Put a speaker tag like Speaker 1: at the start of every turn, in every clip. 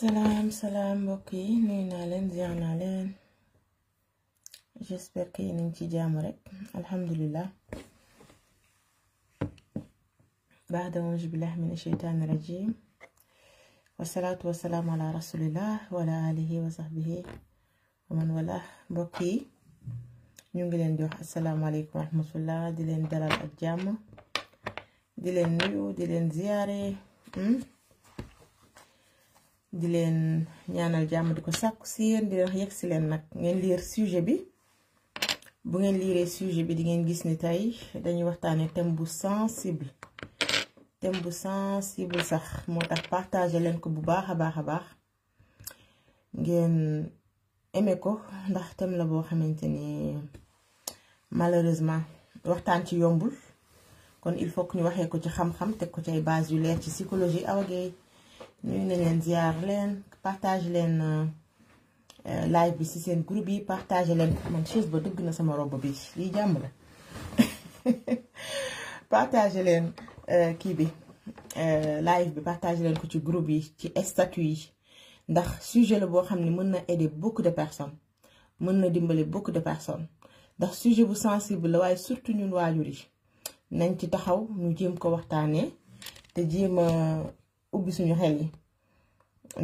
Speaker 1: salaam salaam mbokk yi nuyu naa leen ziar naa leen j'espère que ngi ci jàmm rek alhamdulilah baada auzu billahi min asheytaani rajim wasalaatu wasalaamu ala rasulillah wala alihi wa sahbihi wa man wala mbokk yi ñu ngi leen di wax asalaamaaleykum wa rahmatullah di leen dalal ak jàmm di leen nuyu di leen ziare hmm? di leen ñaanal jàmm di ko sàkku si yéen di leen yegg si leen nag ngeen liir sujet bi bu ngeen liiree sujet bi di ngeen gis ni tey dañuy waxtaanee thème bu sensible thème bu sensible sax moo tax partager leen ko bu baax a baax a baax ngeen aimé ko ndax thème la boo xamante ni malheureusement waxtaan ci yombul kon il foog que ñu waxee ko ci xam-xam teg ko ci ay base yu leer ci psychologie Awa nuyu na leen ziar leen partage leen euh, euh, live bi ci seen groupe yi partage leen man chaise ba dëgg na sama robe bi lii jàmm la partage leen euh, kii bi live bi partage leen ko ci group yi ci statut yi ndax sujet la boo xam ne mën na aider beaucoup de personnes mën na dimbale beaucoup de personnes ndax sujet bu sensible la waaye surtout ñun waajur yi nañ ci taxaw ñu jéem ko waxtaanee te jéem ubbi suñu xel yi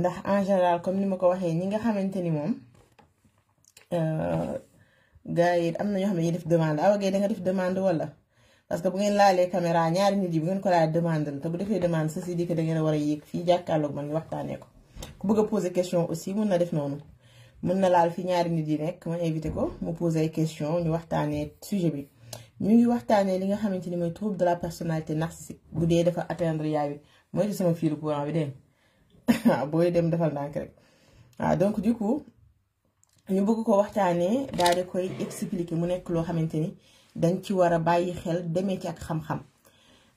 Speaker 1: ndax en général comme ni ma ko waxee ñi nga xamante ni moom euh, gars yi am na ñoo xam ne ñu def demande awa ah, gay da def demande wala parce que bu ngeen laalee caméra ñaari nit yi bu ngeen ko laalee demande la te bu defee demande ceci dit que da a war a yéeg fii jàkkaarloog man ñu waxtaanee ko ku bëgg a question aussi mun na def noonu mën na laal fi ñaari nit yi nekk ma invité ko mu poser ay question ñu waxtaanee sujet bi ñu ngi waxtaanee li nga xamante ni mooy trouble de la personnalité narcissique bu dee dafa atteindre yaay bi mooy ci sama fiilu courant bi dégg nga ah, dem defal ndànk rek waaw ah, donc du coup ñu bëgg ko waxtaanee daal di koy expliquer mu nekk loo xamante ni dañ ci war a bàyyi xel demee ci ak xam-xam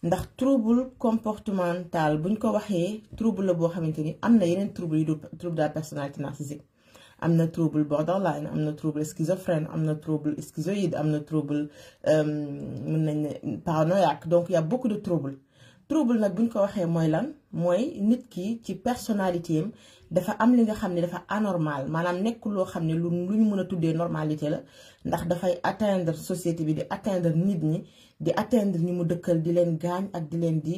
Speaker 1: ndax trouble comportemental buñ ko waxee trouble la boo xamante ni am na yeneen trouble yu dul trouble de la personnalité narcissique am na trouble borderline am na trouble schizophrène am na trouble schizoïde am na trouble euh, mën nañ ne paranoïaque donc y a beaucoup trouble trouble nag bu ñu ko waxee mooy lan mooy nit ki ci personnalité am dafa am li nga xam ne dafa anormal maanaam nekk loo xam ne lu lu ñu mën a tuddee normalité la ndax dafay atteindre société bi di atteindre nit ñi di atteindre ñi mu dëkkal di leen gaañ ak di leen di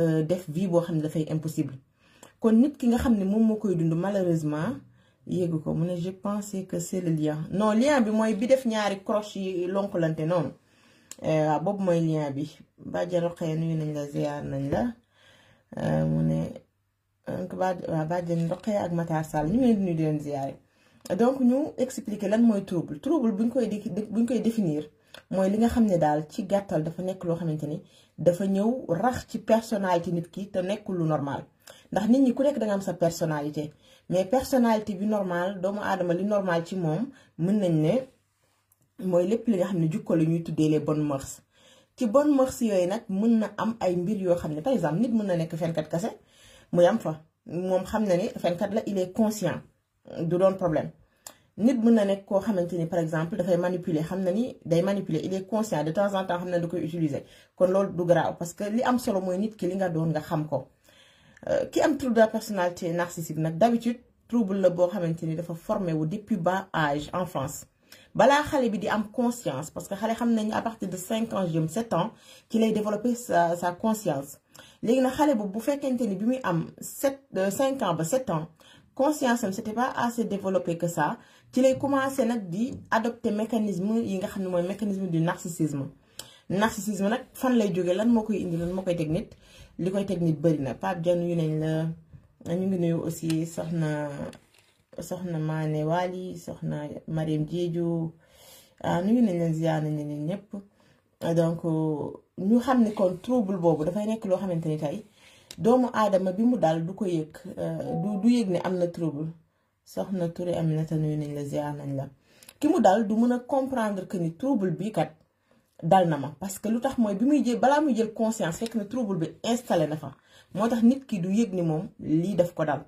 Speaker 1: euh, def vie boo xam ne dafay impossible kon nit ki nga xam ne moom moo koy dund malheureusement yéegu ko mu ne je pensais que c'est le lien lien bi mooy bi def ñaari croche yi lonkulante noonu Eh, waaw boobu mooy lien bi Bàjjen Roqaya nuyu nañ la ziar nañ la eh, mu ne waaw Bàjjen Roqaya ak Matar Sall ñu ngi leen di leen ziare ñu expliquer lan mooy trouble trouble buñ koy buñ koy définir mooy li nga xam ne daal ci gàttal dafa nekk loo xamante ni dafa ñëw rax ci personnalité nit ki te nekkul lu normal ndax nit ñi ku nekk da nga am sa personnalité mais personnalité bi normal doomu aadama li normal ci moom mën nañ ne. mooy lépp li nga xam ne jukko la ñuy tuddee les bonnes mœurs ci bon mœurs yooy nag mun na am ay mbir yoo xam ne par exemple nit mën na nekk fenkat kase muy am fa moom xam na ni fenkat la il est conscient du doon problème nit mën na nekk koo xamante ni par exemple dafay manipuler xam na ni day manipuler il est conscient de temps en temps xam na da koy utiliser kon loolu du garaaw parce que li am solo mooy nit ki li nga doon nga xam ko euh, ki am trouble de la personnalité narcissique nag d'habitude trouble la boo xamante ni dafa formé wu depuis bas âge en France balaa xale bi di am conscience parce que xale xam nañ à de 5 ans jëm 7 ans ci lay développer sa sa conscience léegi nag xale bu bu fekkente ni bi muy am 7 5 euh, ans ba 7 ans conscience am c'était pas assez développé que ça ci lay commencer nag di adopter mécanisme yi nga xam ne mooy mécanisme du narcissisme. narcissisme nag fan lay jógee lan moo koy indi lan moo koy teg nit li koy teg nit bëri na Pape Diagne yu nañ la ñu ngi nuyu aussi soxna soxna Mané Wali soxna Mariam Diédhiou ah, nuyu nañ leen ziar nañ leen ñëpp donc ñu xam ni kon trouble boobu dafay nekk loo xamante ni tey doomu aadama bi mu daal du ko yëg eh, du du yëg ni am na trouble soxna am Aminata nuyu nañ la ziar nañ la ki mu daal du mën a comprendre que ni trouble bi kat dal na ma parce que lu tax mooy bi muy jël balaa muy jël conscience fekk na trouble bi installé na fa moo tax nit ki du yëg ni moom lii daf ko dal.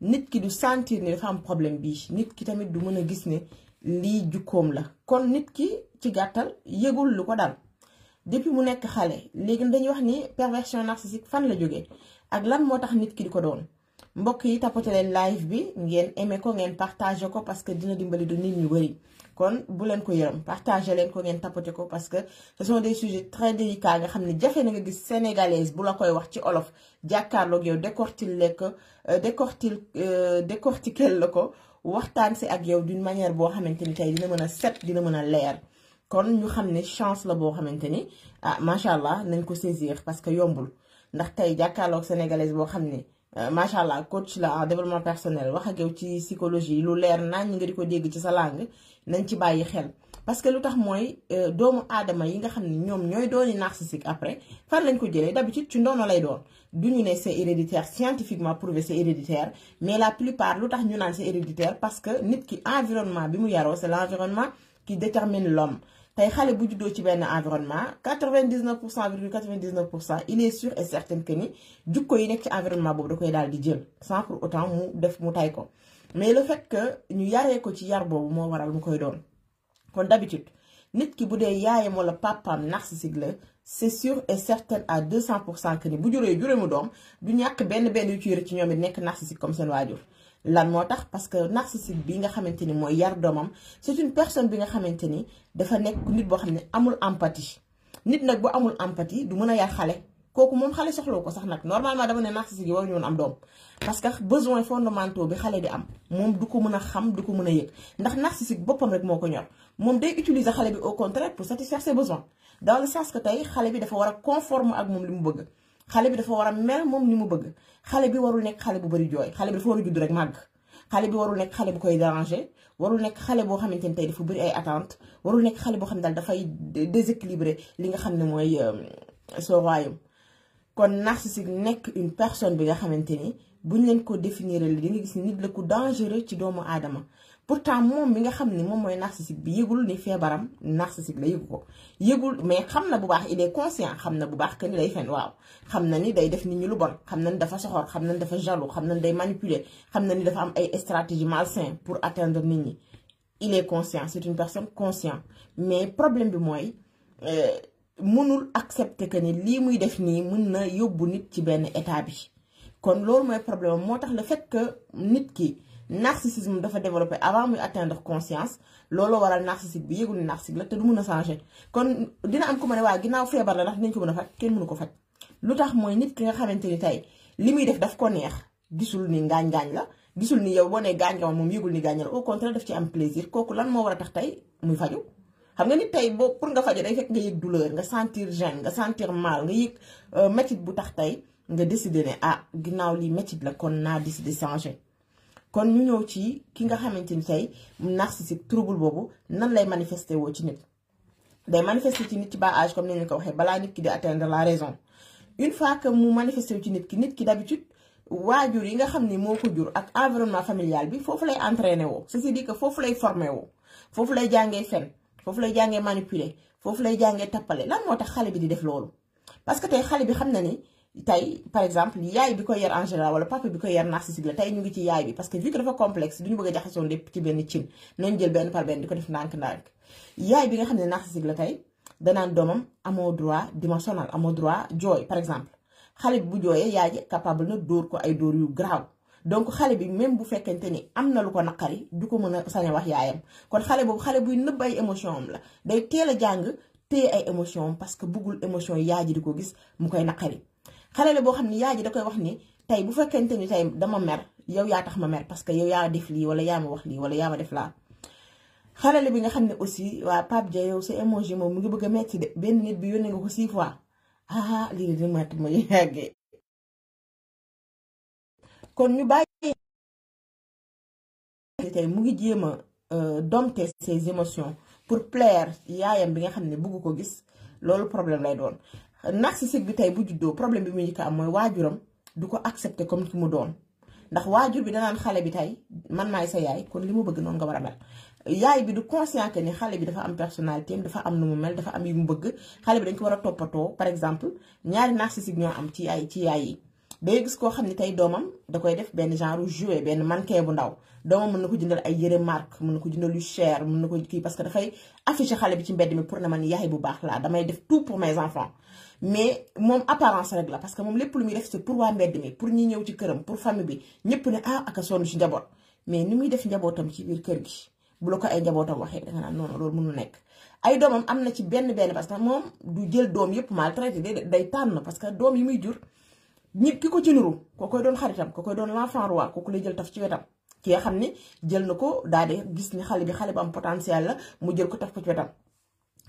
Speaker 1: nit ki du sentir ni dafa am problème bi nit ki tamit du mën a gis ne lii jukkoom la kon nit ki ci gàttal yëgul lu ko dal depuis mu nekk xale léegi dañuy wax ni perversion narcissique fan la jógee ak lan moo tax nit ki di ko doon mbokk yi tapote leen live bi ngeen aimé ko ngeen partagé ko parce que dina dimbali du nit ñu bari kon bu leen ko yërëm partagé leen ko ngeen tapoté ko parce que ce sont des sujets très délicats nga xam ne jafe na nga gis sénégalaise bu la koy wax ci olof jàkkaarlook yow décortil le euh, ko décortil euh, décortiquel la ko waxtaan si ak yow d'une manière boo xamante ni tey dina mën a set dina mën a leer kon ñu xam ne chance la boo xamante ni ah macha allah nañ ko saisir parce que yombul ndax tey jàkkaarlook sénégalaise boo xam ne euh, macha allah coach la en développement personnel wax ak yow ci psychologie lu leer naan ñi di ko dégg ci sa langue. nañ ci bàyyi xel parce que lu tax mooy euh, doomu aadama yi nga xam ni ñoom ñooy dooni narcissique après fan lañ ko jëlee d'habitude ci ndono lay doon du ñu ne c'est héréditaire scientifiquement prouvé c'est héréditaire mais la plupart lu tax ñu naan c'est héréditaire parce que nit ki environnement bi mu yaroo c'est l'environnement qui détermine l'homme tey xale bu juddoo ci benn environnement 99 pour cent virgule 99 pour cent il est sûr et certain que ni jukko environnement boobu da koy daal di jël sans pour autant def mu tay ko mais le fait que ñu yaree ko ci yar boobu moo waral mu koy doon kon d'habitude nit ki bu dee yaayam wala papaam narcissique la c'est sûr et certain à 200 pour cent que ni bu juree juree mu doom du ñàkk benn benn yu ci ci ñoom yi nekk narcissique comme seen waajur. lan moo tax parce que narcissique bi nga xamante ni mooy yar doomam c'est une personne bi nga xamante ni dafa nekk nit boo xam ne amul empathie nit nag bu amul empathie du mën a yar xale. kooku moom xale soxloo ko sax nag normalement dama ne narcissique yi waruñu woon am doom parce que besoin fondamentaux bi xale di am moom du ko mën a xam du ko mën a yëg ndax narcissique boppam rek moo ko ñor moom day utiliser xale bi au contraire pour satisfaire ses besoins dans le sens que tey xale bi dafa war a conforme ak moom li mu bëgg xale bi dafa war a mel moom ni mu bëgg xale bi warul nekk xale bu bëri jooy xale bi dafa war a judd rek màgg xale bi warul nekk xale bu koy déranger warul nekk xale boo xamante ni tey dafa bëri ay attentes warul nekk xale boo xam ne daal dafay déséquilibré li nga xam ne mooy euh, son royaume kon narcissique nekk une personne bi nga xamante ni buñ leen ko définir li di nga gis nit la ku dangereux ci doomu aadama pour pourtant moom bi nga xam ni moom mooy narcissique bi yëgul ni feebaram narcissique la yëgu ko yëgul mais xam na bu baax il est conscient xam na bu baax kër ni day fen waaw xam na ni day def nit ñi lu bon xam na ni dafa soxor xam na ni dafa jaloux xam na ni day manipuler xam na ni dafa am ay stratégie malsain pour atteindre nit ñi il est conscient c'est une personne mais problème bi mooy euh, mënul accepter que ni lii muy def nii mën na yóbbu nit ci benn état bi kon loolu mooy problème moo tax le fait que nit ki narcissisme dafa développé avant muy atteindre conscience looloo waral narcissique bi yëgul ne narcissique la te du mën a changer kon dina am ko ma ne waa ginnaaw feebar la ndax dinañ ko mën a faj kenn mënu ko faj lu tax mooy nit ki nga xamante ni tey li muy def daf ko neex gisul ni ngaañ-ngaañ la gisul ni yow boo ne gaañ nga moom yëgul ni gaañ la daf ci am plaisir kooku lan moo war a tax tey muy faju xam nga nit tey boo pour nga fajo day fekk nga yëg douleur nga sentir gêne nga sentir mal nga yëg euh, métit bu tax tey nga décider ne ah ginaaw lii métit la kon naa décider changer kon ñu ñëw ci ki nga xamante ni tey si trouble boobu nan lay manifester woo ci nit day manifester ci nit ci bas âge comme ni ñu ko waxee balaa nit ki di atteindre la raison une fois que mu manifester ci nit ki nit ki d'habitude waajur yi nga xam ni moo ko jur ak environnement familial bi foofu lay entraîné woo ceci dit que foofu lay formé woo foofu lay jàngee fen foofu lay jàngee manipuler foofu lay jàngee tappale lan moo tax xale bi di def loolu parce que tey xale bi xam na ni tey par exemple yaay bi ko yar en général wala papa bi ko yar narcissique la tey ngi ci yaay bi parce que vu que dafa complexe du ñu bëgg xam ne narcissique la tey danaan doomam amoo droit dimensionnel amoo droit jooy par exemple xale bu jooyee yaay ji capable na dóor ko ay dóor yu graaw donc xale bi même bu fekkente ni am na lu ko naqari du ko mën a sañ wax yaayam kon xale boobu xale buy nëbb ay émotion la day teel a jàng téye ay émotion parce que buggul émotion yaay ji di ko gis mu koy naqari xale boo xam ni yaay ji da koy wax ni tey bu fekkente ni tey dama mer yow yaa tax ma mer parce que yow yaa def lii wala yaa wax lii wala yaa ma def laa. bi nga xam ne aussi waa Pape Dia si sa moom mu ngi bëgg a metti de
Speaker 2: benn nit bi yónnee nga ko six fois ah, ah lii de dina ma yàggee kon ñu bàyyi tey mu ngi jéem a euh, dompter ses émotions pour plaire yaayam bi nga xam ne bëgg ko gis
Speaker 1: loolu problème lay doon narcissique bi tey bu juddoo problème bi mu njëkk am mooy waajuram du ko accepter comme ki mu doon ndax waajur bi danaan xale bi tey man maay sa yaay kon li mu bëgg noonu nga war a mel yaay bi du conscient que ni xale bi dafa am personnalité am dafa am nu mu mel dafa am yu mu bëgg xale bi dañ ko war a toppatoo par exemple ñaari narcissique ñoo am ci ay ci yaay yi day gis koo xam ne tey doomam da koy def benn genre jouet benn mannequin bu ndaw doomam mën na ko jëndal ay yëre marque mën na ko jëndal lu cher mën na ko kii parce que dafay afficher xale bi ci mbedd mi pour ne man yaay bu baax laa damay def tout pour mes enfants mais moom apparence rek la parce moom lu muy def c'est pour waa mbedd mi pour ñi ñëw ci këram pour famille bi ñëpp ne ah ak a waxee danga naan nekk ay am na ci benn benn parce que moom du jël doom yëpp maltraité day tànn parce que doom yi muy jur ñi ki ko ci niru ko koy doon xaritam ko koy doon l'enfant roi kooku lay jël taf ci wetam ki nga xam ni jël na ko daa de gis ni xale bi xale bi am potentiel la mu jël ko taf ko ci wetam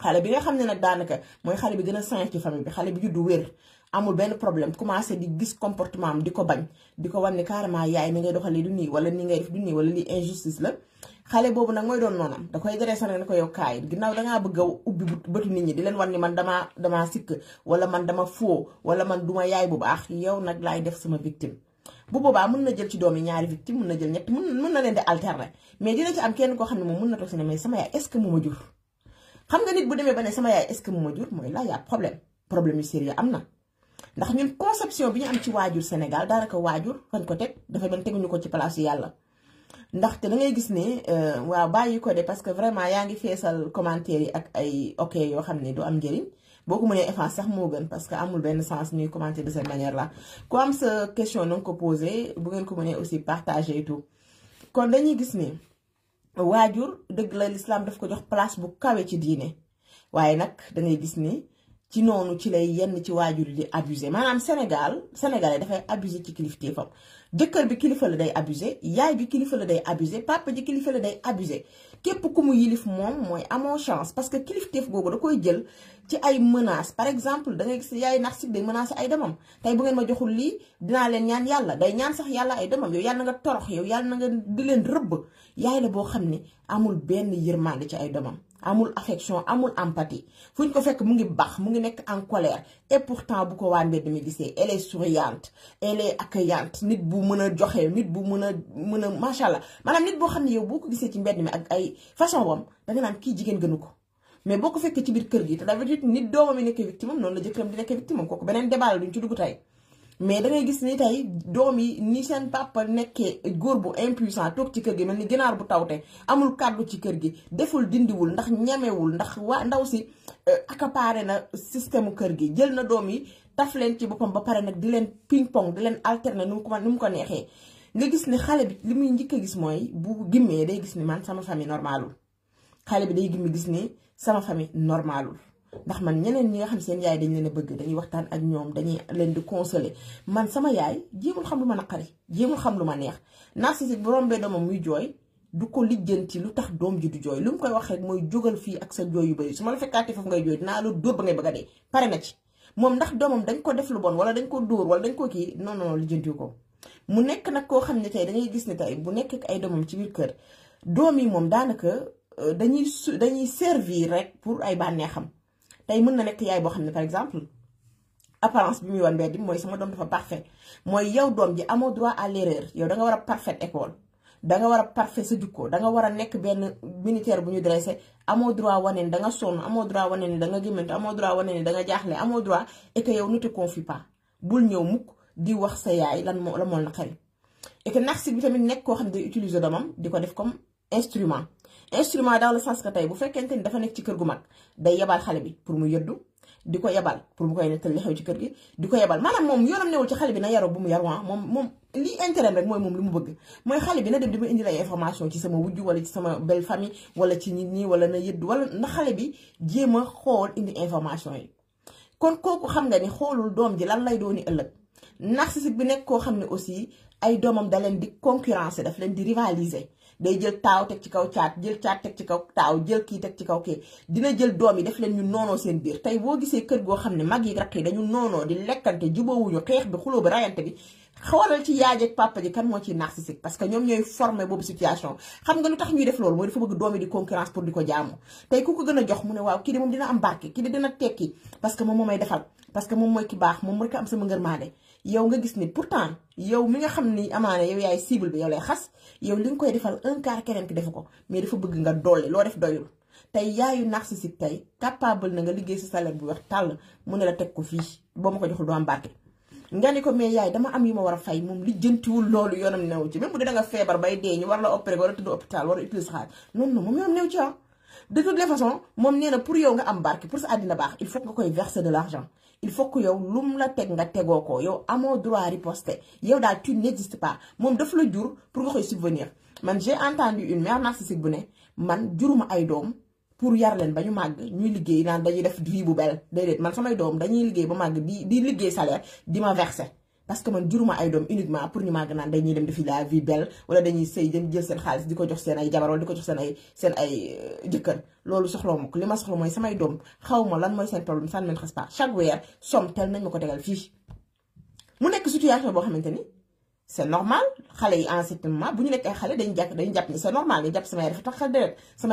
Speaker 1: xale bi nga xam ne nag daanaka mooy xale bi gën a sañ ci famille bi xale bi juddu wér amul benn problème commencé di gis comportement am di ko bañ di ko wan ne carrément yaay mi ngay doxalee du nii wala ni ngay def du nii wala lii injustice la xale boobu nag mooy doon noonam da koy dresser ne ko yow kaay ginnaaw dangaa bëgg a ubbi bëtu nit di leen wan ni man damaa damaa sikk wala man dama foo wala yaay bu baax yow nag laay def sama victime. bu boobaa mën na jël ci doom yi ñaari victime mën na jël ñett mën mën na leen di alterner mais dina ci am kenn koo xam ne moom mën na toog si ne mais sama yaay est ma jur. xam nga nit bu demee ne sama yaay est-ce que mu la a problème problème yu am na ndax ñun conception bi ñu am ci waajur Sénégal daanaka waajur fañ ko teg dafa mel teguñu ko ci place yàlla. ndaxte da ngay gis ne euh, waaw bàyyi ko de parce que vraiment yaa ngi feesal commentaire yi ak ay yoo xam ne du am njëriñ boo ko mënee effacer sax moo gën parce que amul benn sens ñuy commenter de cette manière là. ku am sa question na nga ko posé bu ngeen ko mënee aussi partager et kon dañuy gis ne waajur dëgg la lislaam daf ko jox place bu kawee ci diine waaye nag da gis ni. ci noonu ci lay yenn ci waajur di abusé maanaam Sénégal sénégalais dafay abusé ci kilifteefam jëkkër bi kilifa la day abusé yaay bi kilifa la day abusé papa ji kilifa la day abusé képp ku mu yilif moom mooy amoo chance parce que kilifteef googu da koy jël ci ay menaces par exemple da ngay gis yaay narcissique day menacé ay demam tey bu ngeen ma joxul lii dinaa leen ñaan yàlla day ñaan sax yàlla ay demam yow yàlla na nga torox yow yàlla na nga di leen rëbb yaay la boo xam ne amul benn yërmande ci ay demam amul affection amul empathie fu ñu ko fekk mu ngi bax mu ngi nekk en colère et pourtant bu ko waa mbedd mi gisee elle est souriante elle est accueillante nit bu mën a joxe nit bu mën a mën a macha allah maanaam nit boo xam ne yow boo ko gisee ci mbedd mi ak ay façon bam da nga naan kii jigéen gënu ko mais boo ko fekkee ci biir kër gi te d'habitude nit doomam yi nekk victime noonu la jëkkëram di nekk victime kooku beneen débat duñ ci dugg tey mais dangay gis ni tey doom yi ni seen papa nekkee góor bu impuissant toog ci kër gi mel ni ginaar bu tawte amul kàddu ci kër gi deful dindiwul ndax ñemewul ndax waa ndaw si euh, accaparé na système kër gi jël na doom yi taf leen ci boppam ba pare nag di leen ping pong di leen alterner nu mu ko ni mu ko neexee nga gis ni xale bi li muy njëkk a gis mooy bu gimmee day gis ni man sama famille normalul xale bi day gimmi gis ni sama famille normalul ndax man ñeneen ñi nga xam seen yaay dañ leen bëgg dañuy waxtaan ak ñoom dañuy leen di consoler man sama yaay jéemul xam lu ma naqari jéemul xam lu ma neex narcissique bu rombee doomam muy jooy du ko lijjanti lu tax doom ji du jooy lu mu koy wax mooy jógal fii ak sa jooy yu bëri su ma la fekkaatee foofu ngay jooy dinaa la a dee pare na ci moom ndax doomam dañ ko def lu bon wala dañ ko dóor wala dañ ko kii non non ko mu nekk nag koo xam ne tey dañuy gis ne tey bu nekk ay doomam ci biir doom yi moom daanaka euh, dañuy su dañuy servir rek pour ay bànneexam tey mën na nekk yaay boo xam ne par exemple apparence bi muy wan mbedd mooy sama doom dafa parfait mooy yow doom ji amoo droit à l'erreur yow da nga war a parfait école da nga war a parfait sa jukko da nga war nekk benn militaire bu ñu dressé amoo droit wane ne da nga sonn amoo droit wane ne da nga gémmantu amoo droit wane ne da nga jaaxle amoo droit et que yow ne te confie pas bul ñëw mukk di wax sa yaay lan moo la mool na xel et que narcissique bi tamit nekk koo xam ne day utiliser doomam di ko def comme instrument instrument dans le sens que tey bu fekkente ni dafa nekk ci kër gu mag day yebal xale bi pour mu yëddu di ko yebal pour mu koy nettal li xew ci kër gi di ko yebal maanaam moom yoonam newul ci xale bi na yaroo bu mu yaroo ah. moom moom li intérêt mooy moom li mu bëgg mooy xale bi na dem di ma indil ay information ci sama wujju wala ci sama belle famille wala ci nit ñi wala na yëddu wala na xale bi jéem a xool indi information yi kon kooku xam nga ni xoolul doom ji lan lay dooni ëllëg si bi nekk koo xam ne aussi ay doomam da leen di concurrencer daf leen di rivaliser day jël taaw teg ci kaw caat jël caat teg ci kaw taaw jël kii teg ci kaw kii dina jël doom yi def leen ñu noonoo seen biir tey boo gisee kër goo xam ne mag yi rakk yi dañu noonoo di lekkante jubawuñu xeex bi xuloo bi rayante bi xawalal ci yaay ak papa ji kan moo ciy narcissique parce que ñoom ñooy formé boobu situation xam nga lu tax ñuy def loolu mooy dafa bëgg doom yi di concurrence pour di ko jaamu tey ku ko gën a jox mu ne waaw kii de moom dina am barke kii de dina yow nga gis ni pourtant yow mi nga xam ni amaana yow yaay cible bi yow lay xas yow li nga koy defal un quart keneen ki defu ko mais dafa bëgg nga dolli loo def doyul tey yaayu narcissique tey capable na nga liggéey sa bu wax tàll mu ne la teg ko fii boo ma ko joxul doo am barke nga ni ko mais yaay dama am yu ma war a fay moom lijjantiwul loolu yoonam new ci même bu dee da feebar bay dee ñu war la opéré war a tudd hôpital war a utiliser xaar non non moom yoonam new ci ah de toutes les façons moom nee na pour yow nga am barke pour sa àddina baax il faut il faut que yow lum la teg nga tegoo ko yow amoo droit riposter yow daal tu n'existe pas moom daf la jur pour nga koy subvenir man j'ai entendu une mère narcissique bu ne man juruma ay doom pour yar leen ba ñu màgg ñuy liggéey naan dañuy def vie bu bel déedéet man samay doom dañuy liggéey ba màgg di di liggéey salaire di ma verser. parce que man juruma ay doom uniquement pour ñu màgg naan dañuy dem defi la vie belle wala dañuy sëy dem jël seen xaalis di ko jox seen ay jabar wala di ko jox seen ay euh, jëkkër loolu soxla ma ko li ma soxla mooy samay doom xaw ma lan mooy seen problème ça ne m'intéresse pas chaque boo xamante ni c'est normal xale yi en bu ñu nekk ay xale dañu jàpp dañu jàpp sama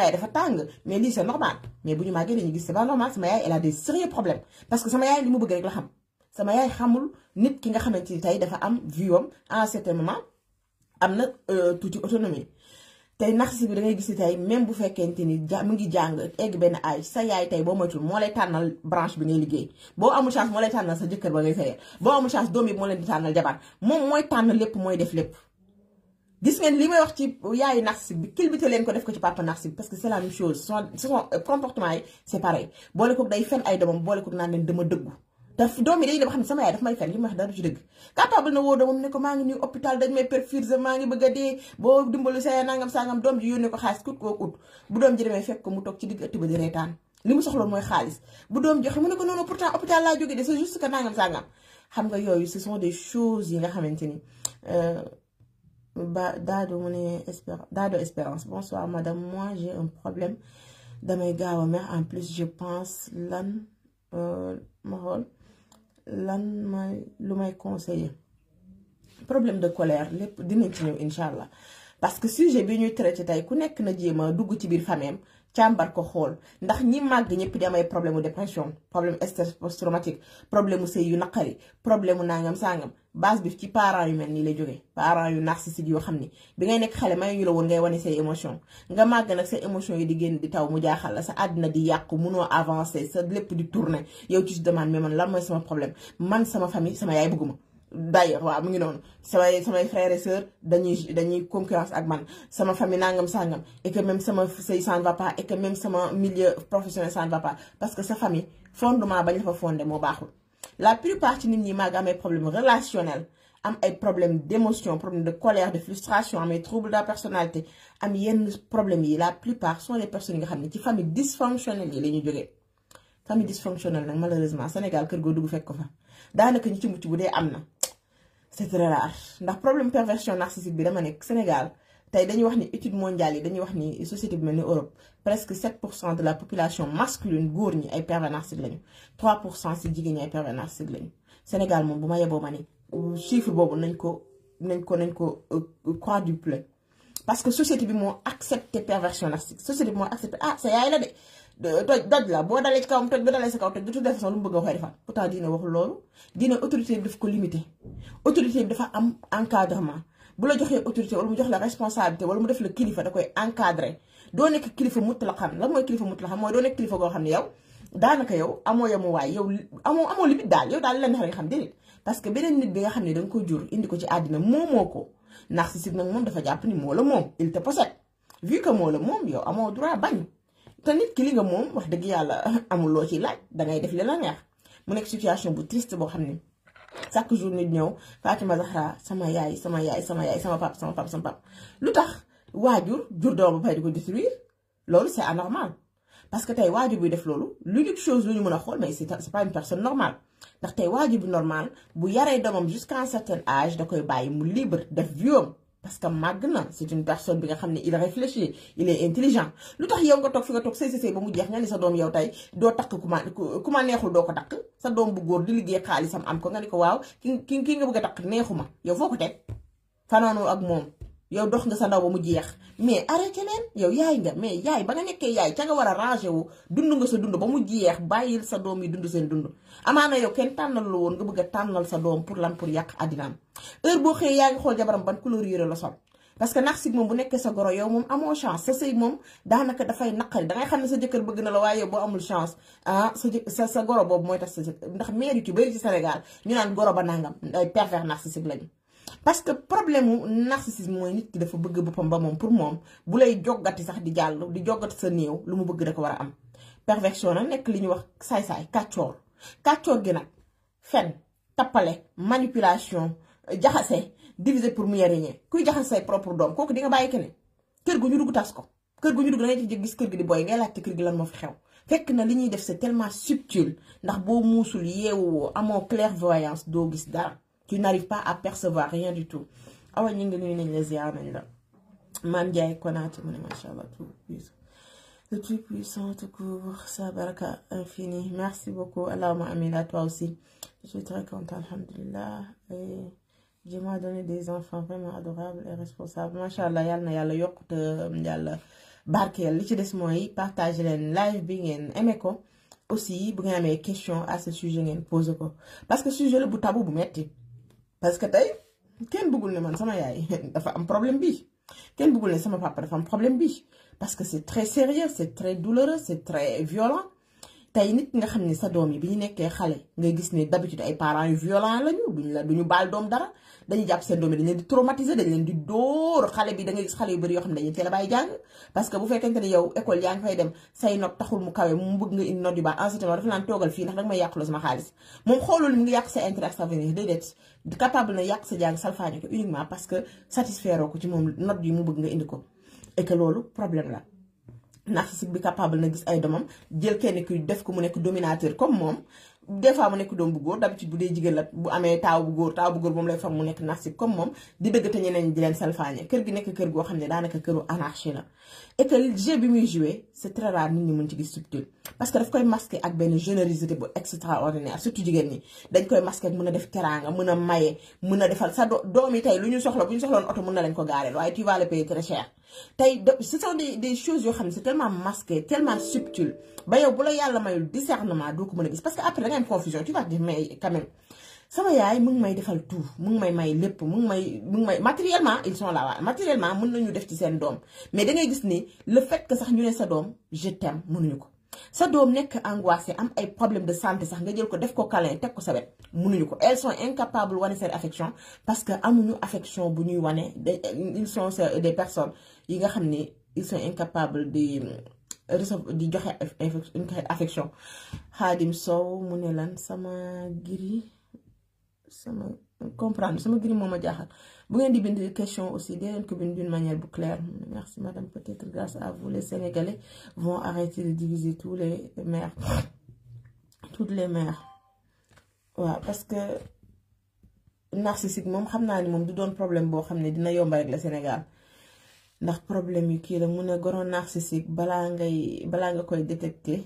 Speaker 1: yaay dafa tàng mais lii c'est normal mais bu ñu màggee dañuy gis c'est pas normal sama yaay elle a des sérieux parce que sama yaay li mu bëgg rek la xam sama yaay xamul nit ki nga xamante ni tey dafa am vue am à un certain moment am na euh, tuuti autonomie tey narcissique bi da gis ni tey même bu fekkente ni ja mu ngi jàng egg benn âge sa yaay tey boo moytul moo lay tànnal branche bi ngay liggéey boo amul chance moo lay tànnal sa jëkkër ba ngay sëyal boo amul chance doom yi moo leen di tànnal jabar moom mooy tànn lépp mooy def lépp. gis ngeen li may wax ci yaayu narcissique bi kilbite leen ko def ko ci papa narcissique parce que c'est la même euh, boole koog day fen ay doomam boole koog naan leen dama dëggu. daf doomi day dama xam ne sama yaay daf may fen li ma wax dara ci dëgg capable na woo doomam ne ko maa ngi nii hôpital dañ may perfusé sa yaay nangam sangam doom ji yónnee ko xaalis kut koo mooy xaalis bu doom joxe mu ne ko xam nga yooyu ce sont des choses yi nga xamante ni euh, ba daado mu ne espér daado espérance bonsoir madame moi j'ai un problème damay gaaw a mais en plus je pense lan euh, ma xool lan may lu may conseiller problème de colère lépp dinañ ci ñëw incha allah parce que sujet bi ñuy traité tey ku nekk na jéem a dugg ci biir famille càmbar ko xool ndax ñi màgg ñëpp di am ay problème mu dépression problème stress post traumatique problème mu sëy yu naqari problème mu nangam sangam base bi ci parents yu mel nii lay jógee parents yu narcissique yoo xam ni bi ngay nekk xale may ñu la woon ngay wane say émotion nga màgg nag say émotion yi di génn di taw mu jaaxal la sa àddina di yàqu munoo avancer sa lépp di tourner yow ci demande mais man lan mooy sama problème man sama famille sama yaay bëgguma d'ailleurs waaw mu ngi noonu samay samay frères et sœurs dañuy dañuy concurrence ak man sama famille nangam sangam et que même sama sëy ça ne va pas même sama milieu professionnel ça ne parce que sa famille fondement bañ la fa fondé moo baaxul. la plupart ci nit ñi maa ngi amee problème relationnel am ay problème d'émotion problème de colère de frustration am ay trouble de la personnalité am yenn problème yi la plupart sont les personnes yi nga xam ne ci famille dysfonctionnelle yi la ñu jógee. famille dysfonctionnelle nag Sénégal kër goo dugg fekk ko fa daanaka ñi ci mucc am na. c'est très rare ndax problème perversion narcissique bi dama nekk Sénégal tey dañuy wax ni étude mondiale yi dañuy wax ni société bi mel ni Europe presque 7 pour cent de la population masculine góor ñi ay pervers moom bu ma yeboo ma ni chiffre boobu nañ ko nañ ko nañ ko euh, parce que société bi moo accepté perversion narcissique société bi moo accepté ah sa yaay la de Euh, toj doj la boo dalee ci kawam toj ba dalee sa kaw toj de toute façon lu mu bëgg a waxee defal pourtant diine waxul loolu diine autorité bi daf ko limité autorité bi dafa am encadrement bu la joxee autorité wala mu jox la responsabilité wala mu def la kilifa da koy encadré doo nekk kilifa mu la xam lan mooy kilifa mut la xam mooy doo nekk kilifa goo xam ne yow daanaka yow amoo yamu waay yow amoo amoo limite daal yow daal la neex nga xam déedéet parce que beneen nit bi nga ne ko jur indi ko ci àddina moomoo ko narcissique nag dafa jàpp ni moo moom il te possède vu que moo la moom te nit ki li nga moom wax dëgg yàlla amul loo ciy laaj dangay def li la neex mu nekk situation bu triste boo xam ne chaque jour nit ñëw Fatima Zahra sama yaay sama yaay sama yaay sama pap sama pap sama pap lu tax waajur jur doom ba pare di ko détruire loolu c'est anormal parce que tey waajur buy def loolu l'unique chose lu ñu mën a xool mais c'est pas une personne normale ndax tey waajur bu normal bu yaree doomam jusqu'à un certain âge da koy bàyyi mu libre def viom parce que màgg na c'est une personne bi nga xam ne il réfléchit il est intelligent lu tax yow nga toog fi nga toog sëy sëy ba mu jeex nga ne sa doom yow tey doo takk ku ma ku ma neexul doo ko takk sa doom bu góor di liggéey xaalisam am ko nga ne ko waaw ki ki nga bëgg a takk neexu ma yow foo ko teg fanaanoo ak moom. yow dox nga sa ndaw ba mu jeex mais arrêté leen yow yaay nga mais yaay ba nga nekkee yaay ca nga war a rangé wu dund nga sa dund ba mu jeex bàyyil sa doom yi dund seen dund amaana yow kenn tànnal la woon nga bëgg a tànnal sa doom pour lan pour yàq àddinaam heure boo xëyee yaa ngi xool jabaram ban couleur yére la sol parce que narcissique moom bu nekkee sa goro yow moom amoo chance sa sëy moom daanaka dafay naqari dangay xam ne sa jëkkër bëgg na la waaye boo amul chance ah sa boobu mooy tax sa ndax maire yu ci bëri ci Sénégal ñu goro ba nangam ay pervers narcissique lañu parce que problème mu narcissisme mooy nit ki dafa bëgg boppam ba moom pour moom bu lay joggati sax di jàll di joggati sa néew lu mu bëgg da ko war a am perfection nag nekk li ñuy wax saay-saay kàccoor kàccoor gi nag fen tappale manipulation jaxase diviser pour mieux régner kuy jaxase say propre doom kooku di nga bàyyi keneen kër gu ñu dugg tas ko kër gu ñu dugg da ngay gis kër gi di booy ngay laajte kër gi lan moo fi xew fekk na li ñuy def c'est tellement subtil ndax boo muusul yeewoo amoo clairvoyance doo gis dara tu n'arrives pas à percevoir rien du tout awa ah ñu ngi nuyu nañ la ziar nañ la Mame Ndiaye Konaté mu ne macha allah tout puissant le tout puissant te couvre sa baraka toi aussi je suis alhamdulillah et Dieu des enfants vraiment adorables et responsables macha allah yàlla na yàlla yokkut yàlla barkeel li ci des mooy partage leen live bi ngeen aimé ko aussi bu ngeen amee question à ce sujet ngeen posé ko parce que sujet la bu tabu bu metti parce que tey kenn bëggul ne man sama yaay dafa am problème bi kenn bëggul ne sama papa dafa am problème bi parce que c'est très sérieux c'est très douloureux c'est très violent tey nit nga xam ni sa doom yi bi ñu nekkee xale ngay gis ne d'habitude ay parent yu violents lañu duñ la duñu baal doom dara dañu jàpp seen doom yi dañ leen di traumatiser dañ di dóor xale bi da gis xale yu bëri yoo xam ne dañuy teel a bàyyi jàng parce que bu fekkente ne yow école yaa ngi fay dem say not taxul nga indi not yu baax en ce dafa naan toogal fii ndax danga may yàquloo sama xaalis moom xoolul mu ngi yàq sa intérêt sa avenir ko uniquement parce que satisfaire ko ci moom not yi mu bëgg nga indi ko et loolu problème la narcissique bi capable na gis ay doomam jël kenn ki def ko mu nekk dominateur comme moom des fois mu nekk doom bu góor d'habitude bu dee jigéen la bu amee taaw bu góor taaw bu góor moom lay fam mu nekk narcissique comme moom di bëgg te ñeneen di leen salfaañe kër gi nekk kër goo xam ne daanaka këru anarchie la et que jeu bi muy joué c'est très rare nit ñi mën ci gis subtil parce que daf koy masquer ak benn générosité bu extraordinaire surtout jigéen ñi dañ koy masquer ak mën a def teraanga mën a maye mën a defal sa doom yi tey lu ñu soxla bu ñu soxloon oto mun na lañ ko gaareel waaye tu vas le payer très cher tey ce sont des des yoo xam ne c'est tellement masqué tellement subtil ba yow bu la yàlla mayul discernement doo ko mën a gis parce que après da confusion tu sama yaay mu ngi may defal tout mun ngi may may lépp mun ngi may mu ngi may matériellement ils sont là waaye matériellement mën nañu def ci seen doom mais da ngay gis ni le fait sax ñu ne sa doom je t'aime mënuñu ko sa doom nekk angoissé am ay problème de santé sax nga jël ko def ko câlin teg ko sa wet mënuñu ko elles sont incapables wane seen affection parce que amuñu affection bu ñuy wane ils sont des personnes yi nga xam ni ils sont incapables di euh, di joxe affection xaadim sow mu ne lan sama giri sama comprendre sama giri moom a jaaxal bu ngeen di bind question aussi dee leen ko bind d'une manière bu claire merci madame peut-être grâce à vous les sénégalais vont arrêter de diviser tous les mères toutes les mères waaw parce que narcissique moom xam naa ni moom du doon problème boo xam ne dina yomba rek la Sénégal ndax problème yu kii la mu ne goro narcissique balaa ngay balaa nga koy détecter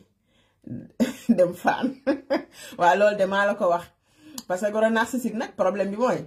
Speaker 1: dem faan waaw loolu de maa la ko wax. parce que goro narcissique nag problème bi mooy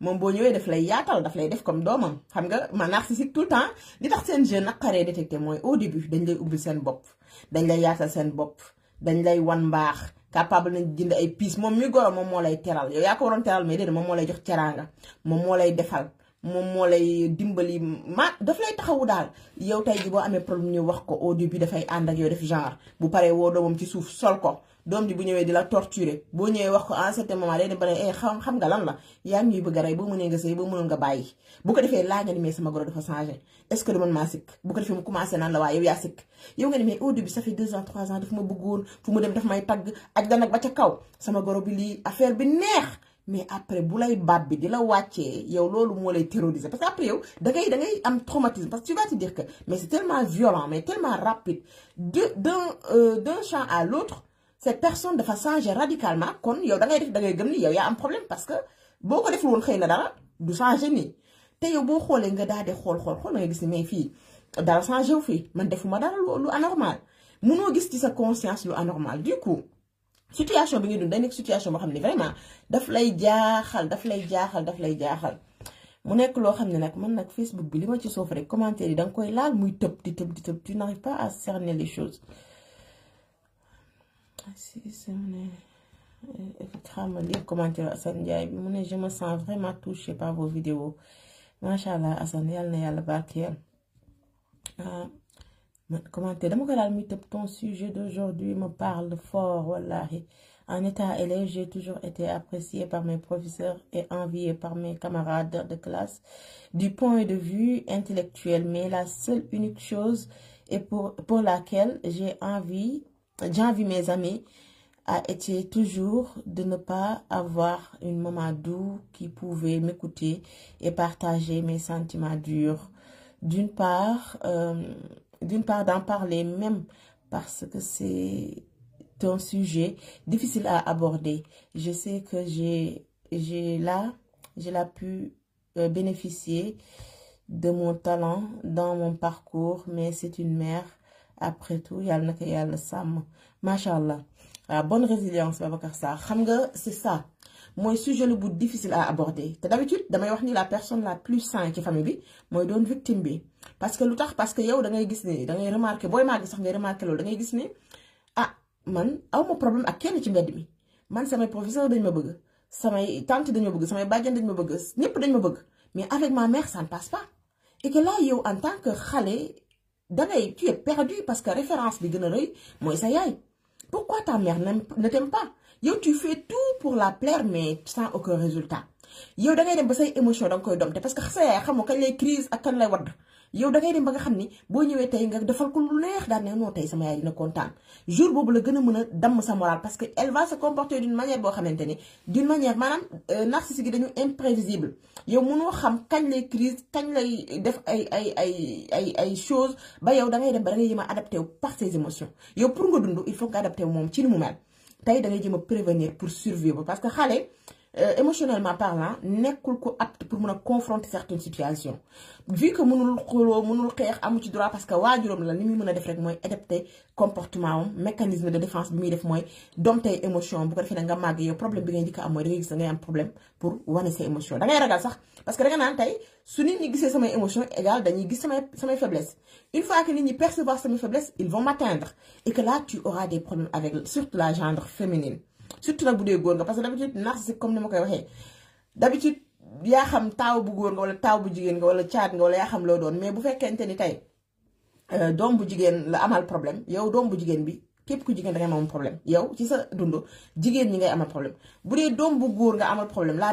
Speaker 1: moom boo ñëwee daf lay yaatal daf lay def comme doomam xam nga ma narcissique tout le temps li tax seen jeune nag xaree détecté mooy au dañ lay ubbi seen bopp dañ lay yaatal seen bopp dañ lay wan mbaax capable nañ jënd ay piis moom mi goro moom moo lay teral yow yaa ko waroon teral mais déedéet moom moo lay jox teraanga moom moo lay defal moom moo lay dimbali ma daf lay taxawu daal yow tey ji boo amee problème ñëw wax ko au début dafay ànd ak yow def genre bu paree woo doomam ci suuf sol ko doom ji bu ñëwee di la torturer boo ñëwee wax ko en certain moment day dem ba ne eh, xam xam nga lan la yaa ñuy bëgg a rey boo mënee nga sëy boo mënoon nga bàyyi bu ko defee laa nga ni mais sama goro dafa changé est-ce que du man maa sikk bu bi lii affaire bi neex mais après bu lay baab bi di la wàccee yow loolu moo lay terroriser parce que après yow da ngay da ngay am traumatisme parce que tu vas te dire que mais c'est tellement violent mais tellement rapide de d'un euh, d'un à l'autre cette personne dafa changer radicalement kon yow dangay ngay def da ngay gëm ni yow yaa am problème parce que boo ko deful woon xëy na dara du changer nii te yow boo xoolee nga daal di xool xool xool da ngay gis ni mais fii dara changé wu fii man defuma dara lu anormal munoo gis ci sa conscience lu anormal du coup situation bi nga dund day nekk situation boo xam ne vraiment daf lay jaaxal daf lay jaaxal daf lay jaaxal. mu nekk loo xam ne nag man nag Facebook bi li ma ci soof rek commentaire yi koy laal muy tëb di tëb di tëb tu n'arrives pas à cerner Xama euh, lire commentaire Assane Ndiaye bi mu ne je me sens vraiment touché par vos vidéos macha allah Assane na yàlla barkeel ah, commentaire dama ko daal muy tëb ton sujet d'aujourd'hui me parle fort wallahi en étant élève j'ai toujours été apprécié par mes professeurs et envié par mes camarades de classe du point de vue intellectuel mais la seule unique chose et pour laquelle j'ai envie J'ai envie, mes amis, a été toujours de ne pas avoir une maman douce qui pouvait m'écouter et partager mes sentiments durs. Euh, d'une part, d'en parler même parce que c'est un sujet difficile à aborder. Je sais que j'ai là, j'ai là pu euh, bénéficier de mon talent dans mon parcours, mais c'est une mère après tout yàlla na ko yàlla sàmm macha allah waaw ah, bonne résilience Babacar Sarr xam nga c'est ça mooy sujet la bu difficile à aborder te d'habitude damay wax ni la personne la plus saine ci famille bi mooy doon victime bi. parce que lu tax parce que yow da ngay gis ni da ngay booy màgg sax ngay remarqué loolu da gis ni ah man aw ma problème ak kenn ci mbedd mi man samay professeur dañ ma bëgg samay tante dañ ma bëgg samay bàjjen dañ ma bëgg ñëpp dañ ma bëgg mais avec dangay tu es perdu parce que référence bi gën a rëy mooy sa yaay pourquoi ta mère ne t'aime pas yow tu fais tout pour la plaire mais sans aucun résultat yow da ngay dem ba say émotion da koy dom te parce que sa yaay xamoo kañ lay crise ak kañ lay wadd yow da ngay dem ba nga xam ni boo ñëwee tey nga defal ko lu neex daal ne non tey sama yaay dina kontaan jour boobu la gën a mën a damm sa moral parce que elle va se comporter d'une manière boo xamante ni d'une manière maanaam euh, narcissique gi dañu imprévisible yow mënoo xam kañ lay crise kañ lay def ay ay ay ay ay chose ba yow da ngay dem ba da ngay yëm a adapté wu par ses émotions yow pour nga dund il faut nga adapté wu moom ci ni mu mel tey da ngay jëm pour survivre parce que xale Euh, émotionnellement parlant nekkul ko apte pour mun a confronter certaines situations vu que mënul xuloo mënul xeex amu ci droit parce que waajuram la li muy mën a def rek mooy adapté comportement am mécanisme de défense bi muy def mooy domptay émotion bu ko defee nag nga màgg yow problème bi ngay njëkk am mooy da ngay gis da ngay am problème pour wane sa émotion da ragal sax parce que da naan tey su nit ñi gisee samay émotion égal dañuy gis la genre féminine surtout nag bu dee góor nga parce que d'habitude narcissique comme ni ma koy waxee d'habitude yaa xam taaw bu góor nga wala taaw bu jigéen nga wala caat nga wala yaa xam loo doon mais bu fekkente ni tey euh, doom bu jigéen la amal problème yow doom bu jigéen bi képp ku jigéen da ngay amal problème yow ci sa dund jigéen ñi ngay amal problème bu dee doom bu góor nga amal problème la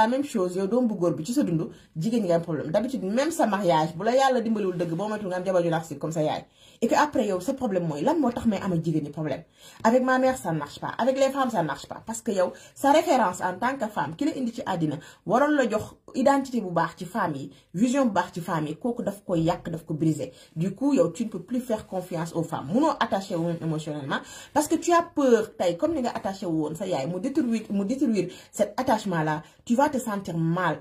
Speaker 1: la même chose yow bu góor bi ci sa dund jigéen ñi ngay am problème d'habitude même sa mariage bu la yàlla dimbaliwul dëgg boo matul nga am jabar ju narcissique comme sa yaay et que après yow sa problème mooy lan moo tax may ama jigéen ñi problème avec ma mère ça ne pas avec les femmes ça ne pas parce que yow sa référence en tant que femme ki la indi ci àddina waroon la jox identité bu baax ci femme yi vision bu baax ci femme yi kooku daf koy yàq daf ko briser du coup yow tu ne peux plus faire confiance aux femmes munoo attaché woon émotionnellement parce que tu as peur comme ni nga attaché woon sa yaay mu détruire mu détruire cet attachement là tu vas te sentir mal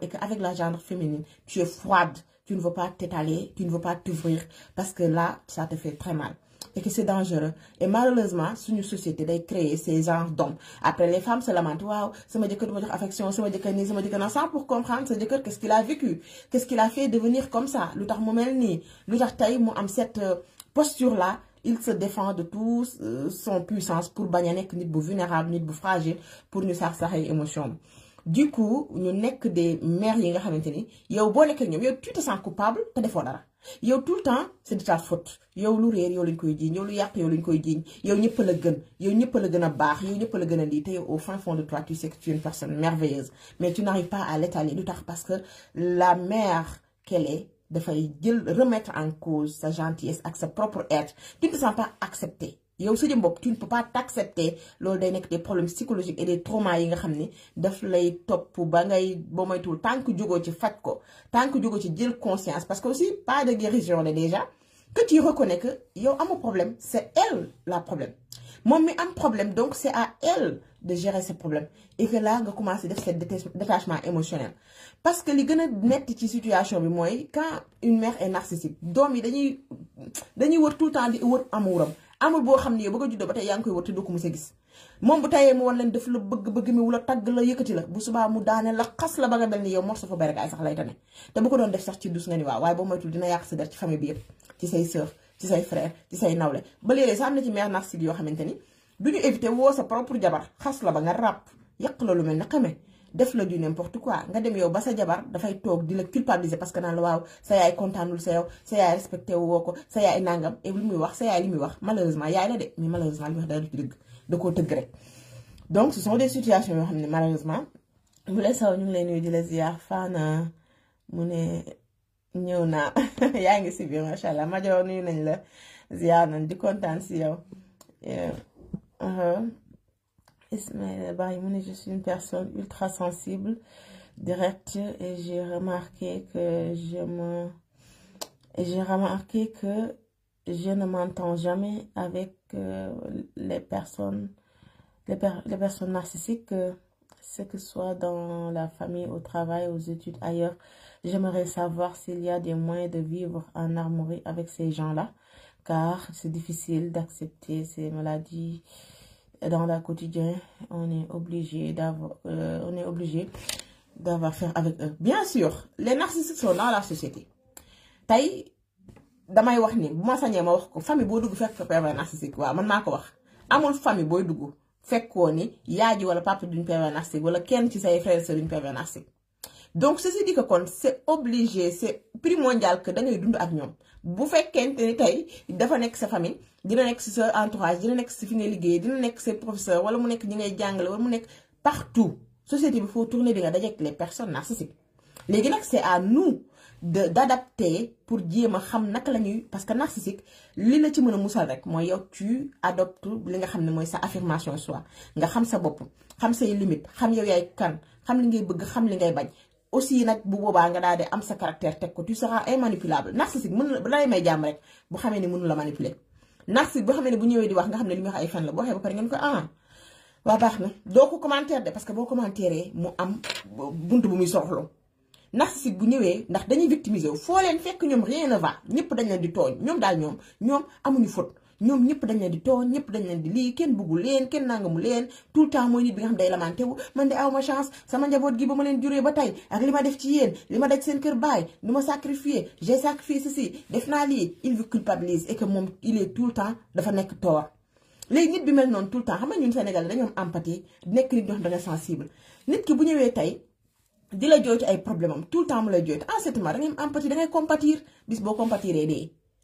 Speaker 1: tu ne veux pas t'étaler, tu ne veux pas t'ouvrir parce que là, ça te fait très mal. Et que c'est dangereux. Et malheureusement, suñu société day créer ces genres d'hommes. Après, les femmes se lamentent. Waaw, sama jëkkër du ma jox affection, sama jëkkër nii, sama jëkkër non. Sans pour comprendre sa jëkkër, qu'est-ce qu'il a vécu? Qu'est-ce qu'il a fait devenir comme ça? Lu tax mu mel nii? Lu tax tey mu am cette euh, posture-là? il se défend de tout euh, son puissance pour bañ a nekk nit bu vulnérable nit bu fragile pour ñu sax saxee émotion bi du coup ñu nekk de mères yi nga xamante ni yow boo nekkee ñoom yow tu te sens coupable te defoo dara yow tout le temps c'est de ta faute yow lu réer yow lañ koy jiiñ yow lu yàq yow lañ koy jiiñ yow ñëpp la gën yow ñëpp la gën a baax yow ñëpp la gën a lii te au fin fond de toi tu sais que tu es une personne merveilleuse mais tu n'arrives pas à l'étaler lu tax parce que la mère qu'elle dafay jël remettre en cause sa gentillesse ak sa propre être tu ne te sens yow sa jëm bopp tu ne peux pas t'accepter loolu day nekk des problèmes psychologiques et des traumas yi nga xam ne daf lay topp ba ngay boo moytuwul tant que jógoo ci faj ko tant que jógoo ci jël conscience parce que aussi pas de guérison la déjà que tu reconnais que yow amoo problème c'est elle la problème moom mi am problème donc c'est à elle de gérer ce problème et que là nga commencé def seen détachement émotionnel parce que li gën a metti ci situation bi mooy quand une mère est narcissique doom yi dañuy dañuy wër tout le temps di wër amuuram amul boo xam ne yow ba ko juddoo ba tey yaa ngi koy war te doo ko mos a gis moom bu tayee mu wan leen def la bëgg-bëgg mi wula tagg la yëkkati la bu subaa mu daane la xas la ba nga mel ni yow mor sa fa bay rek sax lay te bu ko doon def sax ci dus nga ni waaw waaye boo moytul dina yàq sa der ci famille bi yëpp ci say sœur ci say frère ci say nawle ba léeg-léeg am na ci mère narcissique yoo xamante ni du ñu éviter woo sa propre jabar xas la ba nga ràpp yàq la lu mel ne xamee def la du n'importe quoi nga dem yow ba sa jabar dafay toog di la culpabiliser parce que naan la waaw sa yaay kontaanul sa yow sa yaay respecté woo ko sa yaay nangam et li muy wax sa yaay li muy wax malheureusement yaay la de mais malheureusement li muy wax dara du koo tëgg rek. donc ce sont yoo xam ne malheureusement bu la saw ñu ngi lay nuyu di la ziar faana mu ne ñëw naa yaa ngi si biir macha allah ma jox nuyu nañ la ziar nañ di kontaan si yow. Uh-huh. Ismaël Baye mu ne je suis une personne ultra sensible directe et j'ai remarqué que je me j'ai remarqué que je ne m'entends jamais avec euh, les personnes les, per les personnes narcissiques euh, ce que ce soit dans la famille, au travail, aux études, ailleurs. J'aimerais savoir s'il y a des moyens de vivre en harmonie avec ces gens-là, car c'est difficile d'accepter ces maladies dans la quotidien, on est obligé d'avoir, euh, on est obligé d'avoir faire avec eux. Bien sûr, les narcissiques sont dans la société. tey damay wax ni bu ma sañee ma wax ko famille boo dugg fekk fa pervers narcissique waaw man maa ko wax amul famille booy dugg fekkoo ni yaay ji wala papa duñ pervers narcissique wala kenn ci say frères sœurs duñ pervers narcissique donc ceci dit que kon c'est obligé c'est primordial que da dund ak ñoom bu fekkente ni tey dafa nekk sa famille dina nekk si sa entourage dina nekk si fi ngay liggéey dina nekk sa professeur wala mu nekk ñi ngay jàngale wala mu nekk partout société bi foo tourner di nga dajeek les personnes narcissiques léegi nag c'est à nous de d'adapter pour jéem a xam naka la ñuy parce que narcissique li la ci mën a musal rek mooy yow tu adopte li nga xam ne mooy sa affirmation soi nga xam sa bopp xam say limite xam yow yaay kan xam li ngay bëgg xam li ngay bañ aussi nag bu boobaa nga daal di am sa caractère teg ko tu seras immanipulable narcissique mën na lay may jàmm rek bu xamee ne mënu la manipuler narcissique boo xamee ne bu ñëwee di wax nga xam ne li muy wax ay fen la boo xee ba pare ngeen ko ah waa baax na doo ko commentaire de parce que boo commentaire mu am bunt bu muy soxlo narcissique bu ñëwee ndax dañuy victimiser wu foo leen fekk ñoom rien ne va ñëpp dañ leen di tooñ ñoom daal ñoom ñoom amuñu faute ñoom ñëpp dañ leen di too ñëpp dañ leen di lii kenn bëggu leen kenn nangamu leen tout le temps mooy nit bi nga xam day lamenté wu sama njaboot gi ba ma leen juree ba tey ak li ma def ci yéen li ma daj seen kër baay du ma sacrifié j'ai sacrifié ceci def naa lii il vous culpabilise et que moom il tout temps dafa nekk tort léegi nit bi mel noonu tout le temps xam nga ñun Sénégal dañoo am empathie nekk nit ñoo xam da sensible nit ki bu ñëwee tey di la jooytu ay problème am tout le temps mu lay jooytu en ce moment da ngay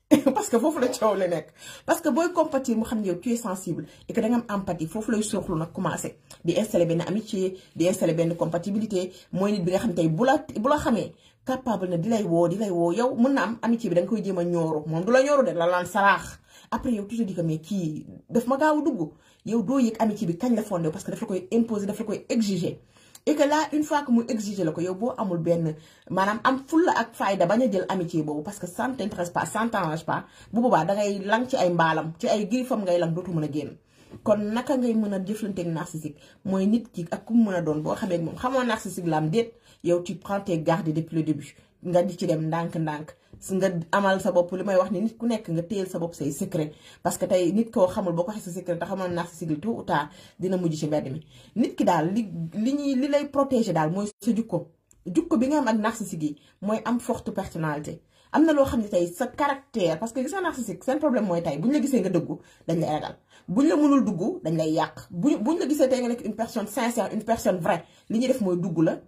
Speaker 1: parce que foofu la coow la nekk parce que booy compatir mu xam ne yow tu es sensible et que da nga am empathie foofu lay soxlu nag commencé di installer benn amitié di installer benn compatibilité mooy nit bi nga xam tey bu la xamee capable na di lay woo di lay woo yow mën na am amitié bi da koy jéem a ñooru moom du la ñooru de la lan saraax après yow tu te dis que mais kii daf ma gaaw a dugg doo yëg amitié bi kañ la fondé parce que daf la koy imposer daf et que là une fois que mu exiger la ko yow boo amul benn maanaam am fulla ak fayda bañ a jël amitié boobu parce que ça ne t'intéresse pas ça ne t'arrange pas bu boobaa dangay lang ci ay mbaalam ci ay girifam ngay lang dootu mën a génn kon naka ngay mën a jëflanteeg narcissique mooy nit kii ak ku mu mën a doon boo xamee moom xamoo narcissique la am déet yow tu prends tes gardes depuis le début nga di ci dem ndànk-ndànk su nga amal sa bopp li may wax ni nit ku nekk nga téyel sa bopp say secret parce que tey nit koo xamul boo ko xasee secret te xamal narcissique tôt ou tard dina mujj ci mbedd mi nit ki daal li ñuy li lay protégé daal mooy sa jukko jukko bi nga am ak narcissique yi mooy am forte personnalité am na loo xam ni tey sa caractère parce que gis nga narcissique seen problème mooy tey bu ñu la gisee nga dëggu dañ lay ragal bu la mënul dugg dañ lay yàq bu buñ la gisee tey nga nekk une personne sincère une mooy dugg la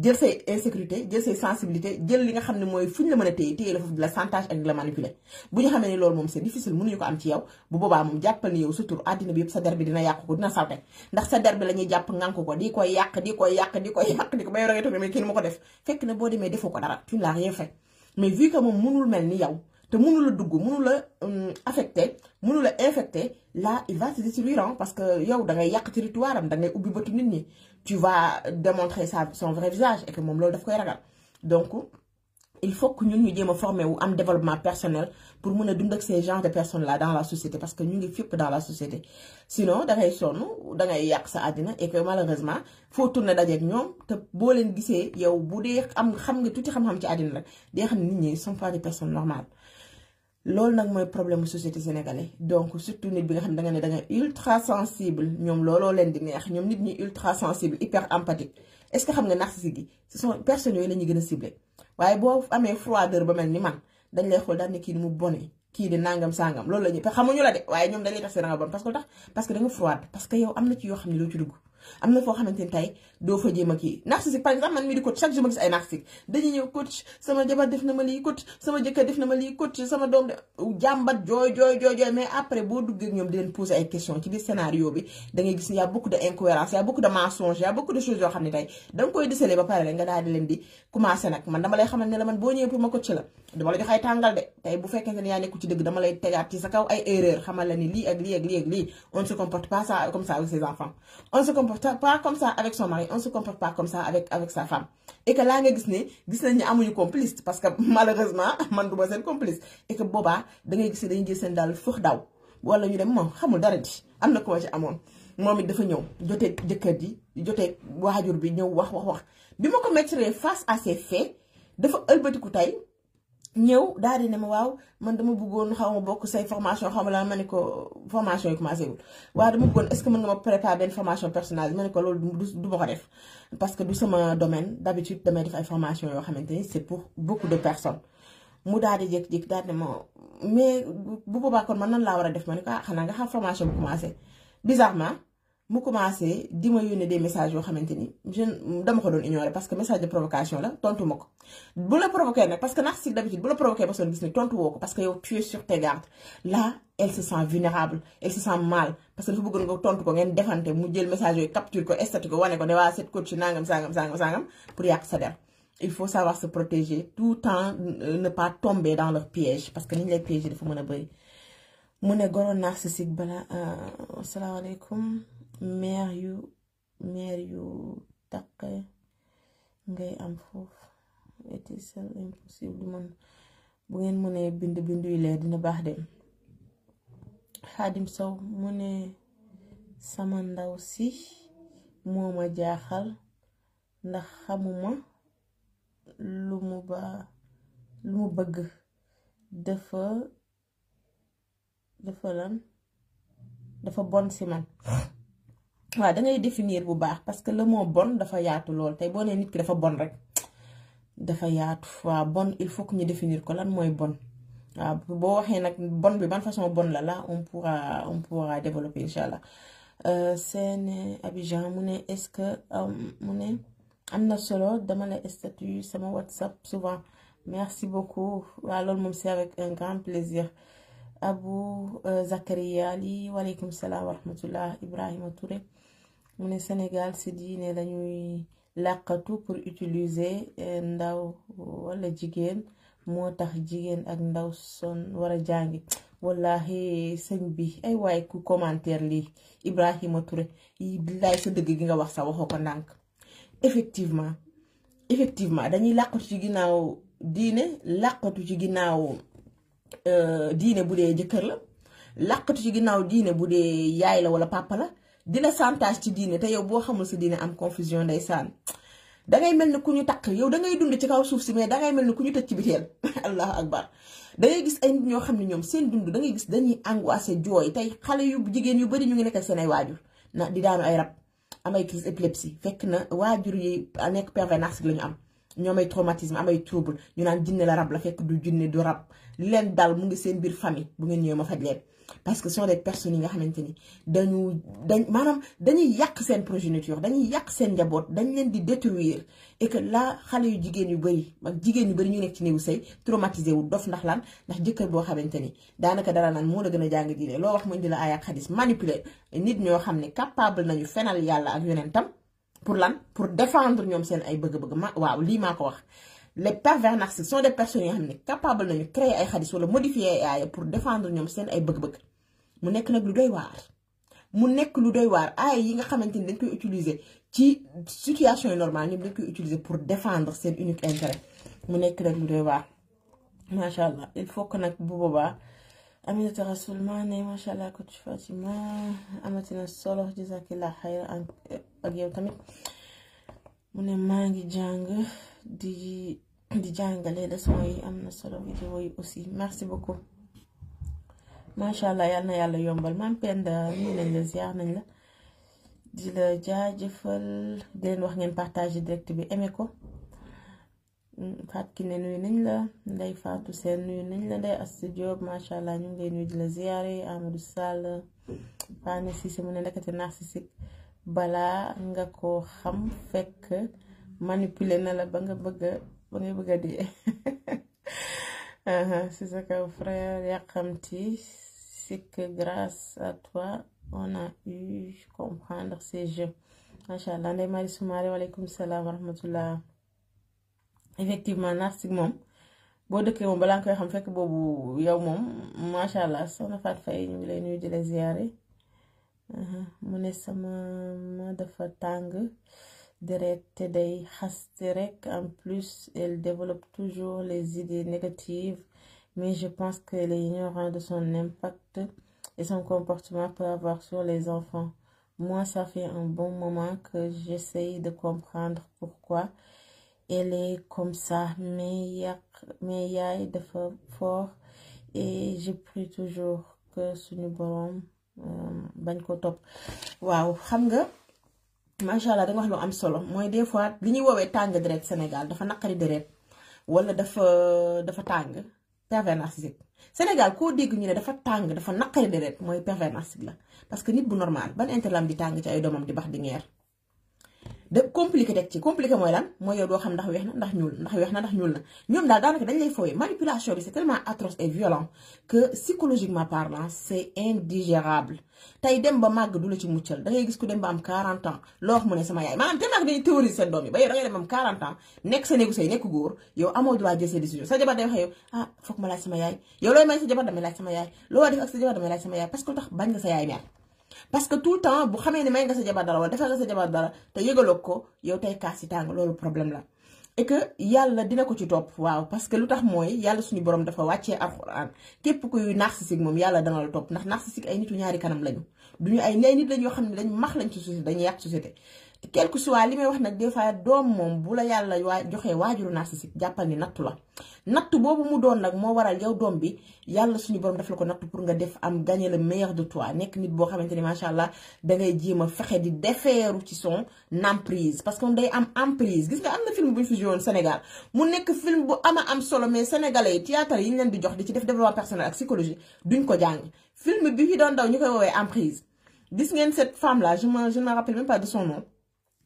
Speaker 1: jël say insécurité jël sensibilité jël li nga xam ne mooy fu ñu la mën a téye téye la foofu di la chantage ak di la manipuler bu ñu xamee ne loolu moom c'est difficile mënuñu ko am ci yow bu boobaa moom jàppal ni yow sutur àddina bi yëpp sa der bi dina yàq ko dina salte ndax sa der bi la jàpp ngànk ko di koy yàq di koy yàq di koy yàq di ko bay rogee toog ni ma ko def fekk boo demee defoo ko dara tu n'as rien fait mais vu que moom mënul mel ni yow te mënul la dugg la va se parce que yow da ngay yàq territoire am da ngay ubbi bëtu nit ñi tu vas démontrer sa son vrai visage et moom loolu daf koy ragal donc il faut que ñun ñu jéem a wu am développement personnel pour mën a dund ak ces genres de personnes là dans la société parce que ñu ngi fépp dans la société sinon da ngay sonn da ngay yàq sa àddina et que malheureusement foo tourné dajeek ñoom te boo leen gisee yow bu dee am xam nga touti xam-xam ci àddina rek day xam nit ñi son pas des personnes normales. loolu nag mooy problème société sénégalais donc surtout nit bi nga xam ne da nga ne da nga ultra sensible leen di neex nit ñi ultra sensible hyper empathique est-ce que xam nga narcissique yi ce sont personnes yooyu la gën a ciblé waaye boo amee froideur ba mel ni man dañ lay xool daal kii ni mu bone kii di nangam sangam loolu la parce que tax parce que da froide parce que yow am na ci yoo xam ne doo ci dugg. am na foo xamante ni tey doo fa jéem a kii narcissique par exemple man mii di coach chaque jour gis ay narcissique dañuy na ma lii coach sama jëkkër def na boo duggee de incohérence y a beaucoup de mensonge y a beaucoup de choses yoo xam ne tey da nga koy déceler dëgg dama lay tegaat ci sa kaw ay erreur xamal la ni lii ak lii ak lii ak lii on se comporte pas comme ça on se comporte comporte pas comme ça avec son mari on se comporte pas comme ça avec avec sa femme et que laa nga gis ne gis nañ ne amuñu complice parce que malheureusement man du ma seen complice et que boobaa da ngay gis ne dañuy jël seen daal fëx daw wala ñu dem moom xamul dara di am na ko ci amoon moom it dafa ñëw jotee jëkkër ji jotee waajur bi ñëw wax wax wax bi ma ko mettre face à ces faits dafa ëlbatiku tey. ñëw daal di ne ma waaw man dama bëggoon xaw ma bokk say formation xaw ma la ma ne ko formation yi commencé wul waaw dama bëggoon est mën nga ma préparer benn formation personnalisée ma ne ko loolu du ma ko def parce que du sama domaine d'habitude damay yoo xamante ni c'est pour beaucoup de personnes mu daal di jékki-jékki daal di ma mais bu boobaa kon man nan laa war a def ma ne ko ah xanaa nga xam formation bu commencé bizarrement mu commencé di ma yónnee des messages yoo xamante ni je dama ko doon ignorer parce que message de provocation la tontu ko bu la provoqué nag parce que narcissique d'habitude bu la provoqué ba soon gis ni tontu woo ko parce que yow tu es sur tes gardes là elle nangam sangam sangam sangam pour yàq sa der il faut savoir se protéger tout temps euh, ne pas tomber dans leur piège parce que ni ñu lay piéger dafa mën a bëri mu ne goro narcissique bala asalaamaaleykum euh, meer yu meer yu taqe ngay am foofu it is impossible man bu ngeen mënee bind bind yu leer dina baax de xaadim soow mu ne sama ndaw si moo ma jaaxal ndax xamuma lu mu ba lu mu bëgg dafa dafa lan dafa bon si man waaw da ngay définir bu baax parce que le mot bon dafa yaatu lool tey boo ne nit ki dafa bon rek dafa yaatu waaw bon il faut que ñu définir ko lan mooy bon waaw boo waxee nag bon bi ban façon bon la la on pourra on pourra développer incha allah euh, seen Abidjan mu ne est-ce que euh, mu ne am na solo dama la statut sama WhatsApp souvent merci beaucoup waaw loolu moom c'est avec un grand plaisir. Abu euh, Zakaria li waaleykum salaam wa rahmatullah Ibrahima Touré. mu ne Sénégal si diine lañuy làqatu pour utiliser eh, ndaw wala jigéen moo tax jigéen ak ndaw son war a jàngi wallahi sëñ bi ay waay ku commentaire lii Ibrahima Touré yi billaay sa dëgg gi nga wax sa waxoo ko ndànk effectivement effectivement dañuy làqatu ci ginnaaw diine làqatu ci ginnaaw eh, diine bu dee jëkkër la làqatu ci ginnaaw diine bu dee yaay la wala pàppa la di la chantage ci diine te yow boo xamul si diine am confusion ndeysaan dangay mel ni ku ñu takk yow dangay dund ci kaw suuf si mais dangay mel ni ku ñu tëj ci biteel allahu akbar dangay gis ay nit ñoo xam ne ñoom seen dund dangay gis dañuy angoissé jooy tey xale yu jigéen yu bari ñu ngi nekk ak seen ay waajur na di daanu ay rab am ay crise épilepsie fekk na waajur yi nekk pervers narcissique la ñu am ñoom ay traumatisme am ay trouble ñu naan jinne la rab la fekk du jinne du rab li leen dal mu ngi seen biir famille bu ngeen ñëwee ma faj leen parce que sont des personnes yi nga xamante ni dañu dañ maanaam dañuy yàq seen progéniture dañuy yàq seen njaboot dañ leen di détruire et que la xale yu jigéen yu bëri ak jigéen yu bëri ñu nekk ci néegu sëy traumatisé wu dof ndax lan ndax jëkkër boo xamante ni daanaka dara naan moo la gën a jàng diine loo wax mu indi la ay ak xadis manipuler nit ñoo xam ne capable nañu fenal yàlla ak yonentam pour lan pour défendre ñoom seen ay bëgg-bëgg ma waaw lii ko wax les pervers narcissiques sont des personnes yoo xam ne capable nañu créer ay xadis wala modifier ay aaya pour défendre ñoom seen ay bëgg-bëgg mu nekk nag lu doy waar. mu nekk lu doy waar aaya yi nga xamante ni dañ koy utiliser ci situation yi normale ñoom dañ koy utiliser pour défendre seen unique intérêt mu nekk nag lu doy waar. macha allah il faut que nag bu boobaa Aminata Rasoul maa ne macha allah coach Fatima amatina solo jazakillah xayra ak yow tamit mu ne maa ngi jàng. di di jàngale leçon yi am na solo vidéo yi aussi merci beaucoup macha allah yal na yàlla yombal maam Penda nuyu nañ la ziar nañ la di la jaajëfal di leen wax ngeen partage direct bi aimé ko ki Kiné nuyu nañ la Ndeye Fatou Sène nuyu nañ la de Assa Diop macha allah ñu ngi lay nuyu di la ziare Amadou Sall Fane Cissé mu ne ndekete narcissique balaa nga ko xam fekk. manipuler nala ba nga bëgg a ba nga bëgg a dee si sa kaw frère yàqamti c'est que grâce à toi on a eu comprendre ces jeux macha allah ndey mari sumaare waaleykum salaam wa effectivement narcissique moom boo dëkkee moom balaa nga koy xam fekk boobu yow moom macha allah soxna Faat Fay ñu ngi lay nuyu di la ziyaare mu ne sama ma dafa tàng direct te day xaste rek en plus elle développe toujours les idées négatives mais je pense qu'elle est ignorante de son impact et son comportement peut avoir sur les enfants moi ça fait un bon moment que j'essaye de comprendre pourquoi elle est comme ça mais ya mais yaay dafa fort et je prie toujours que suñu boroom euh, bañ ko topp macha allah da wax lu am solo mooy des fois li ñuy woowee tàng deret Sénégal dafa naqari deret wala dafa dafa tàng pervers narcissique Sénégal koo dégg ñu ne dafa tàng dafa naqari deret mooy pervers narcissique la parce que nit bu normal ban intérêt di tàng ci ay doomam di bax di ngeer da compliqué teg ci compliqué mooy lan mooy yow doo xam ndax weex na ndax ñuul ndax weex na ndax ñuul na ñoom daal daanaka dañ lay fooye ci muccal da ngay gis ku dem ba am 40 ans loo wax mu ne sama yaay maanaam te nag dañuy théorise seen yi ah, ma laaj sama yaay yow looy may sa jabar damay laaj sama yaay loo def ak sa jabar damay laaj sama yaay parce que lu tax bañ nga sa yaay mer parce que tout le temps bu xamee ne may nga sa jabar dara wala defal nga sa jabar dara te yëgaloo ko yow tey kaas si tàng loolu problème la. et que yàlla dina ko ci topp waaw parce que lu tax mooy yàlla suñu borom dafa wàccee alxuraan képp ku kuy narcissique moom yàlla dana la topp ndax narcissique ay nitu ñaari kanam lañu ñu ay nay nit lañ yoo xam ne dañ max lañ ci société dañuy yàq société quel que soit li may wax nag des fois doom moom bu la yàlla waa joxee waajuru narcissique jàppal ni nattu la nattu boobu mu doon nag moo waral yow doom bi yàlla suñu borom def la ko nattu pour nga def am gagner le meilleur de toi nekk nit boo xamante ni macha allah dangay jéem a fexe di defeeru ci son emprise parce que day am emprise gis nga am na film bu ñu fi woon Sénégal mu nekk film bu ama am solo mais sénégalais yi théâtre yi ñu leen di jox di ci def développement personnel ak psychologie duñ ko jàng film doon daw ñu koy woowee emprise gis ngeen cette femme là je me je me rappelle même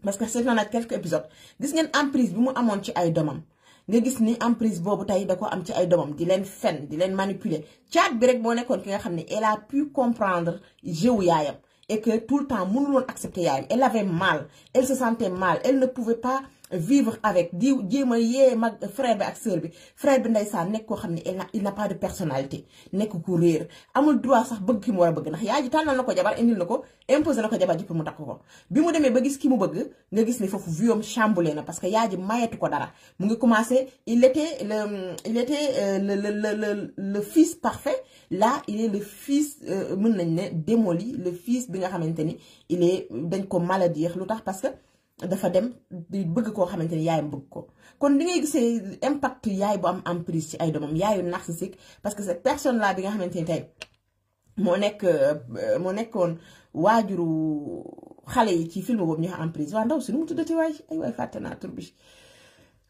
Speaker 1: parce que seetloo na quelques épisodes gis ngeen emprise bi mu amoon ci ay doomam nga gis ni emprise boobu tey da ko am ci ay doomam di leen fen di leen manipuler caat bi rek moo nekkoon ki nga xam ne elle a pu comprendre jeu yaayam et que tout le temps mënuloon accepter yaayam elle avait mal elle se sentait mal elle ne pouvait pas. vivre avec di jéem a yee mag frère bi ak sœur bi frère bi ndeysaan nekk koo xam ne il n'a pas de personnalité nekk ko réer amul droit sax bëgg ki mu war a bëgg ndax yaay ji tànnal na ko jabar indil na ko imposé na ko jabar ji pour mu takk ko bi mu demee ba gis ki mu bëgg nga gis ni foofu viom chamboulé na parce que yaay ji mayetu ko dara mu ngi commencé il était le il était euh, le le le le fils parfait là il est le fils euh, mën nañ ne démoli le fils bi nga xamante ni dañ ko maladie lu tax parce que dafa dem di bëgg koo xamante ni yaayam bëgg ko kon li ngay gisee impact yaay bu am emprise ci ay doomam yaayu narcissique parce que cette personne là bi nga xamante ni moo nekk euh, moo nekkoon waajuru xale yi ci film boobu ñu wax emprise waa ndaw si nu mu tuddati waay ay waay fàtte naa tur bi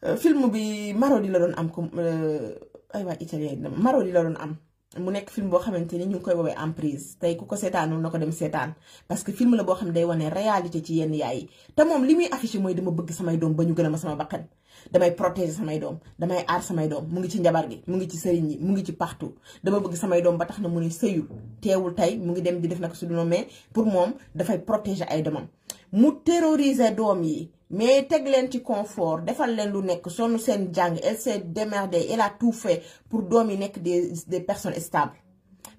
Speaker 1: euh, film bi Marodi la doon am comme euh, ay waay italien Marodi la doon am. mu nekk film boo xamante ni ñu ngi koy woowee emprise tey ku ko seetaanul na ko dem seetaan parce que film la boo xam ne day wane réalité ci yenn yaay yi te moom li muy affiché mooy dama bëgg samay doom ba a ma sama bakkan doom damay aar samay doom mu ngi ci njabar gi mu ngi ci sëriñ yi mu ngi ci partout dama bëgg samay doom ba tax na mu ne sëyul teewul tey mu ngi dem di def naka su dul mais pour moom dafay protéger ay doomam mu terroriser doom yi mais teg leen ci confort defal leen lu nekk sonn seen jàng elle s'est démerdée elle a tout fait pour doom yi nekk de des personnes stables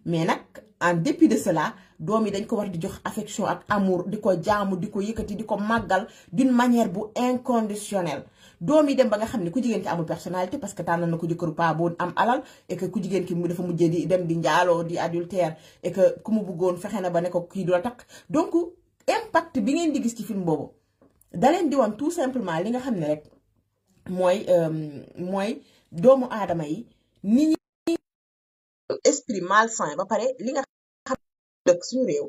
Speaker 1: mais nag en dépit de cela doom yi dañ ko war di jox affection ak amour di ko jaamu di ko yëkkati di ko màggal d'une manière bu inconditionnelle doom yi dem ba nga xam ne ku jigéen ki amul personnalité parce que tànn na ko jëkkëru paa bu am alal et que ku jigéen ki mu dafa mujjee di dem di njaaloo di adultère et que ku mu bëggoon fexe na ba ne ko kii du donc impact bi ngeen di gis ci film boobu. da leen di tout simplement li nga xam ne rek mooy euh, mooy doomu aadama yi ni ñi esprit malsain ba pare li nga xam dëkk suñu réew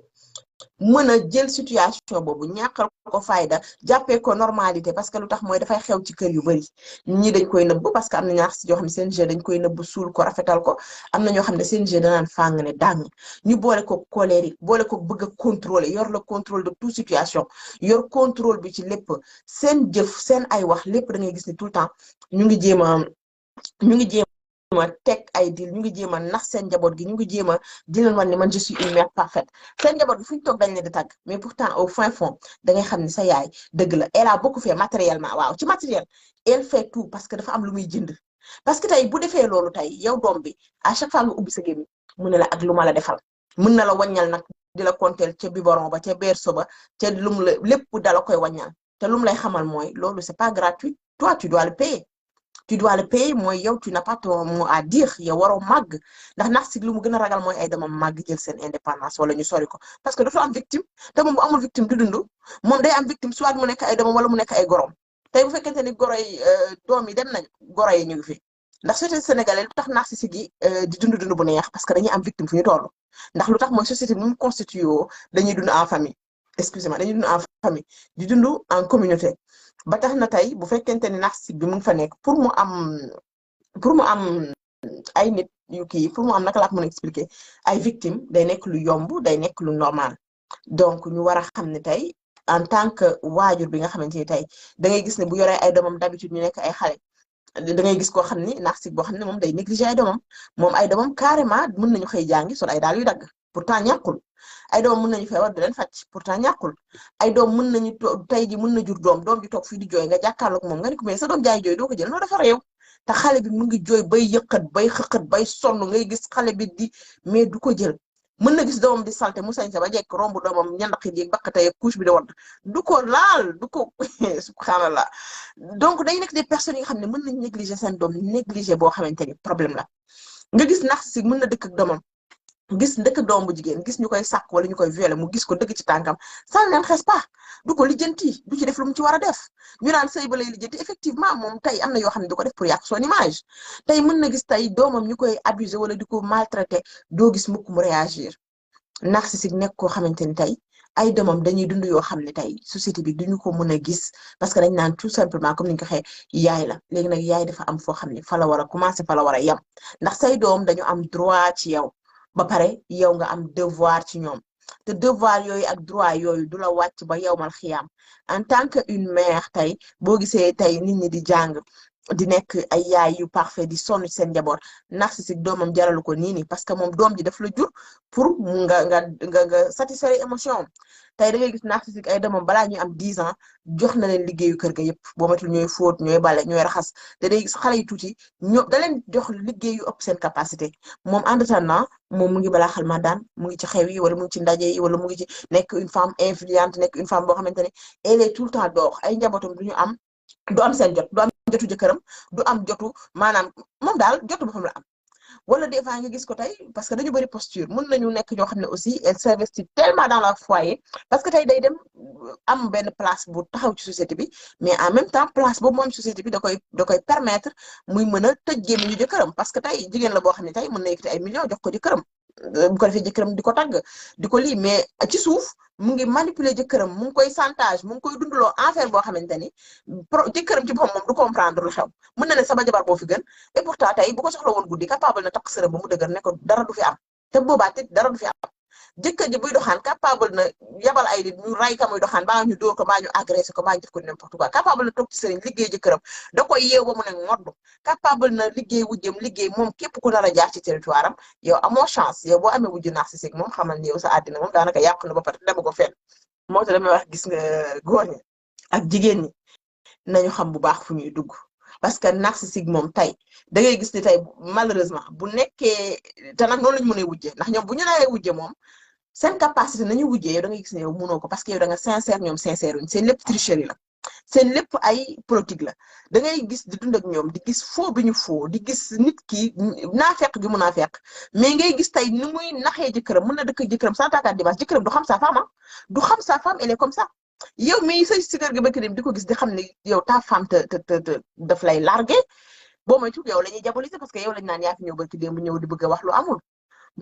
Speaker 1: mën a jël situation boobu ñàkkal ko fayda jàppee ko normalité parce que lu tax mooy dafay xew ci kër yu bari ñi dañ koy nëbb parce que am na ñaar si yoo xam ne seen jeu dañ koy nëbb suul ko rafetal ko am na ñoo xam ne seen jeu danaan ne dàng ñu boole ko colérique boole ko bëgg a contrôler yor le contrôle de toute situation yor contrôle bi ci lépp seen jëf seen ay wax lépp da ngay gis ne tout temps ñu ngi jéem ma teg ay dil ñu ngi jéem a nax seen njaboot gi ñu ngi jéem a di leen wan ne man je suis une mère parfaite seen njaboot gi fu ñu toog dañ leen di tàgg mais pourtant au fin fond da ngay xam ne sa yaay dëgg la elle a beaucoup fait matériellement waaw ci matériel elle fait tout parce que dafa am lu muy jënd parce que tey bu defee loolu tey yow doom bi à chaque fois ubbi sa gémmiñ mu ne la ak lu ma la defal mën na la waññal nag di la konteel ca biberon ba ca berceau ba ca lum la lépp dala koy waññal te lum lay xamal mooy loolu c'est pas gratuit toi tu dois tu dois le payer mooy yow tu n'as pas ton mot à dire waroo màgg ndax narcissique lu mu gën a ragal mooy ay dama màgg jël seen indépendance wala ñu sori ko parce que dafa am victime te moom bu amul victime du dund moom day am victime soit mu nekk ay doomam wala mu nekk ay gorom tey bu fekkente ni goro yi euh, doom yi dem nañ goro ñu fi ndax société sénégalaise lu tax narcissique euh, yi di dund dund bu neex parce que dañuy am victime fu ñu toll ndax lu tax mooy société bi mu constitué woo en famille excusez-moi dañuy dund en famille di dund en ba tax na tey bu fekkente ne narcissique bi mu ngi fa nekk pour mu am pour mu am ay nit yu kii pour mu am naka laa ko mën ay victimes day nekk lu yomb day nekk lu normal donc ñu war a xam ne tey en tant que waajur bi nga xamante ni tey da ngay gis ne bu yoree ay doomam d'habitude ñu nekk ay xale da ngay gis koo xam ni narcissique boo xam ne moom day négliger ay doomam moom ay doomam carrément mën nañu xëy jàngi sol ay daal yu dagg pourtant ñàkkul ay doom mën nañu feebar di leen faj pourtant ñàkkul ay doom mën nañu tey ji mën na jur doom doom ji toog fii di jooy nga jàkkaarloog moom nga ni ko mais sa doom jaay jooy doo ko jël noo dafa xale bi mu ngi jooy bay yëkkat bay xëkkat bay sonn ngay gis xale bi di mais du ko jël mën na gis doom di salte mu sañ sa ba jekk romb doomam ñandax yi di bakk tey couche bi di wadd du ko laal du ko subhanallah donc day nekk des personnes yi nga xam ne mën nañ négliger seen doom négliger boo xamante ni la nga gis narcissique mën na dëkk ak doomam gis ndëkk doom bu jigéen gis ñu koy sàkk wala ñu koy violer mu gis ko dëgg ci tànkam ça ne l'intéresse pas du ko lijjanti du ci def lu mu ci war a def ñu naan sëy ba lay lijjanti effectivement moom tey am na yoo xam ne du ko def pour yàq son image tey mën na gis tey doomam ñu koy abuser wala di ko maltraiter doo gis mukk mu réagir si nekk koo xamante ni tey ay doomam dañuy dund yoo xam ne tey société bi duñu ko mën a gis parce que dañ naan tout simplement comme ni ñu ko waxee yaay la léegi nag yaay dafa am foo xam ne fa la war a commencer fa la war a yem ndax say doom dañu am droit ci yow ba pare yow nga am devoir ci ñoom te devoir yooyu ak droit yooyu du la wàcc ba yowmal xiyaam en tant que une mère tey boo gisee tey nit ñi di jàng di nekk ay yaay yu parfait di sonn ci seen njaboot narcissique doomam jaralu ko nii nii parce que moom doom ji daf la jur pour mu nga nga nga nga satisfaire émotion tey da ngay gis narcissique ay doomam balaa ñuy am 10 ans jox na leen liggéeyu kër ga yëpp boo matul ñooy fóot ñooy bale ñooy raxas xale yu tuuti ñoo da leen jox liggéey yu ëpp seen capacité moom en attendant moom mu ngi balaa xel ma daan mu ngi ci xew yi wala mu ngi ci ndaje yi wala mu ngi ci nekk une femme influente nekk une femme boo xamante ne elle est tout le temps doox ay njabootam du ñu am du am seen jot du am jotu jëkkëram du am jotu maanaam moom daal jotu boppam la am wala des gis ko tey parce que dañu bëri posture mun ñu nekk ñoo xam ne aussi elle s'investit tellement dans leur foyer parce que tey day dem euh, am benn place bu taxaw ci société bi mais en même temps place boobu moom société bi da koy da koy permettre muy mën a tëj gémmiñu jëkkëram parce que tey jigéen la boo xam ne tey mën na yëkkati ay millions jox ko jëkkëram Euh, bu ko defee jëkkëram di ko tagg di ko lii mais ci suuf mu ngi manipuler jëkkëram mu ngi koy chantage mu ngi koy dundaloo affaire boo xamante ni pro jëkkëram ci boppam moom du comprendre lu xew mën na ne sama jabar boo fi gën et pourtant tey bu ko soxla woon guddi capable na takk sërëm ba mu dëgër ne dara du fi am te boobaa dara du fi am jëkkër ji buy doxaan capable na yabal ay nit ñu ray ka muy doxaan baa ñu dóor ko baa ñu agressé ko baa ñu def ko n'importe quoi na toog ci sëriñ liggéey jëkkëram da koy yeew mu ne ngoddu capable na liggéey wujjëm liggéey moom képp ku nar a jaar ci territoire am yow amoo chance yow boo amee wujju narcissique moom xamal ni yow sa àddina moom daanaka yàqu na ba pare dama ko fenn moo tax damay wax gis nga góor ñi ak jigéen ñi nañu xam bu baax fu ñuy dugg parce que narcissique moom tey da gis ni tey malheureusement bu nekkee te nag noonu la ñu mënee wujjee ndax ñoom bu ñu naree wujjee moom seen na ñu wujjee yow da ngay gis ne yow mënoo ko parce que yow da nga sincère ñoom sincère wuñ seen lépp tricherie la seen lépp ay politique la da gis di dund ak ñoom di gis foo bi ñu foo di gis nit ki naafeq gi mu naafeq mais ngay gis tey ni muy naxee jëkkëram mën na dëkk jëkkëram sans tàkkaat dimanche jëkkëram du xam sa femme ah, xam sa femme elle est yow mi sa si kër ba di ko gis di xam ne yow ta femme te daf lay largué boo moytu yow la ñuy diaboliser parce que yow lañ naan yaa ñëw ba bëgg wax lu amul.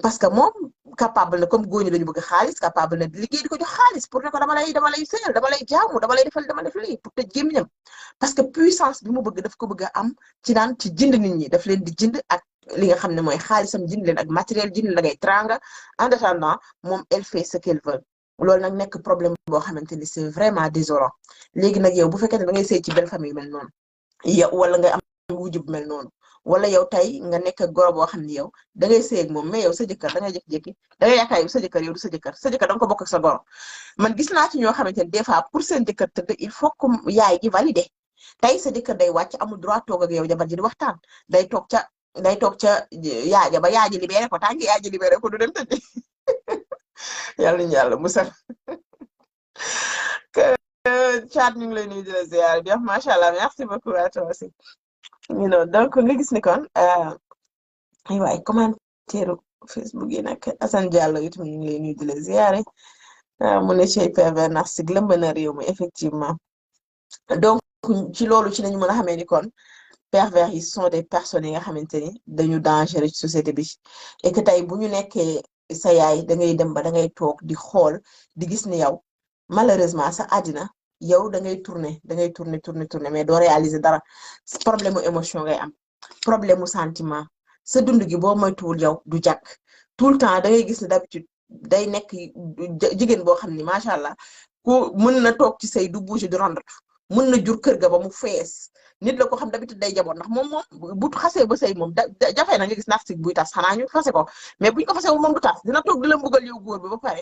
Speaker 1: parce que moom capable na comme góor ñi dañu bëgg xaalis capable na liggéey di xaalis pour ne ko dama lay dama lay sëyal dama lay jaamu dama lay defal dama def lii pour tëj gémmiñam parce que puissance bi mu daf ko bëgg am ci naan ci jënd nit ñi daf leen di jënd ak li nga xam ne mooy xaalisam jënd leen ak matériel jënd la ngay tranga en moom elle fait ce qu'elle loolu nag nekk problème boo xamante ni c'est vraiment désolant léegi nag yow bu fekkee ne da ngay sëy ci belle famille mel noonu yow wala nga am wujub mel noonu wala yow tey nga nekk goro boo xam ne yow da ngay sëy ak moom mais yow sa jëkkër da ngay jékki-jékki da ngay yaakaar yow sa jëkkër sa jëkkër da nga ko bokk ak sa goro man gis naa ci ñoo xamante ne des fois pour seen jëkkër tëdd il faut que yaay gi de tey sa jëkkër day wàcc amul droit toog ak yow jabar ji di waxtaan day toog ca day toog ca yaaja ba yaaji libéré ko tàngi yaaji libéré ko du dem yàlla ñu yàlla musal chat ñu ngi lay nuyu di la bi wax macha allah merci beaucoup à toi aussi you know donc nga gis ni kon euh, aywaay Facebook yi nag Assane Diallo itam ñu ngi lay nuyu di la euh, mu ne ci pervers narcissique lëmb na réew mi effectivement donc ci loolu ci lañu mën a xamee ni kon pervers yi sont des personnes yi nga xamante ni dañu dangereux ci société bi et bu ñu nekkee sa yaay da ngay dem ba da ngay toog di xool di gis ne yow malheureusement sa àddina yow da ngay tourner da ngay tourner tourner tourner mais doo réaliser dara problème mu émotion ngay am problème mu sentiment sa dund gi boo moytuwul yow du jàkk tout le temps da gis ne d'habitude day nekk jigéen boo xam ni macha allah ku mën na toog ci say du bouger du rendre mën na jur kër ga ba mu fees nit la ko xam d'habitude day jaboot ndax moom moom bu xasee ba sëy moom da jafe na nga gis narcissique buy tas xanaa ñu fase ko mais buñ ko fase moom du tas dina toog di la mbugal yow bi ba pare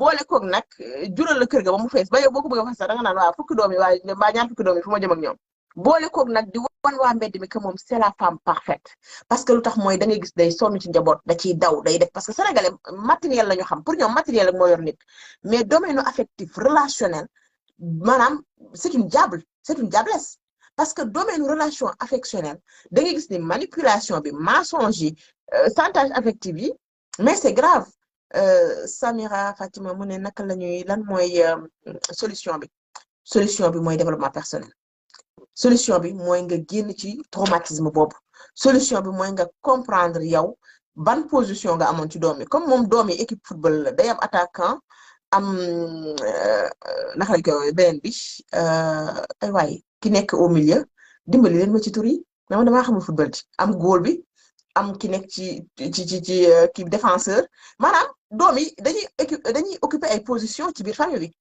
Speaker 1: boole koog nag eh, jural la kër ga ba mu fees ba yow a fase sax da nga naan fukki doom yi waa ñoom boole koog nag di wan waa mbedd mi que moom c'est la femme parfaite parce que tax mooy da ngay gis ci njaboot da ciy daw day def parce que sénégalais matériel la ñu xam pour ñoom matériel parce que domaine relation affectionnelle da nga gis ni manipulation bi mensonge yi euh, chantage affectif yi mais c'est grave euh, Samira Fatima mu ne naka la ñuy lan mooy euh, solution bi solution bi mooy développement personnel solution bi mooy nga génn ci traumatisme boobu solution bi mooy nga comprendre yow ban position nga amoon ci doom yi comme moom doom yi équipe football la day am attaquant am naka lañ koy beneen bi ay waay ki nekk au milieu dimbali leen ma ci tur yi dama damaa xamul football ci am góol bi am ki nekk ci ci ci ci euh, ki défenseur maanaam doom yi dañuy dañuy occuper ay position ci biir famille bi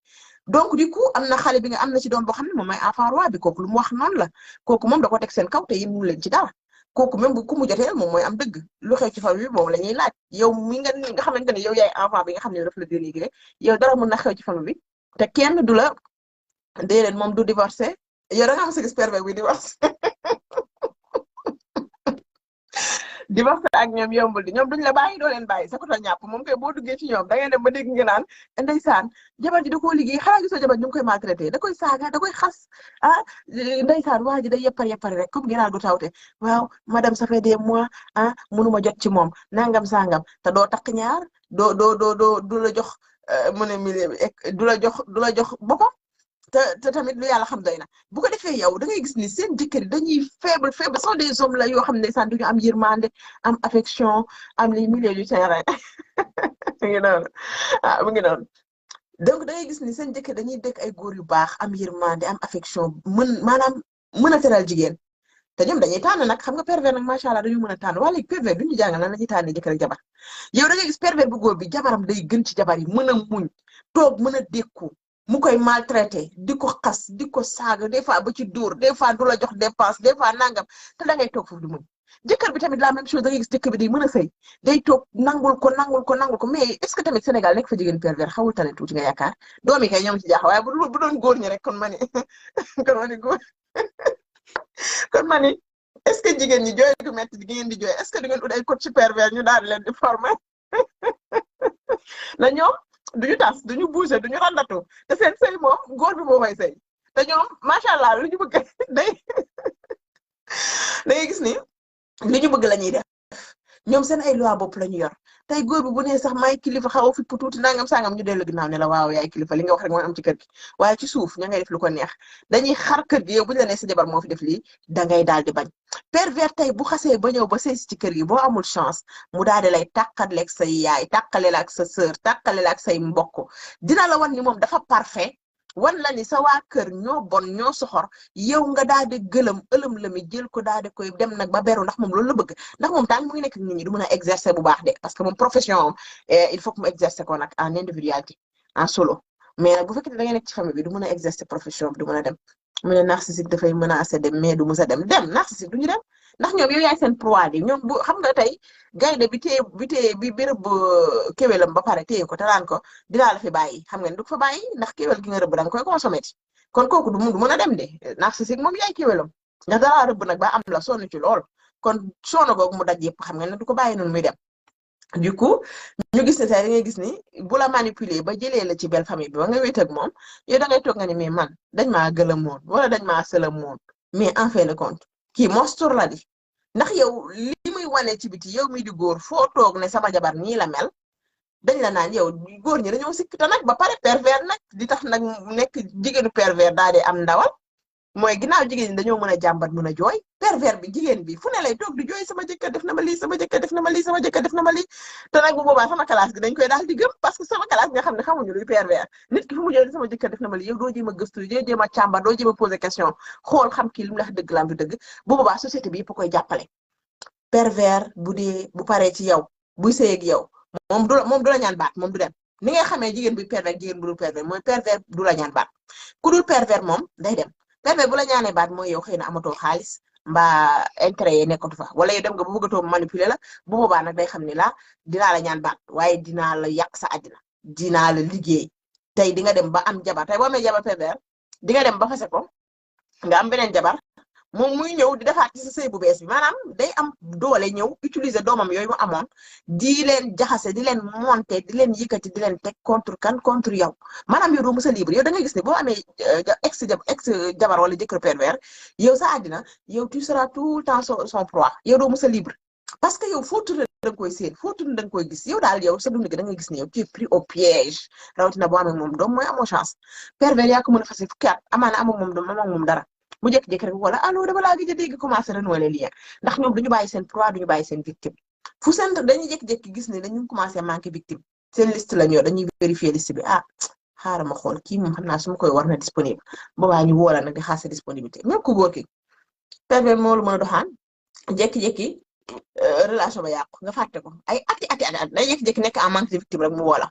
Speaker 1: donc du coup am na xale bi nga am na ci doon bo xam ne moom may enfant roi bi kooku lu mu wax noonu la kooku moom da ko teg seen kaw te yéen mënu leen ci dara kooku même ku mu jotee moom mooy am dëgg lu xew ci famille bi moom la ñuy laaj yow mi nga nga xamante ne yow yaay enfant bi nga xam ne daf la dénigré yow dara mën na xew ci bi te kenn du la déedéet moom du divorcé yow da nga am sexe pervers bi di wax di wax ak ñoom yombul di ñoom duñ la bàyyi doo leen bàyyi sa kota ñàpp moom koy boo duggee ci ñoom da ngay dem ba dégg nga naan ndeysaan jabar ji da koo liggéey xanaa gisoo jabar ji ñu ngi koy maltraité da koy saaga da koy xas ah ndeysaan waa ji day yeppar yeppar rek comme ginaar gu tawte waaw madame ça fait des mois ah mënuma jot ci moom nangam sangam te doo takk ñaar doo doo doo doo du la jox euh, mu ne mi du la jox du la jox boppam te te tamit lu yàlla xam doy na bu ko defee yow da ngay gis ni seen jëkkër dañuy faible faible sont des hommes la yoo xam ne sax duñu am yërmande am affection am les milieux du terrain
Speaker 2: mu ngi noonu
Speaker 1: ah mu ngi noonu donc da ngay gis ni seen jëkkër dañuy dëkk ay góor yu baax am yërmande am affection mën maanaam mën a teral jigéen te ñoom dañuy tànn nag xam nga pervers nag macha allah mën a tànn waa léegi pervers duñu jàngal lan la ñuy tànnee jëkkër ak jabar yow da ngay gis bu góor bi jabaram day gën ci jabar yi mën a muñ toog mën a ko mu koy maltraité di ko xas di ko saaga des fois ba ci dóor des fois du la jox dépense des fois nangam te da ngay toog foofu di jëkkër bi tamit la même chose da ngay gis jëkkër bi day mën a sëy day toog nangul ko nangul ko nangul ko mais est ce que tamit Sénégal nekk fa jigéen pervers xawul tane tuuti nga yaakaar doom yi kay ñoom ci jaax waaye bu doon góor ñi rek kon ma ni kon ma ni kon ma est ce que jigéen ñi jooy du metti di ngeen di jooy est ce que di ngeen ut ay coach pervers ñu daal leen na ñoom du ñu tas du ñu bouger du ñu randatu te seen sëy moom góor bi moo koy sëy te ñoom macha allah lu ñu bëgg day day gis ni li ñu bëgg la ñuy def ñoom seen ay loi bopp la ñu yor tey góor bi bu nee sax may kilifa xaw fi pour tuuti nangam sangam ñu dellu ginnaaw ne la waaw yaay kilifa li nga wax rek mooy am ci kër gi waaye ci suuf ña ngay def lu ko neex dañuy xar kër gi yow bu ñu la nee sa moo fi def lii da ngay daal di bañ pervers bu xasee ba ñëw ba sëy ci kër gi boo amul chance mu daal di lay tàqaleeg say yaay tàqale la ak sa sœur tàqale la say mbokk dina la wan ni moom dafa parfait wan la ni sa waa kër ñoo bon ñoo soxor yow nga daal di gëlëm ëlëm la mi jël ko daal di koy dem nag ba beru ndax moom loolu la bëgg ndax moom tant mu ngi nekk nit ñi du mën a exercer bu baax de parce que moom profession am eh, il faut que mu exercer ko nag en individualité en solo mais nag bu fekkee da ngay nekk ci famille bi du mën a exercer profession bi du a dem mu ne narcissique dafay menacer dem mais du mës dem dem narcissique du ñu dem ndax ñoom yow yaay seen proie ñoom bu xam nga tey gaynde bi téye bi téye bi bérëb euh, kéwelam ba pare téye ko te naan ko dinaa la fi bàyyi xam nga du ko fa bàyyi ndax kéwel gi nga rëbb da nga koy consommer kon kooku du mën a dem de narcissique moom yaay kéwelam ndax dalaa rëbb nag ba am la sonn ci lool kon soono googu mu daj yëpp xam nga ne du ko bàyyi noonu muy dem du coup ñu gis ne tey da ngay gis ni bu la manipuler ba jëlee la ci belle famille bi ba nga wéet moom yo da ngay toog nga ne mais man dañ maa gëlamoon wala dañ maa sëlamoon mais en fin de compte kii monstre ndax yow li muy wane ci biti yow mi di góor foo toog ne sama jabar nii la mel dañ la naan yow góor ñi dañoo sikk te nag ba pare pervers nag di tax nag nekk jigéenu pervers daal dee am ndawal mooy ginnaaw jigéen ñi dañoo mën a jàmbat mën a jooy pervers bi jigéen bi fu ne lay toog di jooy sama jëkkër def na ma li sama jëkkër def na ma lii sama jëkkër def na ma lii te nag bu boobaa sama classe gi dañ koy daal di gëm parce que sama classe nga xam ne xamuñu luy pervers nit ki fu mu jooy sama jëkkër def na ma lii yow doo jéem a gëstu doo jéem a càmbar doo jéem a poser question xool xam kii li mu la wax dëgg la am dëgg bu boobaa société bi yëpp koy jàppale pervers paree ci yow buy sëy yow moom du la moom du la ñaan baat moom dem ni ngay xamee jigéen bi pervers jigéen bu dul pervers mooy pervers du la pervers bu la ñaanee baat mooy yow xëy na amatoo xaalis mba intérêt yi nekkatu fa wala yow dem nga bu bëggatoo manipuler la bu boobaa nag day xam ni la dinaa la ñaan baat waaye dinaa la yàq sa àddina dinaa la liggéey tey di nga dem ba am jabar tey boo amee jabar pervers di nga dem ba fase ko nga am beneen jabar moom muy ñëw di defaat ci sa sëy bu bees bi maanaam day am doole ñëw utiliser doomam yooyu mu amoon di leen jaxase di leen monter di leen yëkkati di leen teg contre kan contre yow maanaam yow doo a libre yow boo amee euh, ex ex jabar wala jëkkër pervers sa tu le temps son son proie yow doo libre parce que yow foo turne da nga nga gi da ngay gis ne yow tu pris au piège rawatina boo amee moom doom mooy amoo chance pervers yaa ko mën a fas fukki at amaana amoo moom doom dara mu jékki-jékki rek wala allo dama laa gëj a dégg commencé renouveler lien ndax ñoom duñu bàyyi seen proie commencé manqué victime seen liste la ñoo dañuy vérifier liste ah, ma xool xam naa su ma koy war na disponible boobaa ñu woola nag di xaar sa disponibilité même ku góor ki pervers moo lu mën a doxaan jékki-jékki euh, relation nga fàtte ko ay ati ati ati at day jékki-jékki nekk en manque de victime rek mu woola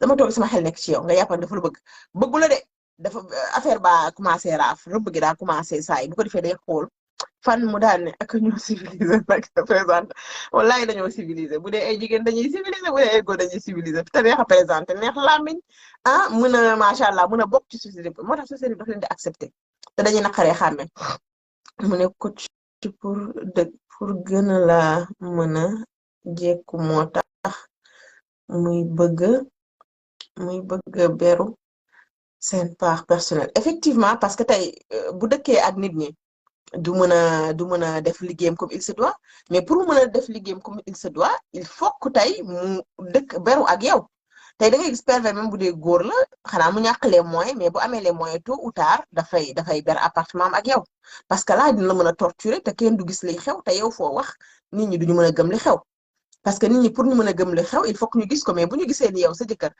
Speaker 1: dama toog sama xel nekk ci yow nga yàppoon dafa la bëgg bëggu de dafa affaire ba commencé raaf rëbb gi commencé saay bu ko defee day xool fan mu daal ne ak ñoo civilisé nag présenté wallaay dañoo civilisé bu dee ay jigéen dañuy civilisé bu dee ay góor dañuy civilisé te neex a présenté neex làmmiñ ah mën a macha allah mën a bokk ci société bi moo tax société bi dafa leen di accepté te dañuy naqaree xàmme mu ne ko pour dëgg pour gën a la mën a jekku moo tax muy bëgg muy bëgg beru seen part personnelle effectivement parce que tey euh, bu dëkkee ak nit ñi du mën a du mën a def liggéeyam comme il se doit mais pour mu mën a def liggéem comme il se doit il faut tey mu dëkk beru ak yaw tey da ngay gis pervers même bu dee góor la xanaa mu ñàkk les moyens mais bu amee les tout tôt ou tard dafay dafay ber appartement am ak yow parce que là dina la mën a torturer te kenn du gis li xew te yow foo wax nit du ñu mën a gëm li xew parce que nit ñi pour ñu mën a gëm li xew il faut que ñu gis ko mais bu gisee ni yow sa jëkkër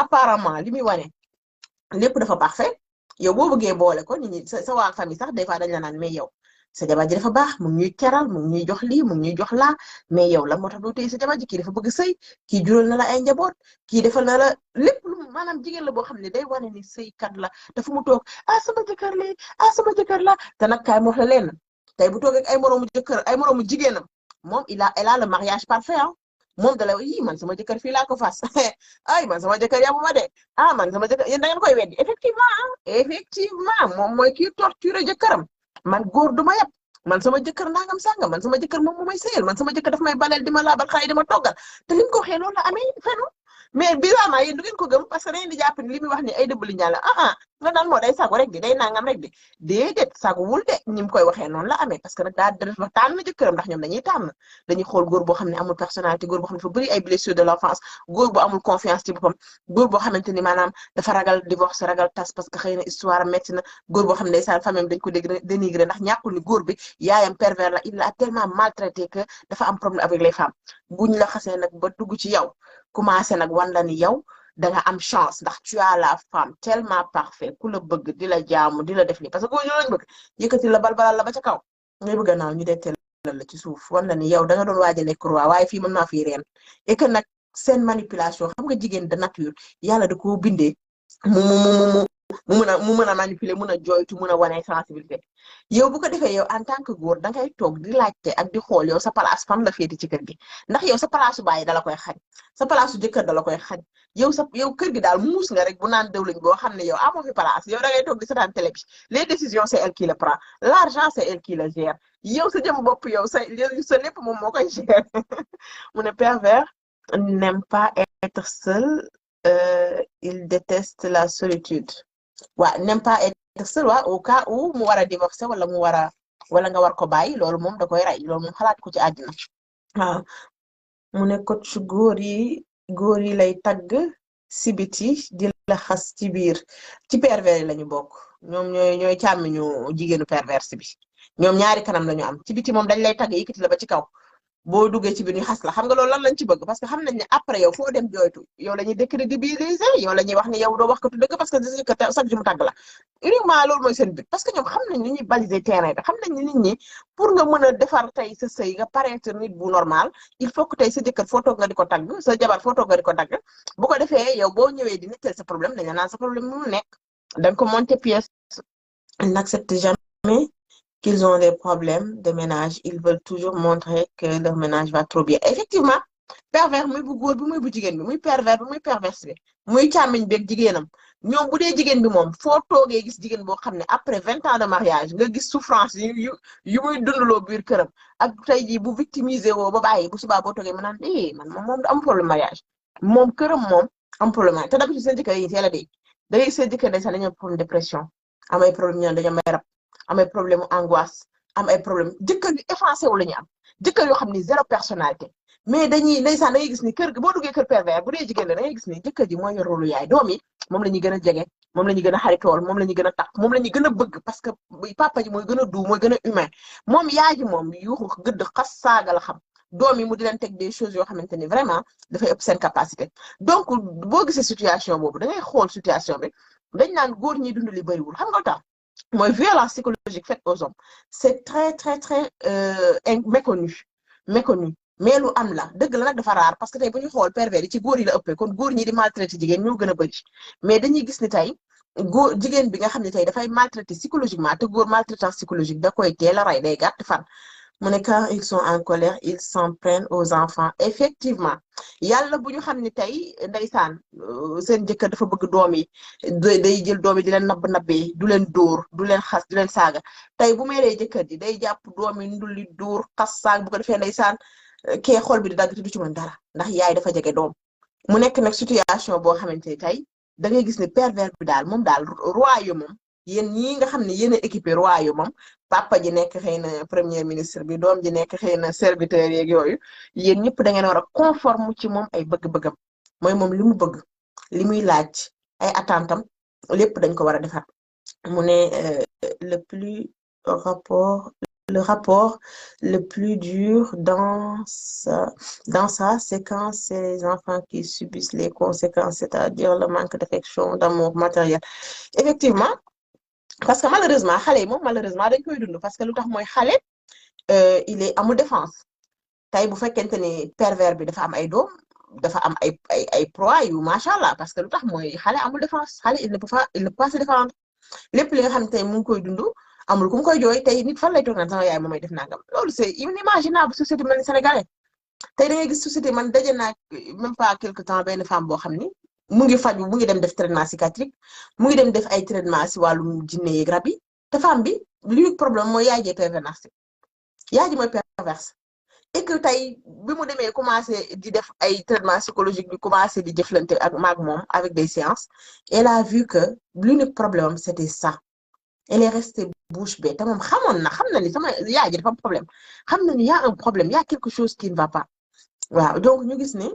Speaker 1: apparemment li muy wane lépp dafa parfait yow boo bëggee boole ko nit ñi sa sa waa famille sax des fois dañ la naan mais yow sa jabar ji dafa baax mu ngi ñuy teral mu ngi ñuy jox lii mu ngi jox laa mais yow la moo tax doo téye sa jabar ji kii dafa bëgg sëy kii jural na la ay njaboot kii defal na la lépp lu maanaam jigéen la boo xam ne day wane ni sëykat la dafa mu toog ah sama jëkkër lee ah sama jëkkër la te nag kaay bu toog ak ay moroomu jëkkër ay moroomu jigéenam moom il a elle a le mariage parfait ah moom dala yi man sama jëkkër fii laa ko fas ay man sama jëkkër yabu ma de ah man sama jëkkër yéen da ngeen koy weddi effectivement effectivement moom mooy kii torturer jëkkëram man góor du ma yab man sama jëkkër nangam sangam man sama jëkkër moom mu may sëyal man sama jëkkër daf may baleel di ma laabal xaay di ma toggal te lim ko waxee loolu la amee fenu mais bi yéen du ngeen ko gëm parce que da ngeen di jàpp ni wax ni ay dëbbali ñaan la ah ah nga naan moo day sago rek di day nangam rek di déedéet saguwul de ni mu koy waxee noonu la amee parce que nag daa dafa tànn jëkkëram ndax ñoom dañuy tànn dañuy xool góor boo xam ne amul personnalité góor boo xam ne dafa bëri ay blessures de l'enfance parce que xëy na histoire métti na góor boo xam ne ndeysaan famille dañ ko dégg dénigré ndax ñàkkul ni góor bi yaayam pervers la il a tellement maltraité que dafa am problème avec commencé nag wan la ni yow da am chance ndax tu as la femme tellement parfaite ku la bëgg di la jaamu di la def lii parce que góor ñi lañ bëgg yëkkati la balbalal la ba ca kaw ngay bëgg a naaw ñu dee teelal la ci suuf wan la ni yow da doon waaj a nekk roi waaye fii mën naa fi reen et que nag seen manipulation xam nga jigéen de nature yala da koo bindee mu mu mën a mu mën a manipuler mën a joytu mën a wane sensibilité yow bu ko defee yow en tant que góor da ngay toog di laajte ak di xool yow sa place fan la féete ci kër gi ndax yow sa place bàyyi dala koy xañ sa place jëkkër dala koy xañ yow sa yow kër gi daal muus nga rek bu naan dëwlañ boo xam ne yow amoo fi place yow da ngay toog di seetaan télé bi les décisions c'est elle qui le prend l'argent c'est bopp yow sa sa lépp moom moo koy mu ne pervers n'aime pas être seul euh, il déteste la solitude waa n'aime pas être seul waa au cas où mu war a divorcer wala mu war a wala nga war ko bàyyi loolu moom da koy ray loolu moom xalaat ko ci àddina waaw mu ne coach góor yi góor yi lay tagg si biti di la xas ci biir ci pervers yi lañu bokk ñoom ñooy ñooy càmmiñu jigéenu perverse bi ñoom ñaari kanam lañu am ci biti moom dañ lay tagg yëkkati la a ci kaw boo duggee ci biir ñu xas la xam nga loolu lan lañ ci bëgg parce que xam nañ ne après yow foo dem jooytu yow la ñuy décrédibiliser yow la ñuy wax ni yow doo wax katu dëgg parce que gis nga que chaque jour mu tàgg la a defar tey il faut que tey sa jëkkër foo toog nga di ko tàgg sa jabar foo toog nga di ko ko defee yow boo ñëwee di nettali sa problème dañu naan sa problème mu nekk da nga ko monter pièce jamais qu'ils ont des problèmes de ménage ils veulent toujours montrer que leur ménage va trop bien effectivement pervers muy bu bi muy bu jigéen bi muy pervers bi perverse bi muy càmmiñ beeg jigéenam ñoom bu dee jigéen bi moom foo toogee gis jigéen boo xam ne après vingt ans de mariage nga gis souffrance yu yu yu muy dundaloo biir këram ak tey jii bu victimiser woo bo bàyyi bu subaa boo toogee ma naan eh man moom du problème mariage moom këram moom am problème te d'habitude da am ay problème angoisse am ay problème jëkkër yu effacé wu la ñu am jëkkër yoo xam ni zéro personnalité mais dañuy ndeysaan da ngay gis ni kër gi boo duggee kër pervers bu dee jigéen la da ngay gis ni jëkkër ji mooy yor rôle yaay doom yi moom la ñuy gën a jege moom la ñuy xaritool moom la ñuy gën a takk moom la ñuy a bëgg parce que papa ji mooy gën a duu mooy gën humain moom yaay ji moom yuuxu gëdd xas saaga la xam doom yi mu di leen teg des choses yoo xamante ni vraiment dafay ëpp seen capacité boo gisee situation boobu da ngay situation bi dañ naan góor ñi dund li bëriwul xam nga tax mooy violence psychologique faite aux hommes c'est très très très euh, méconnu méconnu mais lu am la dëgg la nag dafa parce que tey bu ñu xool pervers yi ci góor yi kon góor ñi di maltraité jigéen ñoo gën a bëri mais dañuy gis ni tey góor jigéen bi nga xam ne tey dafay maltraité psychologiquement te góor maltraitance psychologique da koy teel a rey day gàtt fan mu ne quand ils sont en colère ils s'en prennent aux enfants effectivement yàlla bu ñu xam ne tey ndeysaan euh, seen jëkkër dafa bëgg doom yi day jël doom yi di leen nabb nabbee du leen dóor du leen xas du leen saaga tey bu meeree jëkkër ji day jàpp doom yi ndulli dóor xas saag bu ko defee ndeysaan euh, bi di dagg du ci mën dara ndax yaay dafa jege doom mu nekk nag situation boo xamante ni tey da ngay gis ne pervers bi daal moom daal royaume moom yéen ñii nga xam ne yéen a équipé royaume moom papa ji nekk xëy na premier ministre bi doom ji nekk xëy na serviteur yeeg yooyu yéen ñëpp da ngeen war a conforme ci moom ay bëgg-bëggam mooy moom li mu bëgg li muy laaj ay attantam lépp dañ ko war a defar mu ne euh, le plus rapport le le plus dur dans sa dans ça c'est quand c'est les enfants qui subissent les conséquences c'est-à-dire le manque d'affection d'amour matériel effectivement parce que malheureusement xale yi moom malheureusement dañ koy dund parce que lu tax mooy xale euh, il est amul défense tey bu fekkente ni pervers bi dafa am ay doom dafa am ay ay ay proies yu macha allah parce que lu tax mooy xale amul défense xale il ne peut pas il ne xam ne mu ngi koy dund amul ku mu koy jooy tey nit fan lay toog naan sama yaay moom may def nangam loolu c'est inimaginable société mel ni sénégalais tey da ngay société man daje naa pas quelque temps benn femme boo xam ni. mu ngi faju mu ngi dem def traitement cicatrique mu ngi dem def ay traitement si wàllum jinne yeeg rab yi bi li problème mooy yaay jee perverse yaay ji mooy perverse et que tey bi mu demee commencé di def ay traitement psychologique di commencé di jëflante ak maak moom avec des séances elle a vu que l'unique problème c'était ça elle est restée bouche bée te xamoon na xam na ni sama yaay ji dafa problème xam na ni y a un problème y quelque chose qui ne va pas waaw donc ñu gis ne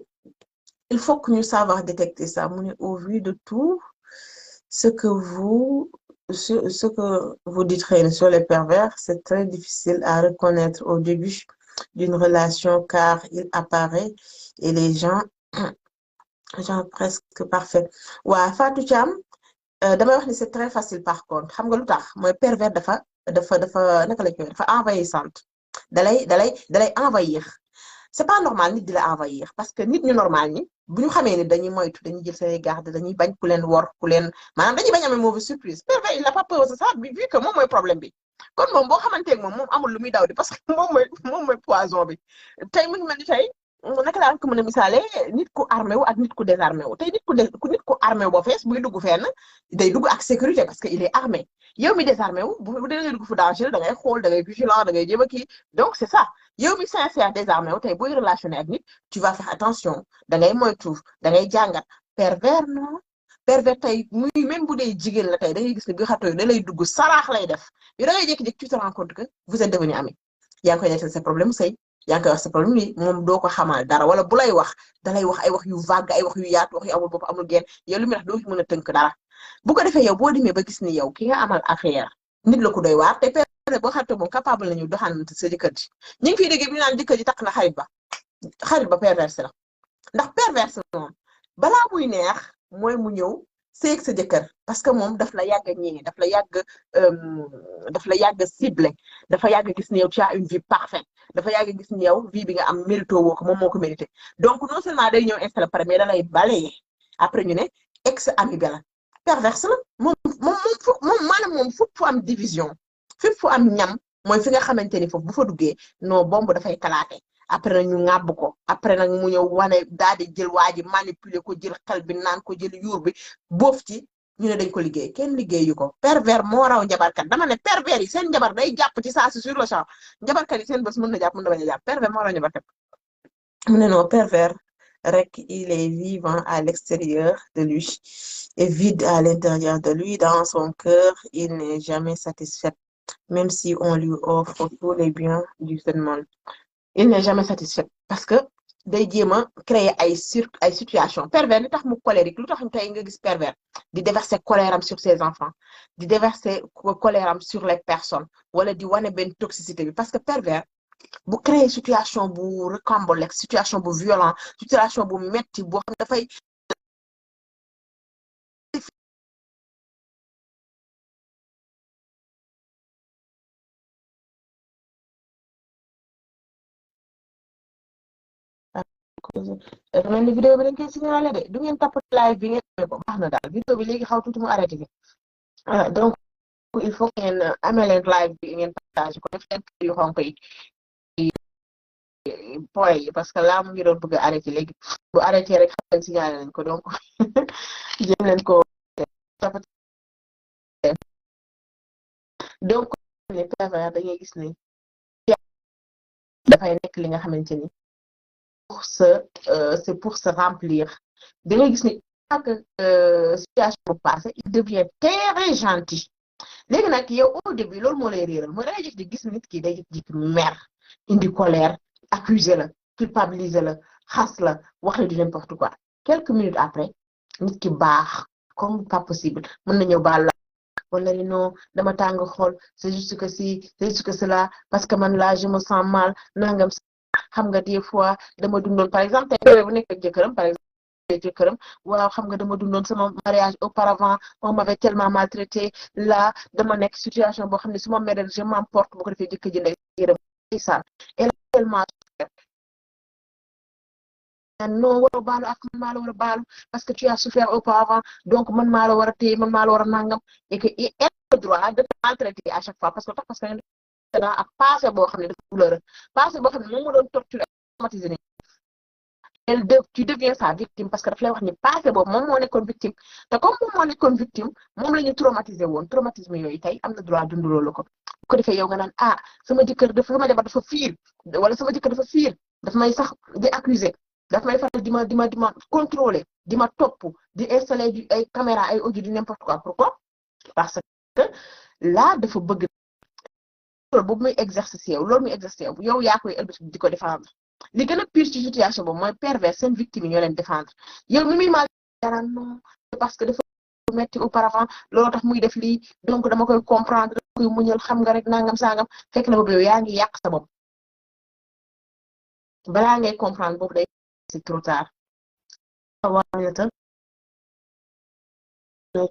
Speaker 1: il faut que nous savoir détecter ça. Au vu de tout ce que vous, ce, ce que vous dites sur les pervers, c'est très difficile à reconnaître au début d'une relation car il apparaît et les gens, gens presque parfaits. Ouais, Fatou Cham, euh, damay wax ni c'est très facile par contre xam nga lu tax mooy pervers dafa dafa dafa naka la koy dafa envahissante dalay envahir c'est pas normal nit di la envahir parce que nit ñu normal ñi bu ñu xamee ni dañuy moytu dañuy jël seen garde bañ ku leen wor ku leen maanaam dañuy surprise pervers il n'a pas peur c'est ça moom mooy problème bi kon moom boo xamante ne moom amul lu muy daw di parce que moom mooy moom mooy poison bi tey mu ngi mel naka laa ko mën a misaale nit ku armé wu ak ku désarmé wu tey nit ku nit ku ba fees buy dugg fenn day dugg ak sécurité parce que il est armé yow mi désarmé wu bu bu dee nga dugg fu danger da xool da ngay a kii donc c'est ça yow mi sincère désarmé wu tey booy relationné ak nit tu vas faire attention da ngay moytu da ngay jàngat pervers non pervers tey muy même bu dee jigéen la tey da ngay gis ne bi xatoo da lay dugg saraax lay def yow da ngay jékki-jékki tu te rends compte que yaa wax sa problème li moom doo ko xamal dara wala bu lay wax dalay wax ay wax yu vague ay wax yu yaat wax yu amul bopp amul genn yow li muy wax doo ci mën a tënk dara bu ko defee yow boo demee ba gis ni yow ki nga amal affaire nit la ko doy waar te période boo xamante moom capable nañu doxalante sa jëkkër ji ñu ngi fiy déggee bi naan jëkkër ba xarit ba perverse la ndax perverse moom balaa wuy neex mooy mu ñëw seeg sa jëkkër parce que moom daf la yàgg ñii daf la yàgg euh, daf la yàgg ciblé dafa yàgg gis ni yow a as une vie parfaite dafa yàgg gis ni yow vie bi nga am mérito woo ko moom moo ko mérité donc non seulement day ñëw installé pare mais da lay balayer après ñu ne ex ami gala perverse la moom moom moom fu fu am division fépp am ñam mooy fi nga xamante ni foofu bu fa duggee non bomb dafay kalaate après na ñu ŋàbb ko après nag mu ñëw wane daal di jël waa ji manipuler ko jël xel bi naan ko jël yuur bi boof ci ñu ne dañ ko liggéey kenn liggéeyu ko pervers moo raw njabarkat dama ne yi seen njabar day jàpp ci saa sur le champ njabarkat yi seen bés mën na jàpp mën na bañ a jàpp pervers moo rek il est vivant à l'extérieur de lui et vide à l'intérieur de lui dans son cœur il n'est jamais satisfait même si on lui offre tous les biens du seul monde il n'est jamais satisfait parce que day jéem a créer ay sur ay situation pervers li tax mu colérique lu tax tey nga gis pervers di déverser colère am sur ses enfants di déverser colère sur les personnes wala di wane benn toxicité bi parce que pervers bu créer situation bu
Speaker 2: rocambolesque situation bu violent situation bu metti boo xam dafay dafa mel ni vidéo bi dañ koy signalé de du ngeen tapp live bi ngeen ko baax na daal vidéo bi léegi xaw tuuti mu arrêté bi donc il faut que ngeen amee leen live bi ngeen partage ko def leen yu xonk yi point yi parce que laa mu ngi doon bëgg a arrêté léegi bu arrêté rek xam leen signalé nañ ko donc jéem leen ko donc ne prévoir da ngay gis ne dafay nekk li nga xamante ni pour se euh, c'est pour se remplir da ngay gis ni ak
Speaker 1: euh, situation bu passé il devient très gentil léegi nag yow au loolu moo lay réeral mooy da ngay jëf di gis nit ki day jëf di mer indi colère accuser la culpabiliser la xas la wax la du n'importe quoi quelques minutes après nit ki baax comme pas possible mën na ñëw la wala ni non dama tàng xool c'est juste que si c'est juste que cela parce que man là je me sens mal nangam xam nga des fois dama dundoon par exemple tey bu nekk ak xam nga dama dundoon sama mariage auparavant on m'avait tellement maltraité là dama nekk situation boo xam ne
Speaker 2: su ma meree je m'emporte bu ko defee jëkk ji ndey yërëm ndeysaan a a baalu parce que tu as souffert
Speaker 1: auparavant donc man maa la war a man maa la a nangam et que et de à chaque fois parce que tax parce que etc ak passé boo xam ne dafa douloureux passé boo xam ne moom moo doon torturé traumatisé tu deviens sa victime parce que daf lay wax ni passé boobu moom moo nekkoon victime te comme moom moo nekkoon victime moom la ñu woon traumatisme yooyu tey am na droit dund loolu ko bu ko defee yow nga naan a ah, sama jëkkër dafa sama jabar dafa fiir wala sama jëkkër dafa fiir daf may sax di accuser daf may faral di ma di ma di di ma topp di installer ay caméra ay audio di n'importe quoi pourquoi parce lool boobu muy exercice yow loolu muy exercice yow yow yaa koy ëlbati ko défendre li gën situation boobu mooy pervers seen victime yi leen défendre yow mi muy mal daraan non
Speaker 2: parce que dafa metti auparavant looloo tax muy def lii donc dama koy comprendre mu koy xam nga rek nangam sangam fekk na boobu yow yaa ngi yàq sa bopp balaa ngay comprendre boobu day ta trop tard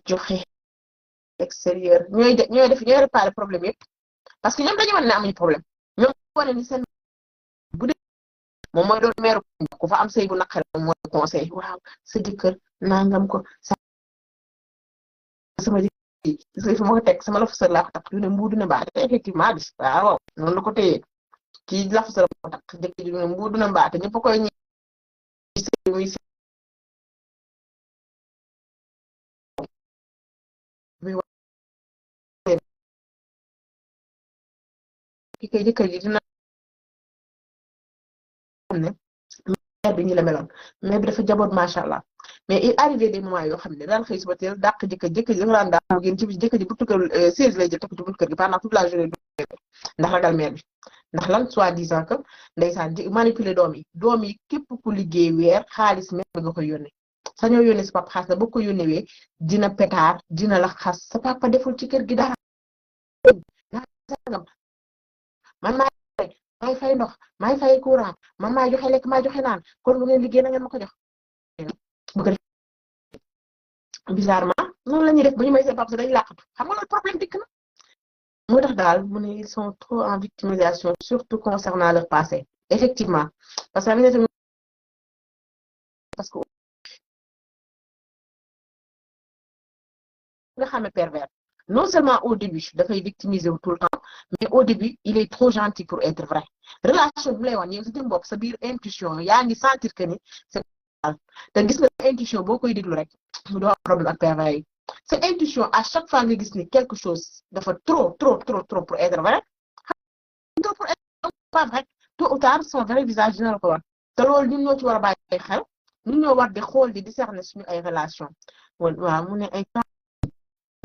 Speaker 2: joxe extérieur ñooy def ñooy réparer problème yëpp parce que ñoom dañu wane ne amuñu problème ñoom wane ni seen bu dee moom mooy doon meeru ku fa am sëy bu naqare mooy conseil waaw sa jëkkër nangam ko sama jëkkër fa ma ko teg sama lafu sër ne mbuu du effectivement bis waaw noonu la ko téyee kii lafu sër ko ne mbuu du ne mbaate ñëpp ki koy jëkkër ji dina xam bi ñu la meloon mère bi dafa jaboot macha allah mais il arrivé des moments yoo
Speaker 1: xam ne daan xëy suba teel jëkkër ji dafa daan dàq génn ci jëkkër ji bu tukkal euh, lay jël teg ci buntu kër ndax ragal mère bi ndax lan soit disant que ndeysaan manipuler doom yi doom yi képp ku liggéey weer xaalis mère bi nga koy yónnee sañoo yónnee sa papa xaas na boo ko yónnewee dina pétard dina la xas sa papa deful ci kër gi dara
Speaker 2: man maa may fay ndox may fay courant man maa joxe lekk maa joxe naan kon lu ngeen liggéey na gen ma ko jox bizarrement noonu la ñuy def bu ñu may seen papse dañ làqatu xam problème dikk na moo tax daal mu ne ils sont trop en victimisation surtout concernant leur passé effectivement parce que am na parce que nga non seulement au début dafay victimiser wu tout le temps mais au début il est trop gentil pour être vrai relation bi lay wan yow si jëm bopp sa biir
Speaker 1: intuition yaa ngi sentir que ni ta te gis nga intuition boo koy déglu rek doo am problème ak pervers yi sa intuition à chaque fois nga gis ni quelque chose dafa trop trop trop trop pour être vrai trop pour être vrai tôt ou son vrai visage dina la ko wan te loolu ñun ñoo ci war a bàyyi xel ñun ñoo war di xool di discerner suñu ay relation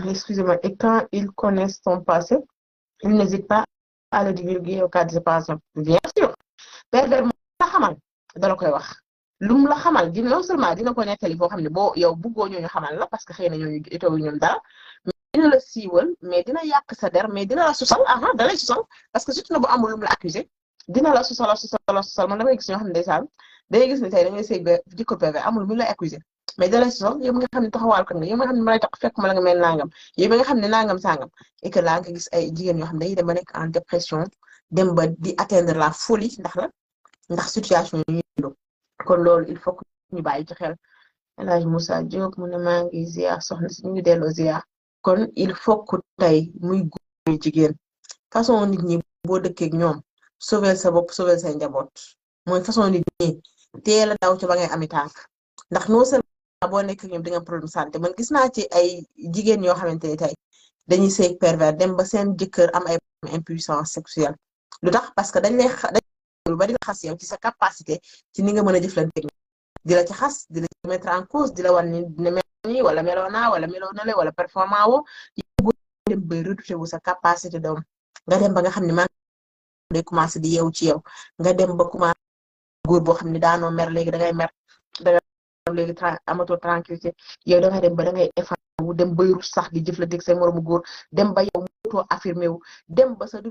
Speaker 1: excusez-moi, et quand ils connaissent son passé, ils n'hésitent pas à le divulguer au cas de séparation. Bien sûr, la xamal dala koy wax lu mu la xamal dina non seulement dina ko nettali foo xam ne boo yow bëggoo ñooñu xamal la parce que xëy na ñooñu itooyu ñoom mais dina la siiwal mais dina yàq sa ah, ah, dalay susal parce que surtout na bu amul lu la accusé dina la susal la susal la susal man damay gis ne ndeysaan day gis ne tey da ngay sëy mais dala si soxla yow nga xam ne taxawaal ko ne ma ma nga xam ne nangam sangam et que nga gis ay jigéen yoo xam ne dañuy dem ba nekk en dépression dem ba di atteindre la folie ndax situation yi kon loolu il faut que ñu bàyyi ci xel El Hadj Moussa Diop mu ne maa ngi ziar soxna ngi delloo ziar kon il faut que muy góor muy jigéen façon nit ñi boo dëkkee ak ñoom sauver sa bopp sauver sa njaboot mooy façon nit ñi teel a daw ci ba ngay ami tànk ndax boo nekk ñoom di nga problème santé man gis naa ci ay jigéen yoo xamante ne tey dañuy sëy pervers dem ba seen jëkkër am ay impuissance sexuelle lu tax parce que dañ lay dañ ba di la xas yow ci sa capacité ci ni nga mën a jëflanteeg di la ci xas di la ci mettre en cause di la wan ni mel nii wala meloo naa wala meloo na wala performant wo yow dem bay wu sa capacité doom nga dem ba nga xam ne man day commencé di yeewu ci yow nga dem ba commencé góor boo xam ne daanoo mer léegi dangay mer léegi tra amatoo tranquillité yow da ngay
Speaker 2: dem ba da ngay effacé wu dem bay rus sax di jëflanteeg say moromu góor dem ba yow mootoo affirmé wu dem ba sa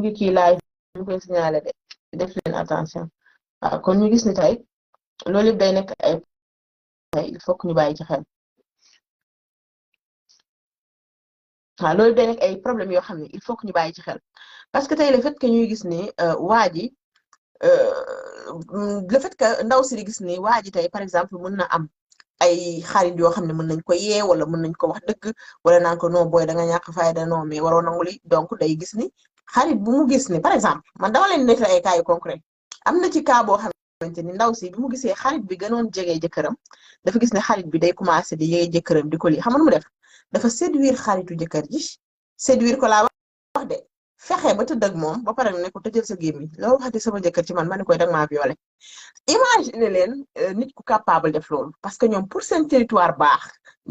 Speaker 2: ngi kii live ñu koy signalé de def leen attention kon ñu gis ni tey loolu yëpp day nekk ay ñu bàyyi ci xel
Speaker 1: waaw ay problème yoo xam ne il faut que ñu bàyyi ci xel parce que tey le fait que ñuy gis ni euh, waa ji euh, ndaw si di gis ni waa ji tey par exemple mën na am ay xarit yoo xam ne mën nañ ko yee wala mën nañ ko wax dëgg wala naan ko non booy da nga ñàkk fayda non mais waroo nangu li donc day gis ni xarit bu mu gis ne par exemple man dama leen nettali ay cas yu concret am na ci xam boo xamante ni ndaw si bi mu gisee xarit bi gënoon jege jëkkëram dafa gis ne xarit bi day commencé di yee jëkkëram di ko lii xam mu def dafa séduire xaritu jëkkër ji séduire ko laa wax de fexe ba tëdd ak moom ba pare ne ko tëjal sa gémmiñ loo waxati sama jëkkër ci man ma ne koy dag maa violé imagine leen euh, nit ku capable def loolu parce que ñoom pour seen territoire baax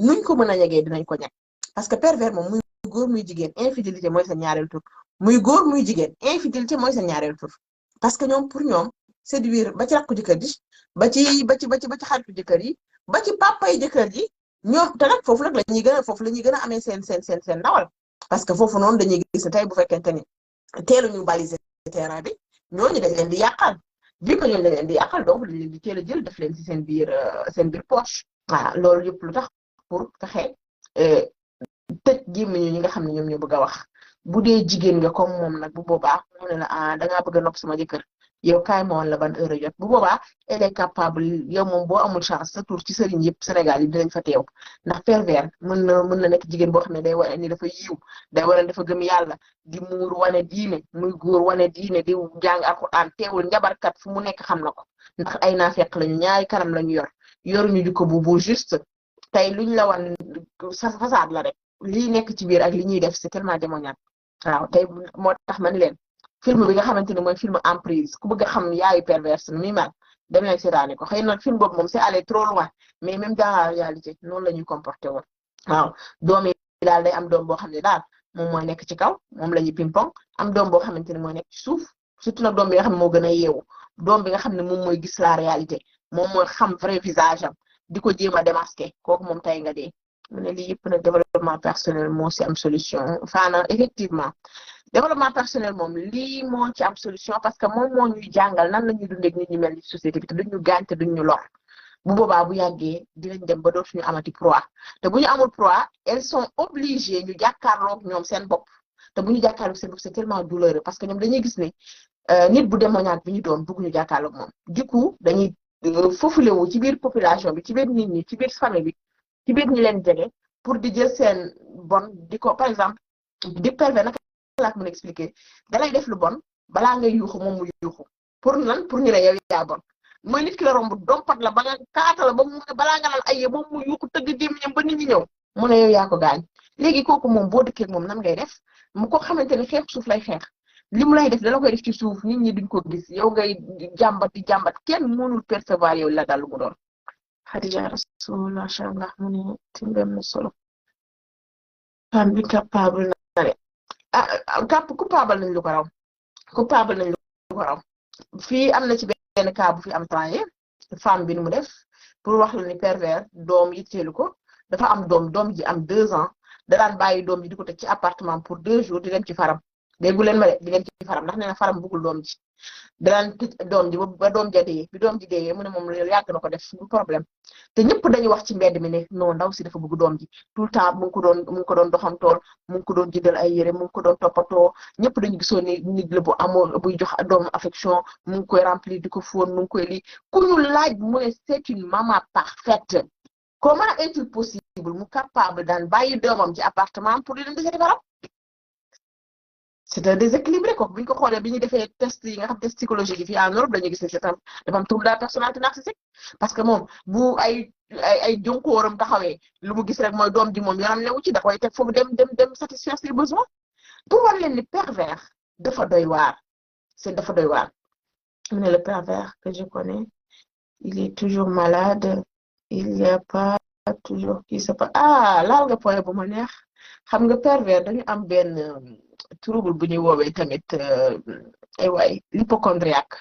Speaker 1: nuñ ko mën a ñegee dinañ ko ñag parce que pervers moom muy góor muy mooy sa ñaareelu tur muy góor muy jigéen infidélité mooy seen ñaareel parce que ñoom pour ñoom séduire ba ci rakku jëkkër ji ba ci ba ci ba ci ba ci xaritu yi ba ci papay jëkkër ji ñoom ta nag foofu nag la ñuy gën a foofu la ñuy gën a amee seen seen seen seen ndawal parce que foofu noonu dañuy gis ne tey bu fekkente ni teelu ñu baliser terrain bi ñooñu dañ leen di yàqal bi ko ñoom leen di yàqal donc leen di teel a jël def leen seen biir euh, seen biir poche loolu yëpp lu tax pour fexe euh, tëj gémmiñu ñi nga xam ne ñoom ñoo bëgg a wax bu dee jigéen nga kom moom nag bu boobaa mu ne la ah da ngaa a nopp sama jëkkër yow kaay ma woon la ban heure jot bu boobaa elle est capable yow moom boo amul chance sa tur ci sëriñ yëpp Sénégal yi dinañ fa teew ndax pervers mën na mën na nekk jigéen boo xam ne day wane ni dafa yiw day wane dafa gëm yàlla di muur wane diine muy góor wane diine di jàng an teewul njabarkat fu mu nekk xam na ko ndax ay naafeq lañu ñaari kanam lañu yor yoruñu jikko bu bu juste tey luñ la wan sa façade la lii nekk ci biir ak li ñuy def c'est tellement démoniaque waaw tey moo tax man leen film bi nga xamante ne mooy film emprise ku bëgg a xam yaayu perverse mi mal dem leen seetaani ko xëy na film boobu moom c'est allé trop loin mais même dans la réalité noonu la ñuy comporté woon waaw doom yi daal am doom boo xam ne daal moom mooy nekk ci kaw moom la ñuy ping-pong am doom boo xamante ne mooy nekk ci suuf surtout na doom bi nga xam ne gën a yeewu doom bi nga xam ne moom mooy gis la réalité moom mooy xam vrai visage am di ko jéem a démasquer kooku moom tey nga dee mu ne lii yëpp nag développement personnel moo si am solution faana effectivement développement personnel moom lii moo ci am solution parce que moom moo ñuy jàngal nan la ñuy dundee nit ñi mel ni société bi te duñ ñu gaañ te duñ ñu lor bu boobaa bu yàggee dinañ dem ba dootuñu amati proie te bu ñu amul proie elles sont obligées ñu jàkkaarloog ñoom seen bopp te bu ñu jàkkaarloog seen bopp c'est tellement douloureux parce que ñoom dañuy gis ne euh, nit bu démoniaque bi ñu doon bëgg ñu jàkkaarloog moom du coup dañuy euh, foofulewu ci biir population bi ci biir nit ñi ci biir famille bi ci biir ñi leen jege pour di jël seen bon di ko par exemple di pervers naka laa ko mën expliquer dalay def lu bon balaa ngay yuuxu moom mu yuuxu pour nan pour ñu la yow yaa bon mooy nit ki la romb dompat la ba nga kaata la ba mu ne balaa nga naan ay moom mu yuuxu tëgg gémmiñam ba nit ñi ñëw mu ne yow yaa ko gaañ léegi kooku moom boo dëkkee moom nan ngay def mu ko xamante ne xeex suuf lay xeex li mu lay def dala koy def ci suuf nit ñi duñ ko gis yow ngay jàmbat di jàmbat kenn mënul percevoir yow la dal mu doon
Speaker 2: Xadija Rasulullah machallah mu ne timbem na solo femme bi capable na de ah cap coupable nañ lu ko raw coupable nañ lu am
Speaker 1: na ci benn cas bu fi am temps yi femme bi nu mu def pour wax la ni pervers doom yitteelu ko dafa am doom doom ji am deux ans da daan bàyyi doom ji di ko teg ci appartement pour deux jours di dem ci faram déggu leen ma de di leen ci faram ndax nee na faram bëggul doom ji danaan tëj doom ji ba doom ja dee bi doom ji dee mu ne moom loolu yàgg ko def du problème te ñëpp dañuy wax ci mbedd mi ne no ndaw si dafa bëgg doom ji tout le temps mu ko doon mu ngi ko doon doxantool mu ngi ko doon jëndal ay yére mu ngi ko doon toppatoo ñëpp dañu gisoon ni nit bu amoo buy jox doom affection mu ngi koy remplir di ko fóon mu ngi koy lii ku ñu laaj mu ne c'est une maman parfaite comment est-il possible mu capable daan bàyyi doomam ci appartement pour di c'est un déséquilibré comme bu ñu ko xoolee bi ñu defee test yi nga xam test psychologique yi fii en Europe dañuy gis parce que moom bu ay ay ay jonkooram taxawee lu mu gis rek mooy doom ji moom yoonam newu ci da koy teg foofu dem dem dem satisfaire ses besoins pour wan leen ni pervers dafa doy waar c'est dafa doy waar mu ne le pervers que je connais il est toujours malade il n'y a pas toujours qui se passe ah laal nga point bu ma neex xam nga pervers dañu am benn trouble bu ñuy woowee tamit euh, ay waay l'hypocondriaque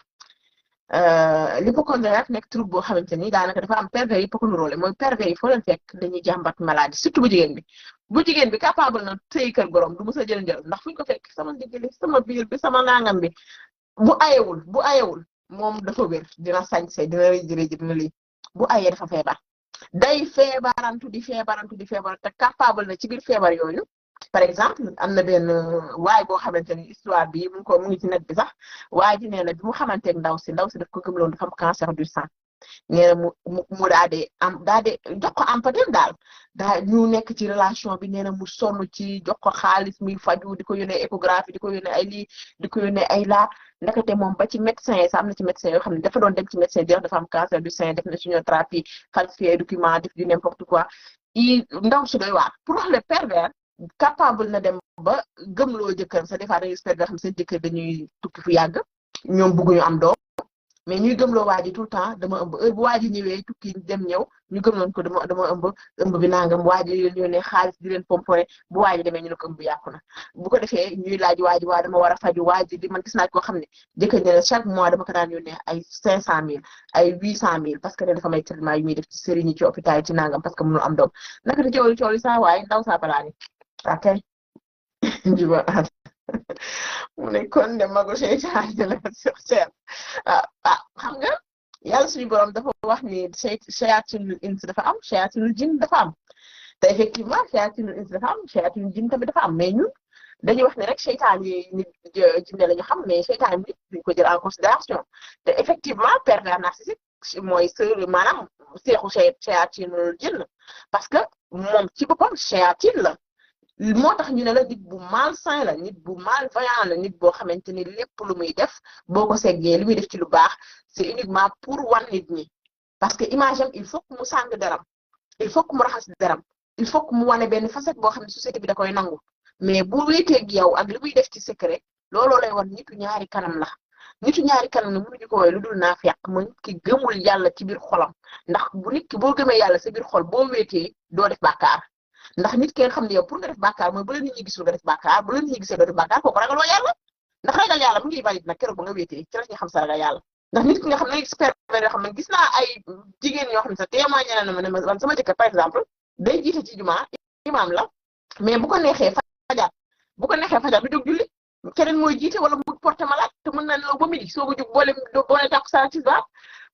Speaker 1: euh, l'hypocondriaque nekk trouble boo xamante ni daanaka dafa am pervers yi hypocondrolé mooy pervers yi foo leen fekk dañuy jàmbat maladie surtout bu jigéen bi bu jigéen bi capable na téy kër gorom du mos a jël njëriñ ndax fu ñu ko fekk sama ndigli sama biir bi sama nangam bi bu ayewul bu ayewul moom dafa wér dina sañse dina rëy rëy dina lii bu ayee dafa feebar day feebarantu di feebarantu di feebar te capable na ci biir feebar yooyu par exemple am na benn waay boo xamante ni histoire bi mu ngi ko mu ngi ci net bi sax waay ji nee na bi mu xamanteeg ndaw si ndaw si daf ko gëmloon dafa am cancer du sang nee na mu mu mu daa de am daa de jox ko am peut-être daal daa ñu nekk ci relation bi nee na mu sonn ci jox ko xaalis muy faju di ko yónnee échographie di ko yónnee ay lii di ko yónnee ay laa ndekete moom ba ci médecin yi sax am na ci médecin yoo xam ne dafa doon dem ci médecin di wax dafa am cancer du sein def na chimiothérapie falsifier document def du n'importe quoi i ndaw su doy waar pour wax le pervers capable na dem ba gëmloo jëkkëram sa des xam seen jëkkër dañuy tukki fu yàgg ñoom bëgguñu am doom mais ñuy gëmloo waa ji tout temps dama ëmb bu waa ji dem ñëw ñu gëmloon ko dama dama ëmb ëmb bi nangam waa ji ñu ne xaalis di leen pomponé bu waa demee ñu ne ko ëmb yàqu na bu ko defee ñuy laaj waa waa dama war a faju waa ji di man gis naa koo xam ne jëkkër ne chaque mois dama ko daan yónnee ay cinq cent mille ay huit cent mille parce que ne dafa may traitement yu muy def ci sëriñ yi ci hôpital ci nangam parce akay juba an mu ne de mago seytaane sur terre ah ah xam nga yàlla suñu borom dafa wax ni shayatinul ins dafa am shayatinul jin dafa am te effectivement shayatinul ins dafa am am mais ñun dañuy wax ne rek seytaan yi nit jinne la xam mais seytaan bi duñ ko jël en considération te effectivement pervers narcissique mooy sër maanaam seexu shayatinul jin parce que moom ci boppam shayatin moo tax ñu ne la nit bu malsain la nit bu malveillant la nit boo xamante ni lépp lu muy def boo ko seggee lu muy def ci lu baax c'est uniquement pour wan nit ñi parce que image am il faut que mu sàng deram il faut que mu raxas deram il faut que mu wane benn facette boo xam ne société bi da koy nangu mais bu wéeteeg yow ak lu muy def ci secret looloo lay wan nitu ñaari kanam la nitu ñaari kanam la mënuñu ko woy lu dul naafeq mooy nit ki gëmul yàlla ci biir xolam ndax bu nit boo gëmee yàlla sa biir boo wéetee doo def bàkkaar ndax nit ke nga xam ne yow pour nga def bàkkaar mooy bu la nit ñi nga def bàkkaar bu la nit ñi gisee doo def ndax ragal yàlla mu ngi valide nag keroog ba nga wéetee ci la ñuy xam sa ragal yàlla ndax nit ki xam ne expert yoo gis naa jigéen yoo xam ne sa témoigné na ma ne ma man sama jëkkër jiite ci jumaa imaam la mais bu ko neexee fajaat bu ko neexee fajaat du jóg julli keneen mooy jiite wala mu porté malade te mën naa nelaw ba midi soo ko jóg boole boole tàkkusaan ci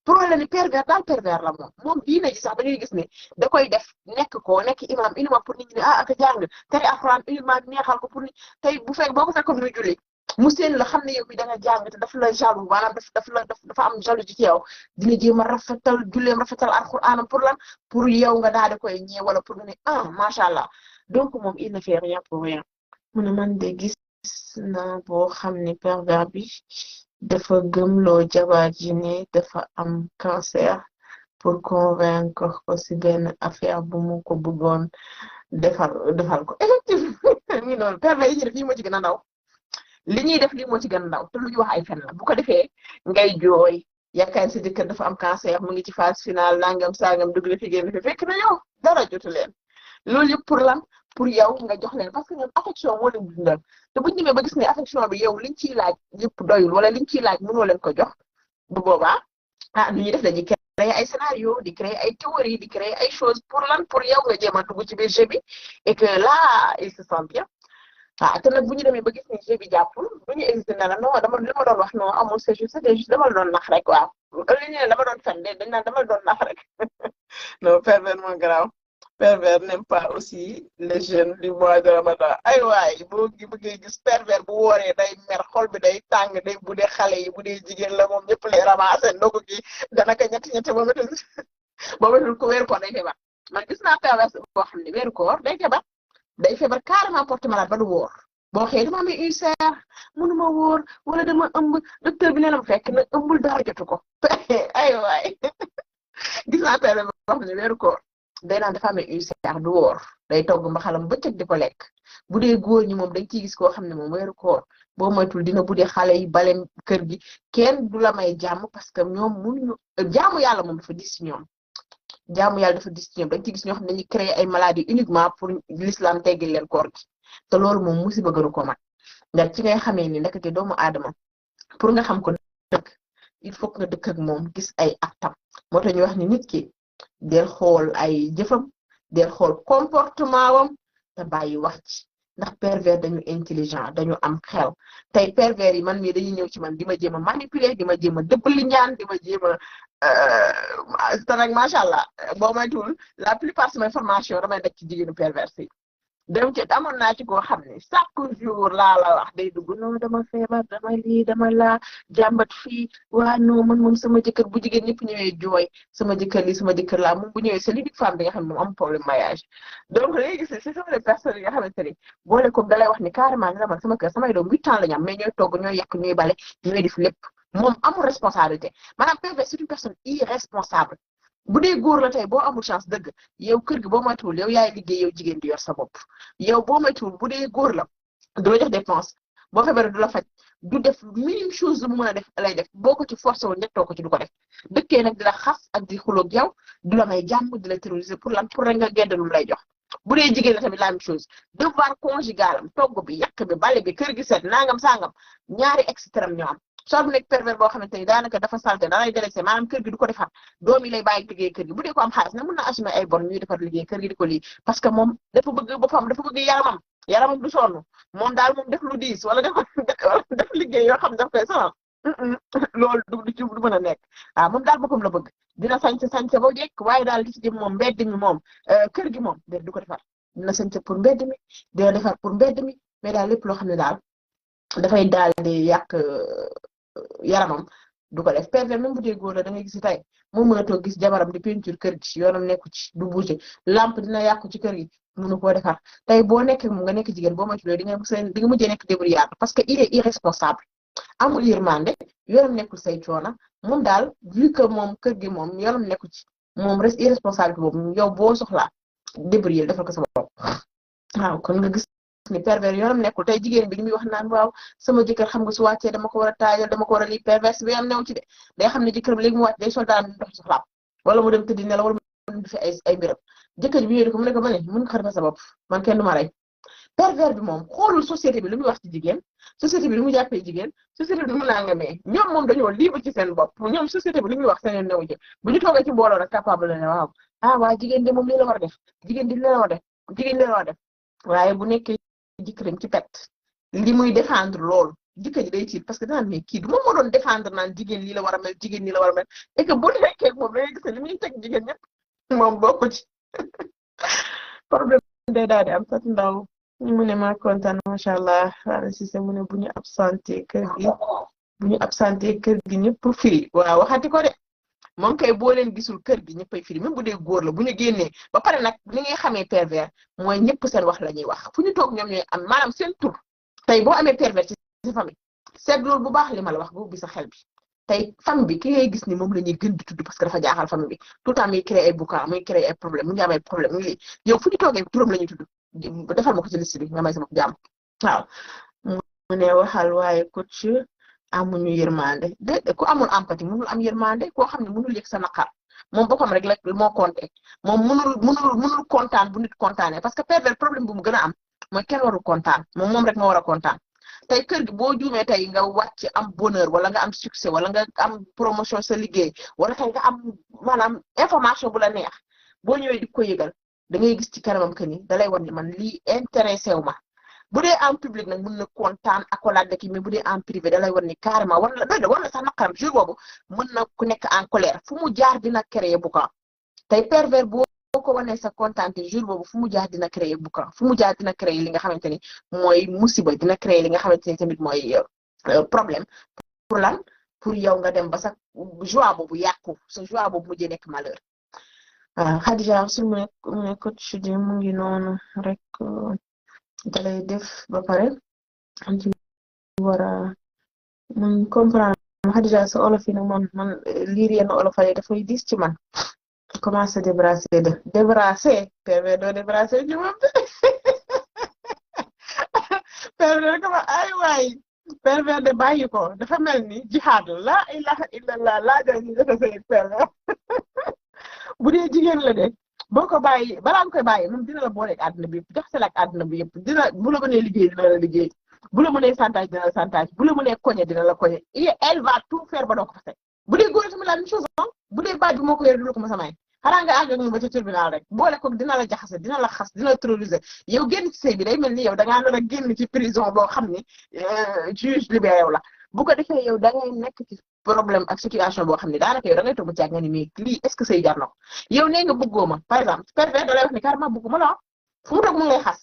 Speaker 1: problème yi pervers daal pervers la moom moom diine ji sax dañuy gis ne da koy def nekk ko nekk imam uniquement pour nit ñi ne ah ak jàng tere alxuraan uniquement neexal ko pour nit tey bu fekk boo ko fekkoon muy la xam ne yow mi da nga jàng daf la jaloux maanaam daf daf la dafa am jaloux ci yow dina jéem a rafetal julleem rafetal alxuraanam pour lan pour yow nga daal di koy ñee wala pour nga ne ah macha donc moom il ne fait rien pour rien mu ne de gis na boo xam ne pervers bi. dafa gëmloo jabar ji ni dafa am cancer pour convaincre ko ci benn affaire bu mu ko bëggoon defal defal ko effectivement mi noonu pervers yi def lii moo ci gën a ndaw li ñuy def lii moo ci gën a ndaw te lu ñu wax ay fen la bu ko defee ngay jooy yaakaar si jëkkër dafa am cancer mu ngi ci phase finale nangam sangam dugg fi génn fi fekk na yow dara jotu leen loolu pour lan pour yow nga jox leen parce que ñoom affection moo leen bu ñu ba gis ne affection bi yow liñ ciy laaj yëpp doyul wala liñ ciy laaj mënoo leen ko jox bu boobaa ah lu ñuy def ji créer ay scénario di créer ay théorie di créer ay choses pour lan pour yow nga jéem a dugg ci biir jeu bi et que là ils ah, bu ñu demee ba gis ne jeu bi jàppul bu ñu hésité na la dama doon wax non amul c'est juste c'est juste dama la doon nax rek waaw li ñu ne dama doon fen de dañ naan dama la doon nax rek non moo garaaw pervers n'aime pas aussi les jeunes du mois de Ramadan ay waay boo bëggee gis pervers bu wooree day mer xol bi day tàng day bu dee xale yi bu dee jigéen la moom ñëpp lay ramassé ndogu gi danaka ñetti ñetti ba ba metul ku weeru koor xam ne weeru day feebar day feebar carrément porte ba du woor boo xëyee dama amee ulcère mënuma wóor wala dama ëmb docteur bi nee mu fekk na ëmbul jotu ko ay waay gis naa pervers boo xam ne weeru day naan dafa amee UCR du woor day togg mbaxalam bëccëg di ko lekk bu dee góor ñi moom dañ ciy gis koo xam ne moom weeru koor boo moytul dina budee xale yi bale kër gi kenn du la may jàmm parce que ñoom mënuñu jaamu yàlla moom dafa dis ci ñoom jaamu yàlla dafa dis ci ñoom dañ ciy gis ñoo xam ne créer ay maladies uniquement pour l'islam teggil leen koor gi te loolu moom musiba gënu ko mag ndax ci ngay xamee ni ndekete doomu aadama pour nga xam ko dëkk il faut que nga moom gis ay actam moo tax ñu wax ni nit ki del xool ay jëfam del xool comportement wam te bàyyi wax ci ndax pervers dañu intelligent dañu am xel tey pervers yi man mii dañuy ñëw ci man di ma jéem a manipuler di ma jéem a dëbbali ñaan di ma jéem a euh, te nag macha allah boo moytuwul la plupart samay formation damay nekk ci jigéenu pervers yi dem ci amoon naa ci koo xam ne chaque jour laa la wax day dugg non dama feebar dama lii dama la jàmbat fii waa non man moom sama jëkkër bu jigéen ñëpp ñëwee jooy sama jëkkër lii suma jëkkër laa moom bu ñëwee si li femme bi nga xam ne moom am problème mariage donc léegi xamante ni boole ko dalay wax ni carrément ni la sama kër samay doom huit ans la ñu am toog ñooy togg ñooy yàq ñooy bale ñooy def lépp moom amul responsabilité maanaam PV c'est une personne irresponsable bu dee góor la tey boo amul chance dëgg yow kër gi boo moytuwul yow yaay liggéey yow jigéen di yor sa bopp yow boo moytuwul bu dee góor la du la jox dépense boo feebaree du la faj du def minimum chose lu a lay def boo ko ci forcé wu ñettoo ko ci du ko def dëkkee nag di la xas ak di xuloog yow du la may jàmm di la terroriser pour lan pour rek nga geddalu lay jox bu dee jigéen la tamit la même chose devoir bi yàq bi bale bi kër gi set nangam sangam ñaari extrême ñoo am soit nekk pervers boo xamante ni daanaka dafa salte da lay délaissé maanaam kër gi du ko defar doom lay bàyyi liggéey kër gi bu dee ko moom dafa bëgg boppam dafa bëgg yaramam yaramam du sonn moom lu diis wala def def liggéey yoo xam daf a nekk waaw ah, moom daal boppam la bëgg waaye daal li ci jëm moom mbedd mi moom euh, kër moom du ko defar dina sañse pour mbedd mi dina defar pour mbedd mi mais daal lépp loo xam ne daal dafay daal di yàq euh, yaramam du ko def pervers même bu dee góor la da ngay gis tey moom mënatoo gis jabaram di peinture kër gi yoonam nekku ci du bouger lampe dina yàqu ci kër gi mënu koo defar tey boo nekkee mu nga nekk jigéen boo moytuwul di nga di nga mujjee nekk débrouillard parce que il est irresponsable amul yërmande yoonam nekkul say daal vu que moom kër gi moom yoonam nekku ci moom res irresponsable boobu yow boo soxlaa débrouiller defal ko sa bopp waaw kon nga gis ni pervers yoonam nekkul tey jigéen bi li muy wax naan waaw sama jëkkër xam nga su dama ko war a taajal dama ko war a lii bi am new ci de day xam ne jëkkër bi sa bopp man kenn du ma rey pervers bi moom xoolul société bi waa de jigéen di la war a jigéen di la war waaye bu nekkee jëkkëram ci pet li muy défendre loolu jëkkër ji day tiit parce que dinaan mais kii du moom moo doon défendre naan jigéen lii la war mel jigéen nii la war a mel et que bu nekkee moom dangay gis teg jigéen ñëpp moom bokku ci problème day daal di am sax ndaw mu ne maa kontaan macha allah Rana Cissé mu ne bu absenté kër gi bu ñu absenté kër gi ñëpp firi waaw waxati de moom kay boo leen gisul kër gi ñëppay firi même bu dee la bu ñu génnee ba pare nag li ngay xamee pervers mooy ñëpp seen wax la ñuy wax fu ñu toog ñoom ñooy am maanaam seen tur tey boo amee pervers ci bu baax li ma la wax bu ubbi sa xel bi tey famille bi ki ngay gis ni moom la ñuy gën di tudd parce que dafa jaaxal famille bi tout le temps muy créé ay boucan muy créé ay problème mu ngi ay problème mu fu ñu toogee turam la tudd defal ma ko ci liste bi nga may sama jàmm waaw mu ne waxal waaye coach amuñu yërmande de ku amul am yërmande koo xam sa naqar moom boppam rek la moo compté moom mënul mënul mënul kontaan bu nit kontaanee parce que pervers problème bu mu gën a am mooy kenn warul kontaan moom moom rek moo war a kontaan tey kër gi boo juumee tey nga wàcc am bonheur wala nga am succès wala nga am promotion sa liggéey wala tey nga am maanaam information bu la neex bo ñëwee di ko yëgal da ngay gis ci kanamam que ni da lay wan man lii intéressé bu dee en public nag mën na kontaan accolade la ki bu dee en privé da lay war ni carrément war na doy na war na sax na ku nekk en colère fu mu jaar dina créer boucan tey pervers boo ko wanee sa kontaante jour boobu fu mu jaar dina créer boucan fu mu jaar dina créer li nga xamante ni mooy musiba dina créer li nga xamante ni tamit mooy euh, problème pour lan pour yow nga dem ba sa joie boobu yàqu sa joie boobu mujjee nekk malheur waaw Khadija su
Speaker 2: mu nekk mu ngi noonu rek euh, dalay def ba pare am ci war a mun comprendre Xadija sa olof yi moom man liir yenn olof yi dafay dis ci man de
Speaker 1: débrasser perve doo débrasser ci moom de perve rek ma de bàyyi ko dafa mel ni jihaad la ilaha illallah laa jël ñu def seen pervers bu dee jigéen la boo ko bàyyi balaa nga koy bàyyi moom dina la booleeg àdduna bi yëpp jaxase la ak àdduna bi yëpp dina bu la mënee liggéey dina la liggéey bu la mënee chantage dina la chantage bu la mënee koñe dina la koñe elle va tout faire ba doo ko bu dee góor tamit la même chose bu dee baaj bi moo ko yore du la ko mos a may xanaa nga ànd la jaxase yow génn ci sëy bi day mel ni yow da ngaa nar a génn ci prison boo xam ni euh, juge libéré yow la bu ko defee yow da ngay nekk ci problème ak situation boo xam ne daanaka yow da ngay toog ba caag nga ni mais lii est ce que sëy jar na ko yow nga bëggoo ma par exemple pervers da lay wax ni carrément ma la fu mu toog mu ngay xas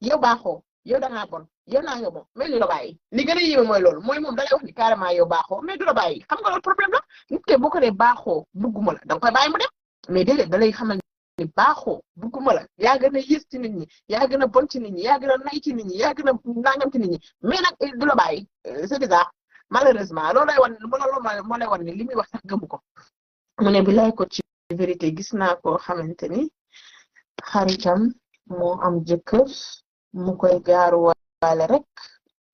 Speaker 1: yow baaxoo yow da ngaa bon la bàyyi li gën a yéeme mooy loolu mooy moom da lay baaxoo mais du la bàyyi xam nga loolu problème nit baaxoo bëggu ma da nga koy bàyyi mu dem mais déedéet da lay xamal la yaa gën a yées nit ñi yaa gën a bon ci nit ñi yaa gën a nay ci nit ñi yaa gën a nangam ci mais na eh, du la bàyyi euh, c'est bizarre malheureusement loolu lay wan loolu moo wan ne li muy wax sax gëmu ko mu bi lay ko ci vérité gis naa koo xamante ni xaritam mo am jëkkër mu koy gaaruwaale rek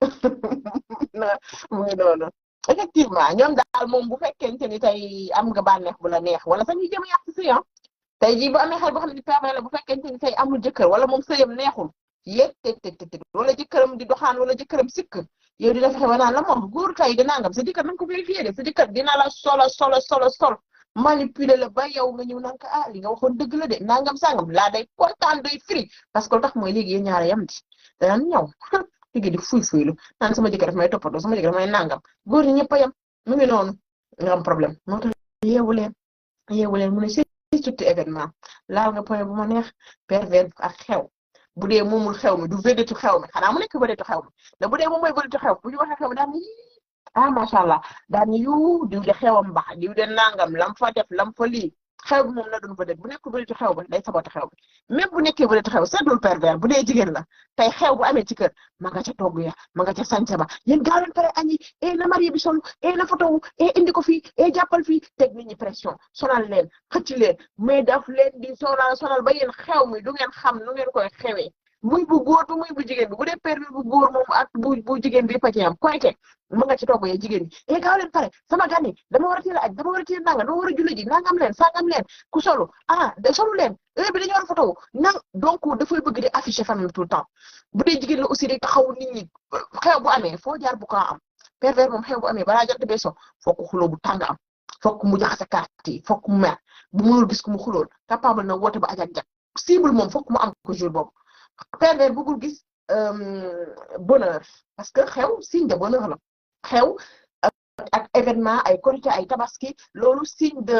Speaker 1: muy loolu effectivement ñoom daal moom bu fekkente ni tey am nga bànneex bu la neex wala sax ñu jëm yàq si tey jii bu amee xel boo xam ne bu fekkente ni tey amul jëkkër wala moom sëyam neexul yéeg teg teg teg wala jëkkëram di doxaan wala jëkkëram sikk yow dina fexe ba naan la moom góor kay di nangam sa jëkkër nanga ko vérifié de sa jëkkër dina la solo solo solo sol ba yow nga ñëw naan ko ah li nga waxoon dëgg la de nangam sangam laa day kontaan day firi parce que lu tax mooy léegi yéen ñaare yam di danaan ñaw léegi di fuy fuylu naan sama jëkkër daf may toppatoo sama jëkkër daf may nangam góor ñi yam mu ngi noonu nga problème yeewu leen bu ma neex pervers bu dee moomul xew mi du vedetu xew mi xanaa mu nekk vedetu xew mi mais bu dee moom mooy vedetu xew mi bu ñu a xew mi daan ni ah macha allah daan ni yu diw de xewam baax diw de nangam lam fa def lam fa lii xew bi moom na doon vedette bu nekk vedette xew ba day saboté xew bi même bu nekkee vedette xew c'est dul pervers bu dee jigéen la tey xew bu amee ci kër ma nga ca togg ya ma nga ca sànce ba yéen gaaw a pare añi eh na marié bi solu e eh na photo wu e indi ko fii e jàppal fii teg nit ñi pression sonal leen xëcc leen mais daf leen di sonal sonal ba yéen xew mi du ngeen xam nu ngeen koy xewee muy bu góor bi muy bu jigéen bi bu dee permis bu góor moom ak bu bu jigéen bi yëpp a ci am koyte mu nga ci togg eh, sama gan yi dama war a teel a aj dama war a teel nanga dama ku solo ah de solo leen bi dañu war a photo na donc dafay bëgg di afficher famille tout le temps bu dee jigéen la aussi day taxaw nit ñi xew bu amee foo jaar bu ko am pervers xew bu amee balaa jant bee so fokk xuloo bu tàng am fokk mu jaxase carte yi fokk mu mer bu mënul gis ku mu xulool capable na woote ba ajak jak cible moom fokk mu am ko boobu pervers bëggul gis euh, bonheur parce que xew signe de bonheur la xew euh, ak événement ay korité ay tabaski loolu signe de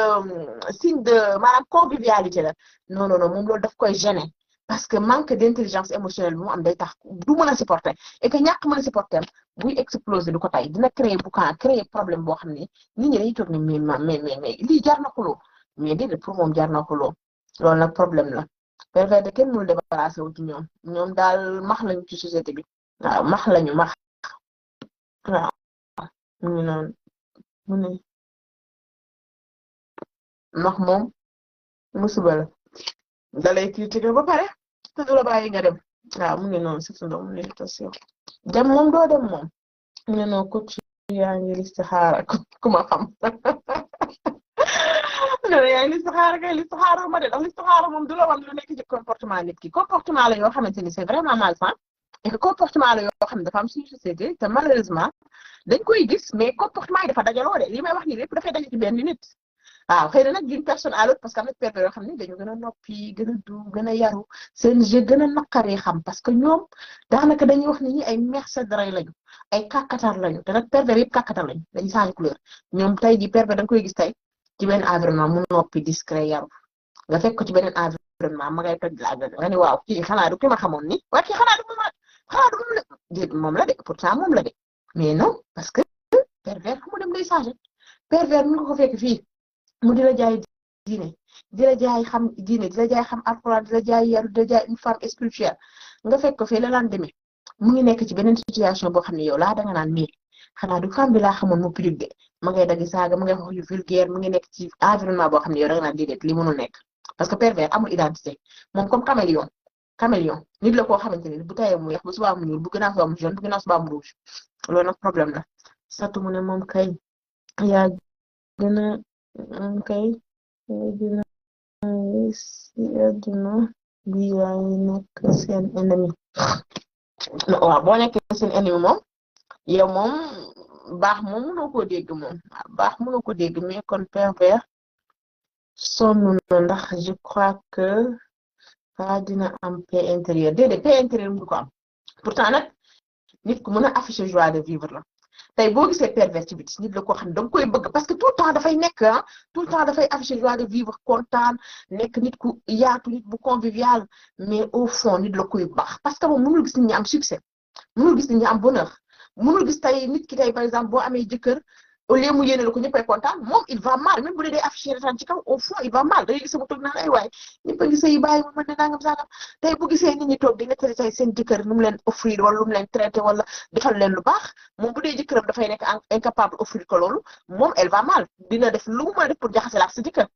Speaker 1: signe de maanaam convivialité la non non non moom loolu daf koy gêner parce que manque d'intelligence émotionnelle bi mu am day tax du mën a supporter et que ñàkk mën a supporter buy exploser du ko tey dina créer boucan créer problème boo xam ne nit ñi dañuy toog ne mais mais mais lii jar na ko loo mais pour moom jar na ko loo loolu nag problème la pervers kenn mënul débarrassé wu ci ñoom ñoom daal max lañu ci société bi
Speaker 2: waaw max lañu max waaw mu ngi noonu mu ne moom musiba la dalay critiquer ba pare te du la bàyyi nga dem waaw mu ngi noonu surtout ndox mu ngi attention
Speaker 1: dem moom doo dem moom mu ngi noonu coach yaa ngi liste yaay listixaara kay listixaara ma de ndax listixaara moom du la wan lu nekk ci comportement nit ki comportement la yoo comportement la yoo xam ne dafa am suñu société te malheureusement dañ koy li may wax nii lépp dafay daje ci benn nit waaw xëy parce que am na yoo xam ne dañu gën a noppi gën a du gën a yaru seen jeu gën a naqaree xam parce que ñoom daanaka dañuy wax ni ñi ay mercenaires lañu ay kàkkatar lañu te nag pervers yëpp kàkkatar lañu dañu changé couleur ñoom tey jii pervers da nga koy gis tey ci benn environnement mu noppi discret yaru nga fekk ko ci beneen environnement ma ngay toj la nga ne waaw kii xanaa du ki ma xamoon ni moom la moom la de pourtant moom mais non parce que pervers fu mu dem day changé pervers mu ko fekk fii mu di la jaay diine di la jaay xam diine di la jaay xam alxuraan di la jaay yaru di la jaay une femme spirituelle nga fekk ko fii la lan demee mu ngi nekk ci beneen situation boo xam ne yow laa da nga naan mii xanaa du femme bi laa xamoon mu public de ma ngay dagg saaga ma ngay wax yu vulgaire mu ngi nekk ci environnement boo xam ne yow rek naa déedéet li mënul nekk parce que pervers amul identité moom comme caméléon caméléon nit la koo xamante ni bu tayee mu weex mu ñuul bu gënaaw mu jaune
Speaker 2: bu gënaaw mu rouge loolu nag problème la satu ne moom kay yaa gën a a seen ennemi waaw boo
Speaker 1: seen ennemi moom yow moom baax moom mënoo ko dégg moom baax mënoo ko dégg mais kon pervers sonn
Speaker 2: na ndax je crois que
Speaker 1: pas dina am paix intérieure déedéet paix intérieure mu ko am pourtant nag nit ku mën a afficher joie de vivre la tey boo gisee pervers ci nit la ko xam ne danga koy bëgg parce que tout le temps dafay nekk ah, tout le temps dafay afficher joie de vivre kontaan nekk nit ku yaatu nit bu convivial mais au fond nit la koy baax parce que moom mënul gis nit am succès mënul am bonheur mënul gis tey nit ki tey par exemple boo amee jëkkër au lieu mu yéene ko ñëppay kontaan moom il va mal même bu dee day retaan ci au fond il va mal day gis toog naan ay waay ñëpp a gisee yu bàyyi ma ne nangam sangam tey bu gisee nit ñi toog di nettali tey seen jëkkër nu mu leen offrir wala lu mu leen traité wala defal leen lu baax moom bu dee dafay nekk incapable offrir ko loolu moom elle va mal dina def lu mu def pour jaxase la ak sa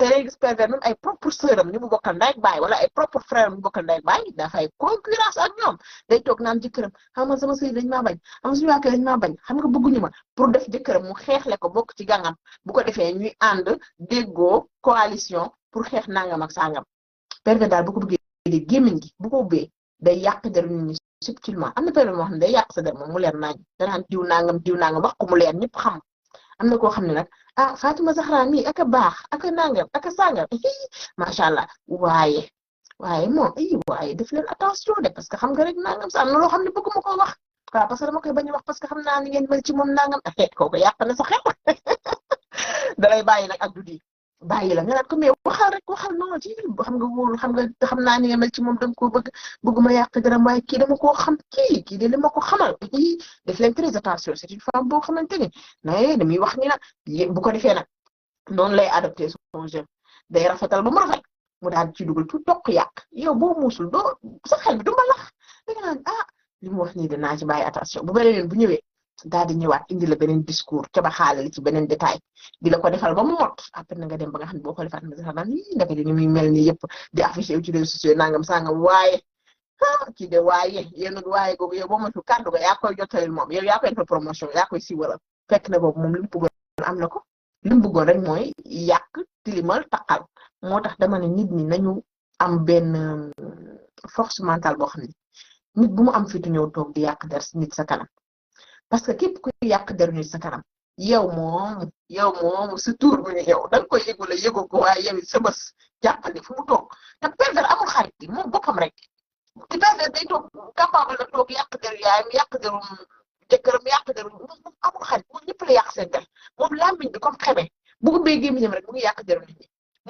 Speaker 1: te léegi pervers même ay propre sœuram ñu bu bokkal ndey ak baay wala ay propre frère am ñu bokkal ndey ak baay concurrence ak ñoom day toog naan jëkkëram xam ah, nga sama sëy dañ maa bañ am ah, suñu waa kër dañ maa bañ xam nga bëgguñu ma pour def jëkkëram mu xeexle ko bokk ci gàngam bu ko defee ñuy ànd déggoo coalition pour xeex nangam ak sangam pervers daal bu ko bëggee di gémmiñ gi bu ko ubbee day yàq der ñu subtilement am na pervers moo xam ne day sa der mu leer nañ danaan diw nangam diw nangam wax ko mu leer ñëpp xam am na koo xam ne nag a ah, Fatima Zahra mii ak a baax ak a nangam ak a sangam macha allah waaye waaye moom ay waaye def leen attention de parce que xam nga rek nangam sa am loo xam ne bëgguma koo wax waaw parce que dama koy bañ a wax parce que xam naa ni ngeen mel ci moom nangam kooku yàq na sa xel dalay bàyyi nag ak du di bàyyi la nga naan ko mais waxal rek waxal non ci xam nga xam nga xam na ni mel ci moom dama koo bëgg bëgguma yàq dara waaye kii dama koo xam kii kii de li ma ko xamal kii def leen très attention c'est une femme boo xamante ni mais dañuy wax ni nag bu ko defee nag noonu lay adopté son jeune day rafetal ba mu rafet mu daal ci dugal tout toq yàq yow boo muusul doo sa xel bi du mbalax da nga ah, wax nii dinaa ci bàyyi attention bu beneen bu ñëwee. daal di ñëwaat indi la beneen discours ca ba xaalali ci beneen détail di la ko defal ba mu mot après na nga dem ba nga xam ne boo xoolee Fatima sax naan yii naka ni muy mel nii yëpp di affiché wu ci réseaux sociaux waaye ah kii de waaye yéen a waaye googu yow boo moytuwul kàddu ga yaa koy jottalil moom yow yaa koy defal promotion yaa koy siiwalal fekk na boobu moom li mu am na ko li mu bëggoon rek mooy yàq tilimal taqal moo tax dama ne nit ñi nañu am benn force mentale boo xam ne nit bu mu am fitu ñëw toog di yàq der nit sa kanam. parce que képp kuy yàq der nit sa kanam yow moom yow moom sa tuur bu ñu yow da nga koy yëgu la yëgu ko waaye yow sa bës jàppandi fu mu toog te pervers amul xarit bi moom boppam rek te pervers day yàq der yaayam yàq rek mu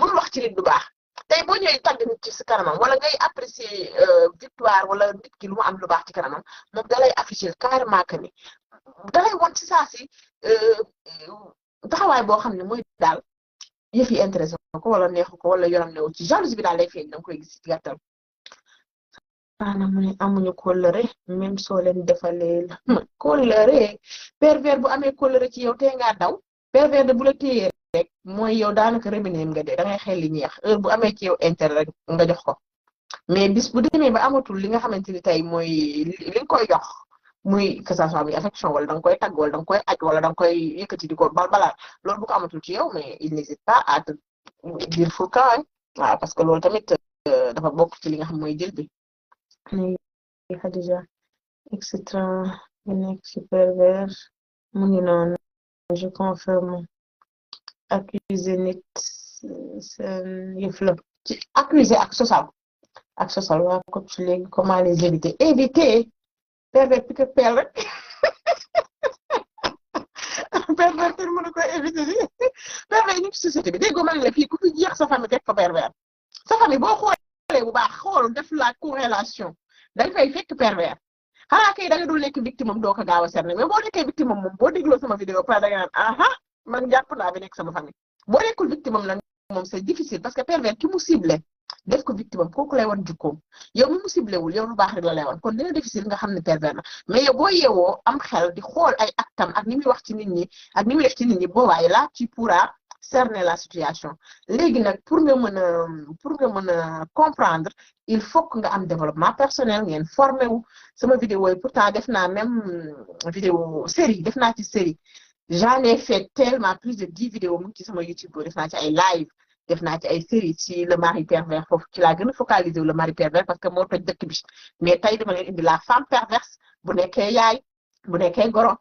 Speaker 1: yàq wax ci li baax tey boo ñëwee tàgg nit ci si wala ngay apprécier euh, victoire wala nit ki lu am lu baax ci kanamam moom dalay afficher carrément que ni dalay won ci saa si euh, euh, boo xam ne mooy daal yëf yi intéressé ko wala neexu ko wala yoram newu ci jalousie bi daal lay feeñ danga koy gis ci gàttal ana mu ne amuñu kóllëre même soo leen defalee kóllëre pervers bu amee kóllëre ci yow tee ngaa daw pervers de bu la téyee rek mooy yow daanaka rebineem nga dee da ngay xel li ñeex heure bu amee ci yow intérêt nga jox ko mais bis bu demee ba amatul li nga xamante ni tey mooy li koy jox muy que ça soit affection wala da nga koy tagg wala da koy aj di ko balbalaat loolu bu ko amatul ci yow mais il n'hésite pas à te dire ful parce que loolu tamit euh, dafa bokk ci li nga xam mooy jël bi
Speaker 2: Xadija et cetera mu nekk ci pervers mu ngi je confirme accuser nit seen accuser ak sosal
Speaker 1: ak ko ci léegi comment les éviter éviter pervers Peter
Speaker 2: Pell rek pervers kenn ko éviter si pervers yi société bi déggoo ma ne la fii ku fi jeex sa famille fekk fa pervers sa famille boo
Speaker 1: xoolee bu baax xool def la corrélation dañ fay fekk pervers xanaa kay da nga dul nekk victime doo ko gaaw a cerner mais boo nekkee victime moom boo dégloo sama vidéo pare da naan aha man jàpp naa bi nekk sama famille boo nekkul victime am moom c'est difficile parce que pervers ki mu ciblé def ko victime am kooku lay wan jukkoom yow mi mu ciblé yow lu baax rek la lay wan kon dina difficile nga xam ne pervers la mais yow boo yeewoo am xel di xool ay tam ak ni muy wax ci nit ñi ak ni def ci nit ñi boobaay la ci pourras cerner la situation léegi nag pour nga mën a pour nga mën a comprendre il faut que nga am développement personnel ngeen formé wu sama vidéo yi pourtant def naa même vidéo série def naa ci série j'en ai fait tellement plus de dix vidéos ci sama YouTube def ay live def naa ci ay série ci le mari pervers foofu ci laa gën a focaliser wu le mari pervers parce que moo toj dëkk bi mais tey dama leen indi la femme perverse bu nekkee yaay bu nekkee goro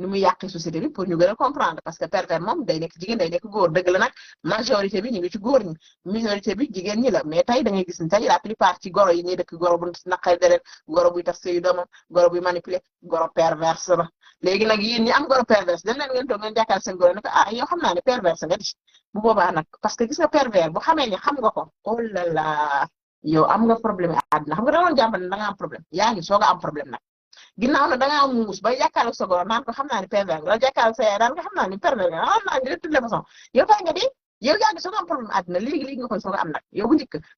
Speaker 1: nu muy yàqee société bi pour ñu gën a comprendre parce que pervers moom day nekk jigéen day nekk góor dëgg la nag majorité bi ñu ngi ci góor ñi minorité bi jigéen ñi la mais tey da ngay gis ni tey la plupart goro yi ñuy dëkk goro bu naqari deret goro buy tax sëyu doomam goro buy manipuler léegi na yéen ñi am goro perverse dañ leen ngeen toog ngeen jàkkaar seen goro ne ko ah xam naa ne perverse nga di bu xam oh am nga problème yaa ngi am problème nag na da ngaa ne pervers ah, nga di yow yaa ngi soog a am problème àddina léegi léegi nga koy soog a am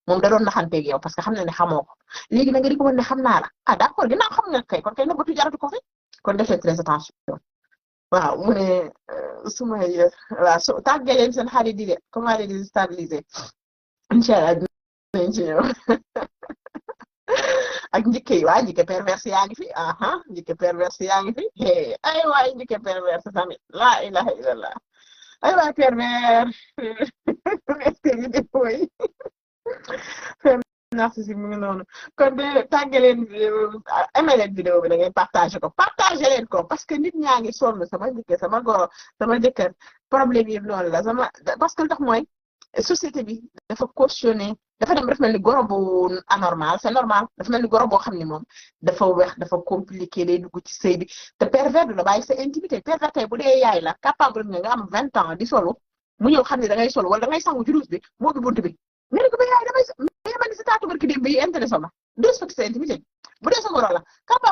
Speaker 1: moom da doon naxanteeg yow parce que xam na ne xamoo ko léegi na nga ne ah, kay kon kay nëbbatu jaratu ko fi kon defee très attention waaw mu ne su ma voilà so xarit di de comment les déstabiliser incha allah ci ñëw ak njëkke yi waa njëkke perverse yaa fi aha njëkke perverse yaa fi ay waay njëkke perverse tamit la ilaha illallah ay waay pervers narcissisme mu ngi noonu kon de tàgge leen aimé leen vidéo bi da ngeen ko partage changé leen ko parce que nit ñaa ngi sonn sama jëkkër sama goro sama jëkkër problème yi noonu la sama parce que ndax mooy société bi dafa cautionné dafa dem dafa mel ni goro bu anormal c'est normal dafa mel ni goro boo xam ne moom dafa weex dafa compliqué day dugg ci sëy te pervers du la bàyyi sa intimité pervers tey bu dee yaay la capable nga nga am vingt ans di solo mu ñëw xam ne da ngay solo wala da ngay sangu ci douche bi moo bi bunt bi nga ne ko yaay damay mais man barki dem bu dee sa goro la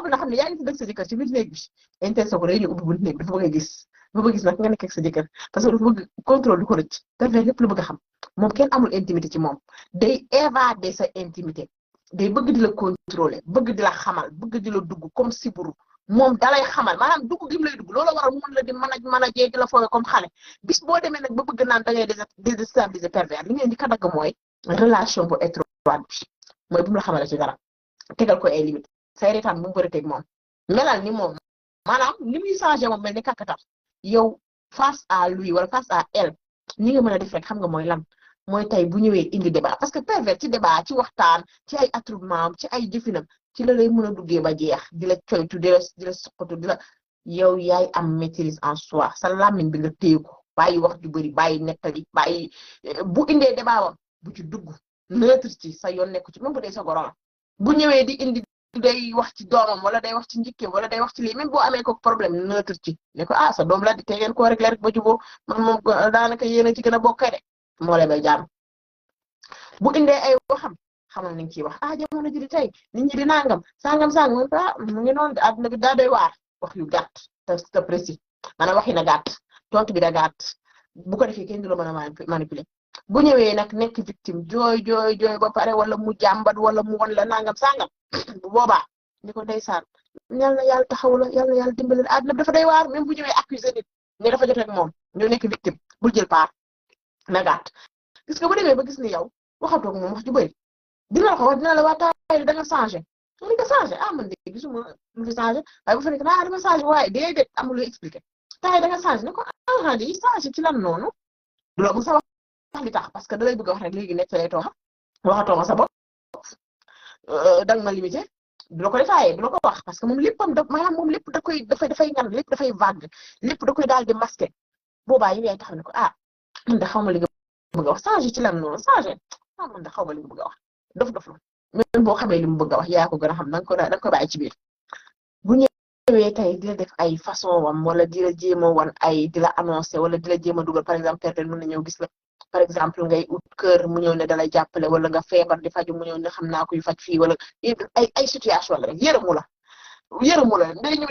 Speaker 1: na xam ne yaa ngi fi sa jëkkër ci biir néeg bi intéressé ko rek gis parce que dafa bëgg contrôle du ko rëcc lu bëgg xam moom kenn amul intimité ci moom day évader bëgg di la contrôler bëgg di la xamal bëgg di la dugg comme siburu moom dalay xamal maanaam dugg gim lay dugg loola waral mu mën boo demee nag ba bëgg naan da ngay déstabiliser pervers li ngeen di ka dagg mooy relation bu étroite bi mooy bu la xamale ci dara tegal ko ay limite say reetaan mu bëri moom melal ni moom maanaam ni muy changé moom mel ni kàkkatar yow face à lui wala face à elle ni nga mën a def rek xam nga mooy lan mooy tey bu ñëwee indi débat parce que pervers ci ci waxtaan ci ay attroupement ci ay jëfinam ci la mën a duggee ba jeex di la coytu di la di la suqatu di yow yaay am maîtrise en soi sa làmmiñ bi nga téye ko bàyyi wax ju bëri bàyyi nettali bàyyi eh, bu indee débat wam bu ci dugg neutre ci sa yoon nekku ci même bu dee sa goro bu ñëwee di indi day wax ci doomam wala day wax ci njëkkeem wala day wax ci lii même boo amee ko problème neutre ci ne ko ah sa doom la di te ngeen koo rek la rek ba jubóo man moom daanaka yéen a ci gën a bokkee de moo lay may jàmm bu indee ay waxam xamal nañ ciy wax ah jamono ji di tey nit ñi di nangam sangam sang ah, mu ngi noonu àdduna bi daa doy yu gàtt te te précis maanaam waxi na gàtt tontu bi da gàtt bu ko defee kenn du la mën a bu ñëwee nag nekk victime jooy jooy jooy ba pare wala mu jàmbat wala mu won la nangam sangam bu boobaa ni ko ndeysaan yal na yàlla taxaw la yal na yàlla dimbali la àdduna dafa day waar même bu ñëwee accusé nit ne dafa jot ak moom ñoo nekk victime bu jël part na gàtt gis nga bu demee ba gis ni yow waxatoog moom wax dina la ko wax dina la waataay da nga changé mu nga changé ah man de gisuma mu ngi changé waaye bu fekkee ah dama expliqué taay da nga changé ne ko ah, ci lan noonu tax li tax parce que da lay bëgg a wax rek léegi nekk feelee tooma waxatoo ma sa bopp euh, da nga ma limité du la ko détaillé du la wax parce que moom léppam ma maanaam moom lépp da koy dafay dafay ñan lépp dafay vague lépp da koy daal di masqué boobaa yi yaay tax ne ko ah man xaw ma li nga bëgg a wax changé ci lan noonu ah, da xaw ma wax dof dof la même boo xamee li mu bëgg wax yaa ko gën a xam da nga ko da nga ko bàyyi bu ñëwee tey di la def ay façon wam wala di la jéem a wan ay di la annoncé wala di la jéem a dugal par exemple perte mën na ñëw gis la par exemple ngay ut kër mu ne dalay jàppale wala nga feebar di faju mu ñëw xam na kuy faj fii wala ay ay situation la rek yërëmu la yërëmu la day ñëw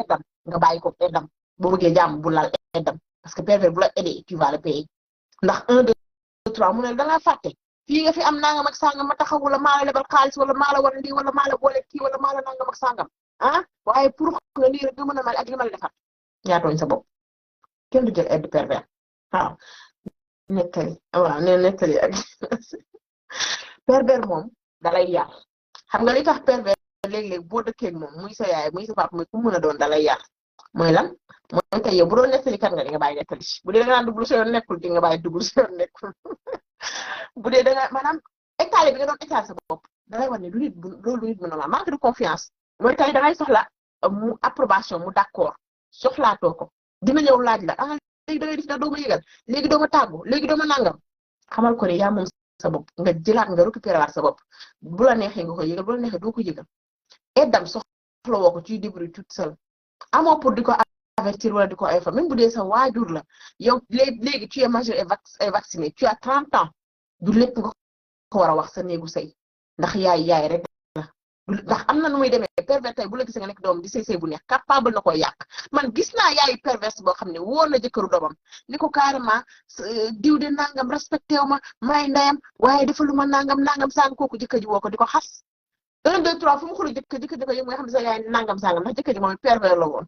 Speaker 1: eddam nga bàyyi ko eddam boo bëggee jàmm bu laal eddam parce que pervers bu ndax un mu ne da ngaa fii nga fi am nangam ak sangam ma taxaw wala maa la lebal xaalis wala maa la a lii wala maa la wala maa la nangam sangam ah
Speaker 2: waaye pour nga lii rek nga mën a mel sa bopp kenn du jël aide pervers nettali waaw nee nettali
Speaker 1: moom dalay yar xam nga li tax pervers léeg boo dëkkee moom muy sa yaay muy sa papa muy ku mën a doon dalay yar mooy lan mooy tey yow bu doon nettali kan nga di nga bàyyi nettali bu dee da nga naan dugg sa yoon nekkul di nga bàyyi dugg bu dee da nga maanaam étalé bi nga doon étalé sa bopp dalay wan ne lu nit bu loolu nit bu confiance mooy tey dangay soxla euh, mu approbation mu d'accord soxlaatoo ko léegi da ngay gis do doo ma yëgal léegi doo ma tàggu léegi doo ma nangam xamal ko ne yaa moom sa bopp nga jëlaat nga récupéré waat sa bopp bu la neexee nga ko yëgal bu la neexee doo ko dam eddam lo woo ko ciy débrouille toute seule amoo pour di ko avertir wala di ko ay fa même bu dee sa waajur la yow léegi tu es majeur et vacciné tu as 30 ans du lépp nga ko war a wax sa néegu sëy ndax yaay yaay rek ndax am na nu muy demee pervers tey bu la gisee nga nekk doom di sëy sëy bu neex capable na ko yàq man gis naa yaayu perverse boo xam ne wóor na jëkkëru doomam ni ko carrément euh, diw de nangam respecté wu ma may ndeyam waaye defaluma nangam nangam sàng kooku jëkkër ji woo ko di ko xas un deux trois fu mu xulu jëkkër jëkkër ji ko xam ne sa yaay nangam sàngam ndax
Speaker 2: jëkkër ji moom pervers la woon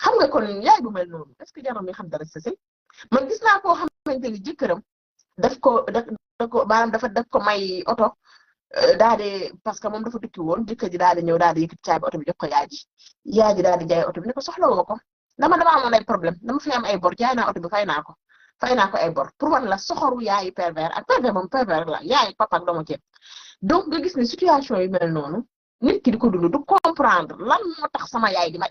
Speaker 2: xam nga kon yaay bu mel noonu est ce que jaram mi sa sëy man gis naa koo xamante ni jëkkëram daf ko daf ko maanaam dafa
Speaker 1: daf ko may oto daa di parce que moom dafa tukki woon jëkkër ji daa di ñëw daa di yëkkati caabi oto bi jox ko yaay ji yaay ji daa di jaay oto bi ne soxla woo ko dama dama ay problème dama fi ay bor jaay naa oto fay naa fay naa ay bor pour wan la soxoru yaayu pervers ak pervers moom pervers la yaayu papa ak doomu ceeb donc nga gis situation mel noonu nit ki di ko du comprendre lan moo tax sama yaay di ma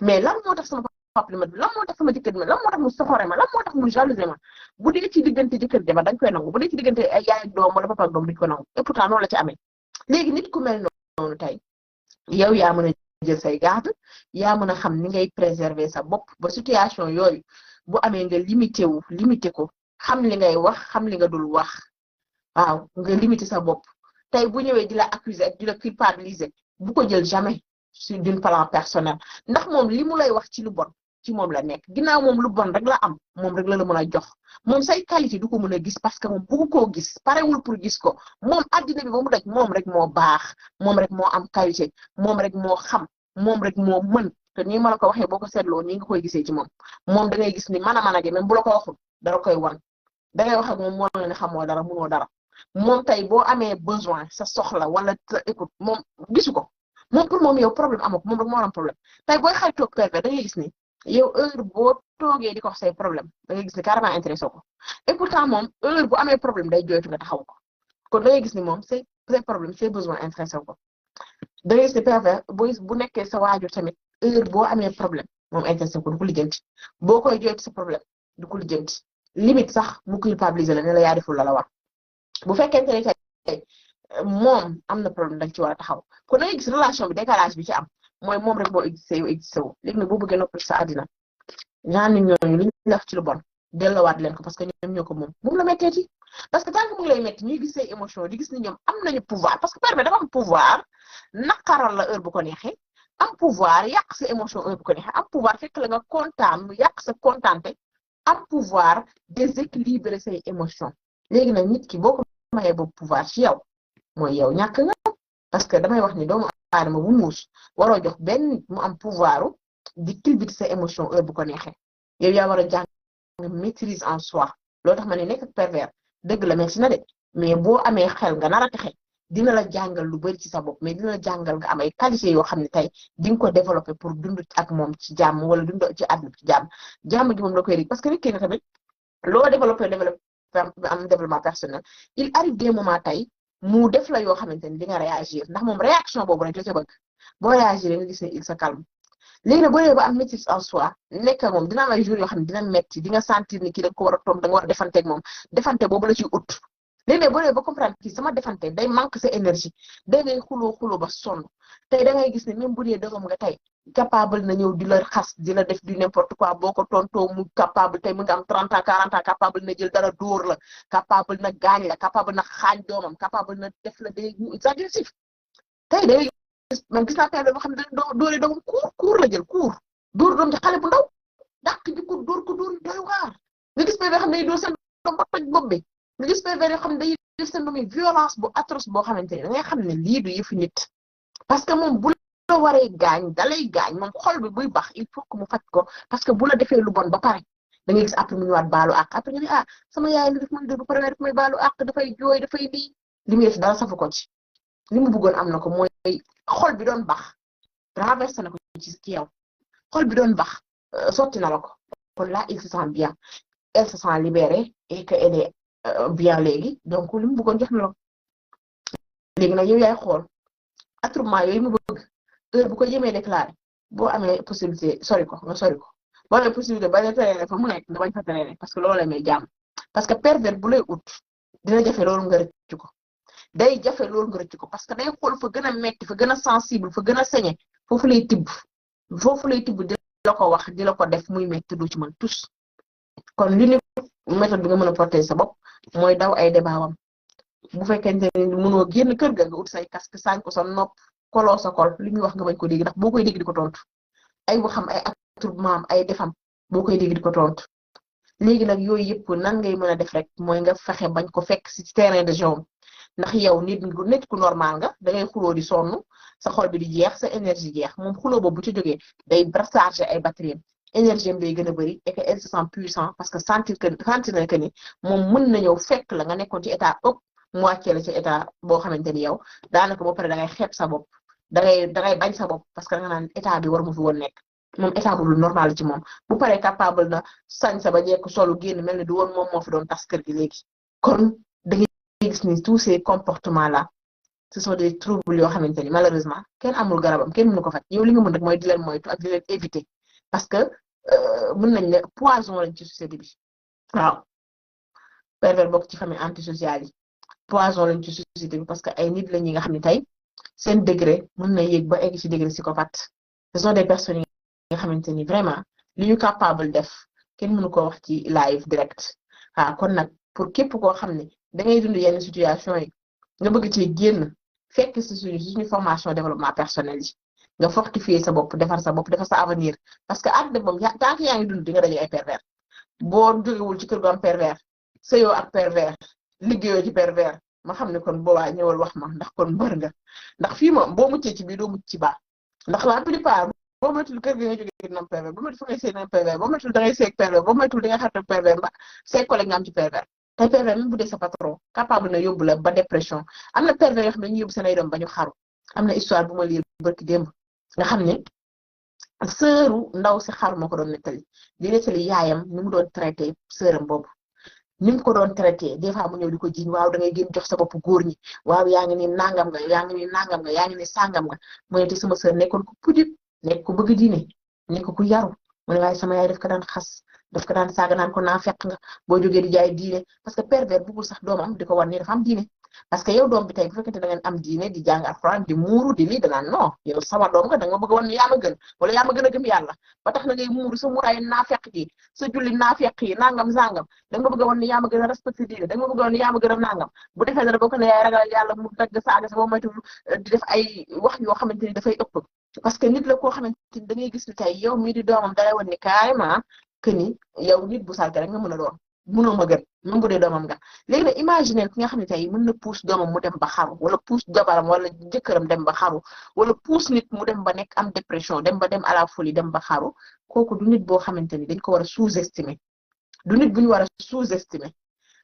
Speaker 1: mais lan moo tax sama topp ma lan moo ma lan moo tax mu soxore ma lan moo tax mu jalouse ma bu dee ci diggante jëkkër jabar dañ koy nangu bu dee ci diggante ay yaay ak doom wala papa ak doom dañ koy nangu et pourtant noonu la ci amee léegi nit ku mel noonu tey yow yaa mën a jël say garde yaa mën a xam ni ngay préserver sa bopp ba situation yooyu bu amee nga limité wu limité ko xam li ngay wax xam li nga dul wax waaw nga limité sa bopp tey bu ñëwee di la accuser ak di la culpabiliser bu ko jël jamais sur d'un plan personnel ndax moom li mu lay wax ci lu bon ci moom la nekk ginnaaw moom lu bon rek la am moom rek la la mën a jox moom say qualité du ko mën a gis parce que moom koo gis parewul pour gis ko moom addina bi ba mu moom rek moo baax moom rek moo am qualité moom rek moo xam moom rek moo mën te nii ma la ko waxee boo ko seetloo nii nga koy gisee ci moom moom da ngay gis ni mën a mën a même bu ko waxul dara koy wan da ngay wax ak moom moo la ne xamoo dara munoo dara moom tey boo amee besoin sa soxla wala sa moom gisu ko moom pour moom yow problème amoo ko moom rek booy xaritoog pervers da ngay gis ni yow heure boo toogee di ko say problème da ngay gis ne carrément intéressé ko et pourtant moom heure bu amee problème day jooytu nga taxaw ko kon da ngay gis ni moom say say problème say besoin intéressé ko da ngay gis ne pervers bu nekkee sa waajur tamit heure boo amee problème moom intéressé ko du ko lijjanti boo koy jooytu sa problème du ko lijjanti limite sax mu culpabiliser la ne la yaa deful la la war bu fekkente ne tey moom am na problème da ci war a taxaw ko da ngay gis relation bi décalage bi ci am. mooy moom rek boo existé yow existé wu léegi nag boo bëggee noppal sa àddina
Speaker 2: ñaan ñooñu
Speaker 1: li ñu def ci lu bon dellowaat leen ko parce que ñoom ñoo ko moom moom la métteeti parce que tant que lay métti ñuy gis say émotion di gis ni ñoom am nañu pouvoir parce que père bi dafa am pouvoir naqaral la heure bu ko neexee am pouvoir yàq sa émotion heure bu ko neexee am pouvoir fekk la nga kontaan yàq sa kontaante am pouvoir déséquilibrer say émotion léegi nag nit ki boo ko boobu pouvoir yow mooy yow ñàkk que damay wax ni doomu ma bu muus waroo jox benn mu am pouvoir di culbute sa émotion heure bu ko neexee yow yaa war a jàng maîtrise en soi loo tax ma ne nekk pervers dëgg la merci na de mais boo amee xel nga nar a texe dina la jàngal lu bari ci sa bopp mais dina la jàngal nga am ay qualité yoo xam ne tey di nga ko développer pour dund ak moom ci jàmm wala dund ci àdduna ci jàmm jàmm gi moom la parce que nit ki nga tamit loo développer développer am développement personnel il arrive des moments tey mu def la yoo xamante ni di nga réagir ndax moom réaction boobu rek la ca bëgg boo nga gis il se calme léegi nag boo dee ba am maîtrise en soi nekk moom dina am ay jours yoo ne dina metti di nga sentir ni kii nga ko war a toog da nga a defanteeg moom defante boobu la ciy ut léegi nag boo ba comprendre kii sama defante day manque sa énergie day ngay xuloo xuloo ba sonn te da ngay gis ne même bu dee dërëm nga tey capable na ñëw di la xas di la du n'importe quoi boo ko tontoo mu capable tey mu ngi am 30 ans 40 capable na jël dara dóor la capable na gaañ la capable na xaañ doomam capable na def la day agressif tey day man gis naa boo
Speaker 2: xam ne doo doole la jël ko dóor ko dóor doy waar nga gis bébé xam ne doo seen doom ba toj bopp bi nga gis bébé xam ne day seen
Speaker 1: doom yi violence bu atroce boo xamante ne da ngay xam ne lii du yëfu parce que moom lo waree gaañ dalay gaañ moom xool bi buy baax il faut que mu faj ko parce que bu la defee lu bon ba pare da ngay gis après mu ñëwaat baalu àq ah, sama yaay li def muy def ba pare dafay jooy dafay lii li mu def dara safu ko ci li mu bëggoon am na ko mooy xool bi doon baax traversé na ko ci yaw xool bi doon bax euh, sotti na la ko kon là il se sent bien elle se que elle est euh, bien léegi donc li mu bëggoon jox na la léegi nag yow yaay xool attroupement yooyu mu bëgg heure bu ko yéemee déclaré boo amee possibilité sori ko nga sori ko boo amee possibilité ba nga traîner fa mu nekk nga bañ fa traîner parce que loolu la jàmm parce que pervers bu lay ut dina jafe loolu nga rëcc ko day jafe loolu nga rëcc ko parce que day xool fa gën a metti fa gën a sensible fa gën a sañe foofu lay tibb foofu lay tibb di la ko wax di la ko def muy metti du ci mën tous kon li ni méthode bi nga mën a protéger sa bopp mooy daw ay débat wam bu fekkente ne mënoo génn kër ga nga ut say casque sañ ko sa nopp koloo sa kol li muy wax nga bañ ko dégg ndax bo koy dégg di ko tontu ay xam ay attroupement am ay defam boo koy dégg di ko tontu léegi nag yooyu yëpp nan ngay mën a def rek mooy nga fexe bañ ko fekk ci terrain de jeu ndax yow nit ku nit ku normal nga da ngay xuloo di sonn sa xol bi di jeex sa énergie jeex moom xuloo boobu bu ci jógee day recharger ay batterie énergie am day gën a bëri et que elle se parce que sentir que sentir na que ni moom mën na ñëw fekk la nga nekkoon ci état ëpp mu la ci état boo xamante ni yow daanaka ba pare da ngay sa bopp. dangay dangay bañ sa bopp parce que danga naan état bi war mu fi woon nekk moom état bu normal ci moom bu paree capable na sañ sa ba jekk solu génn mel ni du woon moom moo fi doon tas kër gi léegi kon dangay gis ni tous ces comportements là ce sont des troubles yoo xamante ni malheureusement kenn amul garabam kenn mënu ko faj yow li nga mën rek mooy di leen moytu ak éviter parce que euh, mën nañ ne poison lañ ci société bi waaw pervers ci famille antisociale yi poison lañ ci société bi parce que ay nit la ñi nga xam ne tey seen degré mën na yéeg ba egg ci degré psychopathe ce sont des personnes yi nga xamante ni vraiment li ñu capable def kenn mënu ko wax ci live direct ah kon nag pour képp koo xam ne da ngay dund yenn situation yi nga bëgg ci génn fekk si suñu suñu formation développement personnel yi nga fortifier sa bopp defar sa bopp defar sa avenir parce que àdduna moom ya tant que yaa ngi dund di nga daje ay pervers boo jógewul ci kër gu am pervers sëyoo ak liggéeyoo ci pervers ma xam ne kon boobaa ñëwal wax ma ndax kon mbër nga ndax fii ma boo muccee ci bii doo mucc ci baa ndax la plupart boo moytul kër gi nga jógee nam PV boo moytul fa ngay seeg nam PV boo moytul da ngay seeg PV boo moytul di nga xarit PV mba seeg collègue nga am ci PV tey PV même bu dee sa patron capable na yóbbu la ba dépression am na PV yoo xam ne ñu yóbbu seen ay doom ba ñu xaru am na histoire bu ma lire barki démb nga xam ne sëru ndaw si xaru ko doon nettali di nettali yaayam ni mu doon traité sëram boobu ni mu ko doon traité des fois mu ñëw di ko jiñ waaw da ngay gën jox sa bopp góor ñi waaw yaa ngi ni nangam ga yaa ngi ni nangam nga yaa ngi ni sangam nga mu ne te sama sœur nekkoon ku pudib nekk ku bëgg diine nekk ku yaru mu ne sama yaay daf ko daan xas daf ko daan saaga naan ko naa fekk nga boo jógee di jaay diine parce que pervers bëggul sax doomam di ko wan ne dafa am diine parce que yow doom bi tey bu fekkente am diine di jàng alxuraan di muuru di lii da naan non yow sama doom nga da ma bëgg wan ne yaa ma wala yaa ma gën a gëm yàlla na yi nangam sangam da nga ma bëgg a wan ne yaa ma gën a respecté a nangam bu defee dara boo ko ne yaay ragal yàlla saaga sa boo moytu eh, di def ay wax yoo xamante ni dafay ëpp parce que nit la koo xamante ni da ngay gis ni tey yow mii di doomam wan ni carrément que ni yow nit bu sàgg rek nga mën a doon mënoo ma gën même bu dee doomam nga léegi ne imaginer ki nga xam ne tey mën na puus doomam mu dem ba xaru wala puus jabaram wala jëkkëram dem ba xaru wala puus nit mu dem ba nekk am dépression dem ba dem à la folie dem ba xaru kooku du nit boo xamante ni dañ ko war a sous-estimer du nit bu ñu war a sous-estimer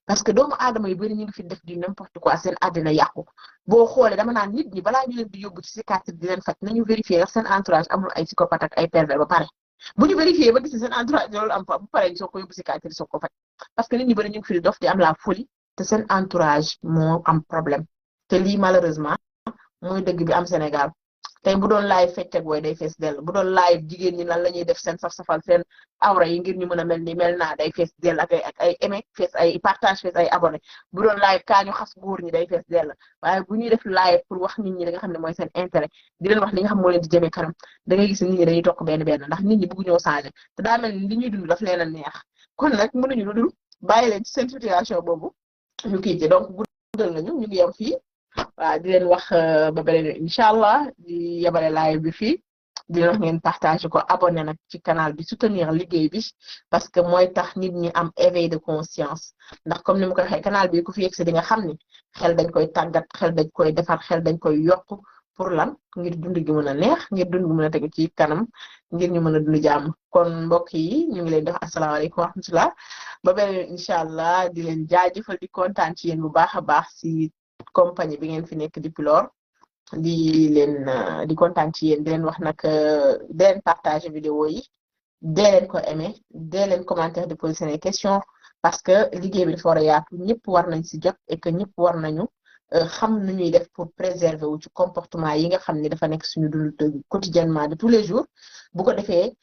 Speaker 1: parce que doom aadama yu bari ñu ngi fi def di n'importe quoi seen àddina yàqu boo xoolee dama naan nit ñi bala ñu leen di yóbbu ci psychiatre di leen faj nañu vérifier seen entourage amul ay psychopathe ak ay pervers pare bu ñu vérifié ba gis ne seen entourage loolu am fa bu paree soo ko yóbbu parce que nit ñi bëri ñu ngi fi dof am la folie te seen entourage moo am problème te lii malheureusement mooy dëgg bi am Sénégal te bu doon live fecc booy day fees dell bu doon live jigéen ñi lan la ñuy def seen saf-safal seen awra yi ngir ñu mën a mel ni mel naa day fees dell ay ak ay ay partage fees ay abonné bu doon live kaa ñu xas góor ñi day fees dell waaye bu ñuy def live pour wax nit ñi da nga xam ne mooy seen intérêt di leen wax li nga xam moo leen di jëmee kanam da ngay gis nit ñi dañuy tokk benn benn ndax nit ñi bëgg ñoo changé te daa mel ni ñuy dund daf leen neex kon nag mënuñu lu dul bàyyi leen ci seen situation boobu ñu kii ci waaw di leen wax euh, ba beneen incha allah di yabale live bi fii di wax ngeen partage ko abonné nag ci canal bi soutenir liggéey bi parce que mooy tax nit ñi am éveil de conscience ndax comme ni ma ko waxee canal bi ko fi yegsi di nga xam ni xel dañ koy tàggat xel dañ koy defar xel dañ koy yokk pour lan ngir dund gi mën na neex ngir dund gi mën a tegu ci kanam ngir ñu mën a dund jàmm kon mbokk yi ñu ngi leen di wax asalaamaaleykum wa rahmatulah ba beneen incha allah di leen jaajëfal kontaan ci yéen bu baax a baax si. compagnie bi ngeen fi nekk di Pulor di leen ah, di kontaan ci yéen di leen wax nag ah, di leen partager vidéo yi dee leen ko aimé dee leen commentaire de poser seen question parce que liggéey bi dafa war yaatu ñëpp war nañ si jot et que ñëpp war nañu ah, xam nu ñuy def pour préserver wu ci yi nga xam ne dafa nekk suñu dund quotidiennement de tous les jours bu ko defee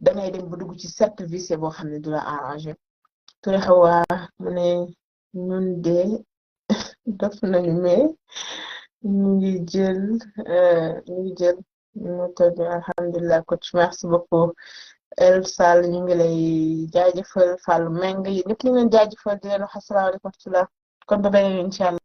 Speaker 1: da ngay dem bu dugg ci cercle vicieux boo xam ne du la
Speaker 2: arrangé. Touré Hawa mu ñun de def na mais ngi jël ñu ngi jël mu euh,
Speaker 1: tëdd alhamdulilah coach merci beaucoup El Sall ñu ngi lay jaajëfal Fallou Meng yi ñëpp ngi leen jaajëfal di leen wax asalaamaaleykum wa kon ba beneen incha allah.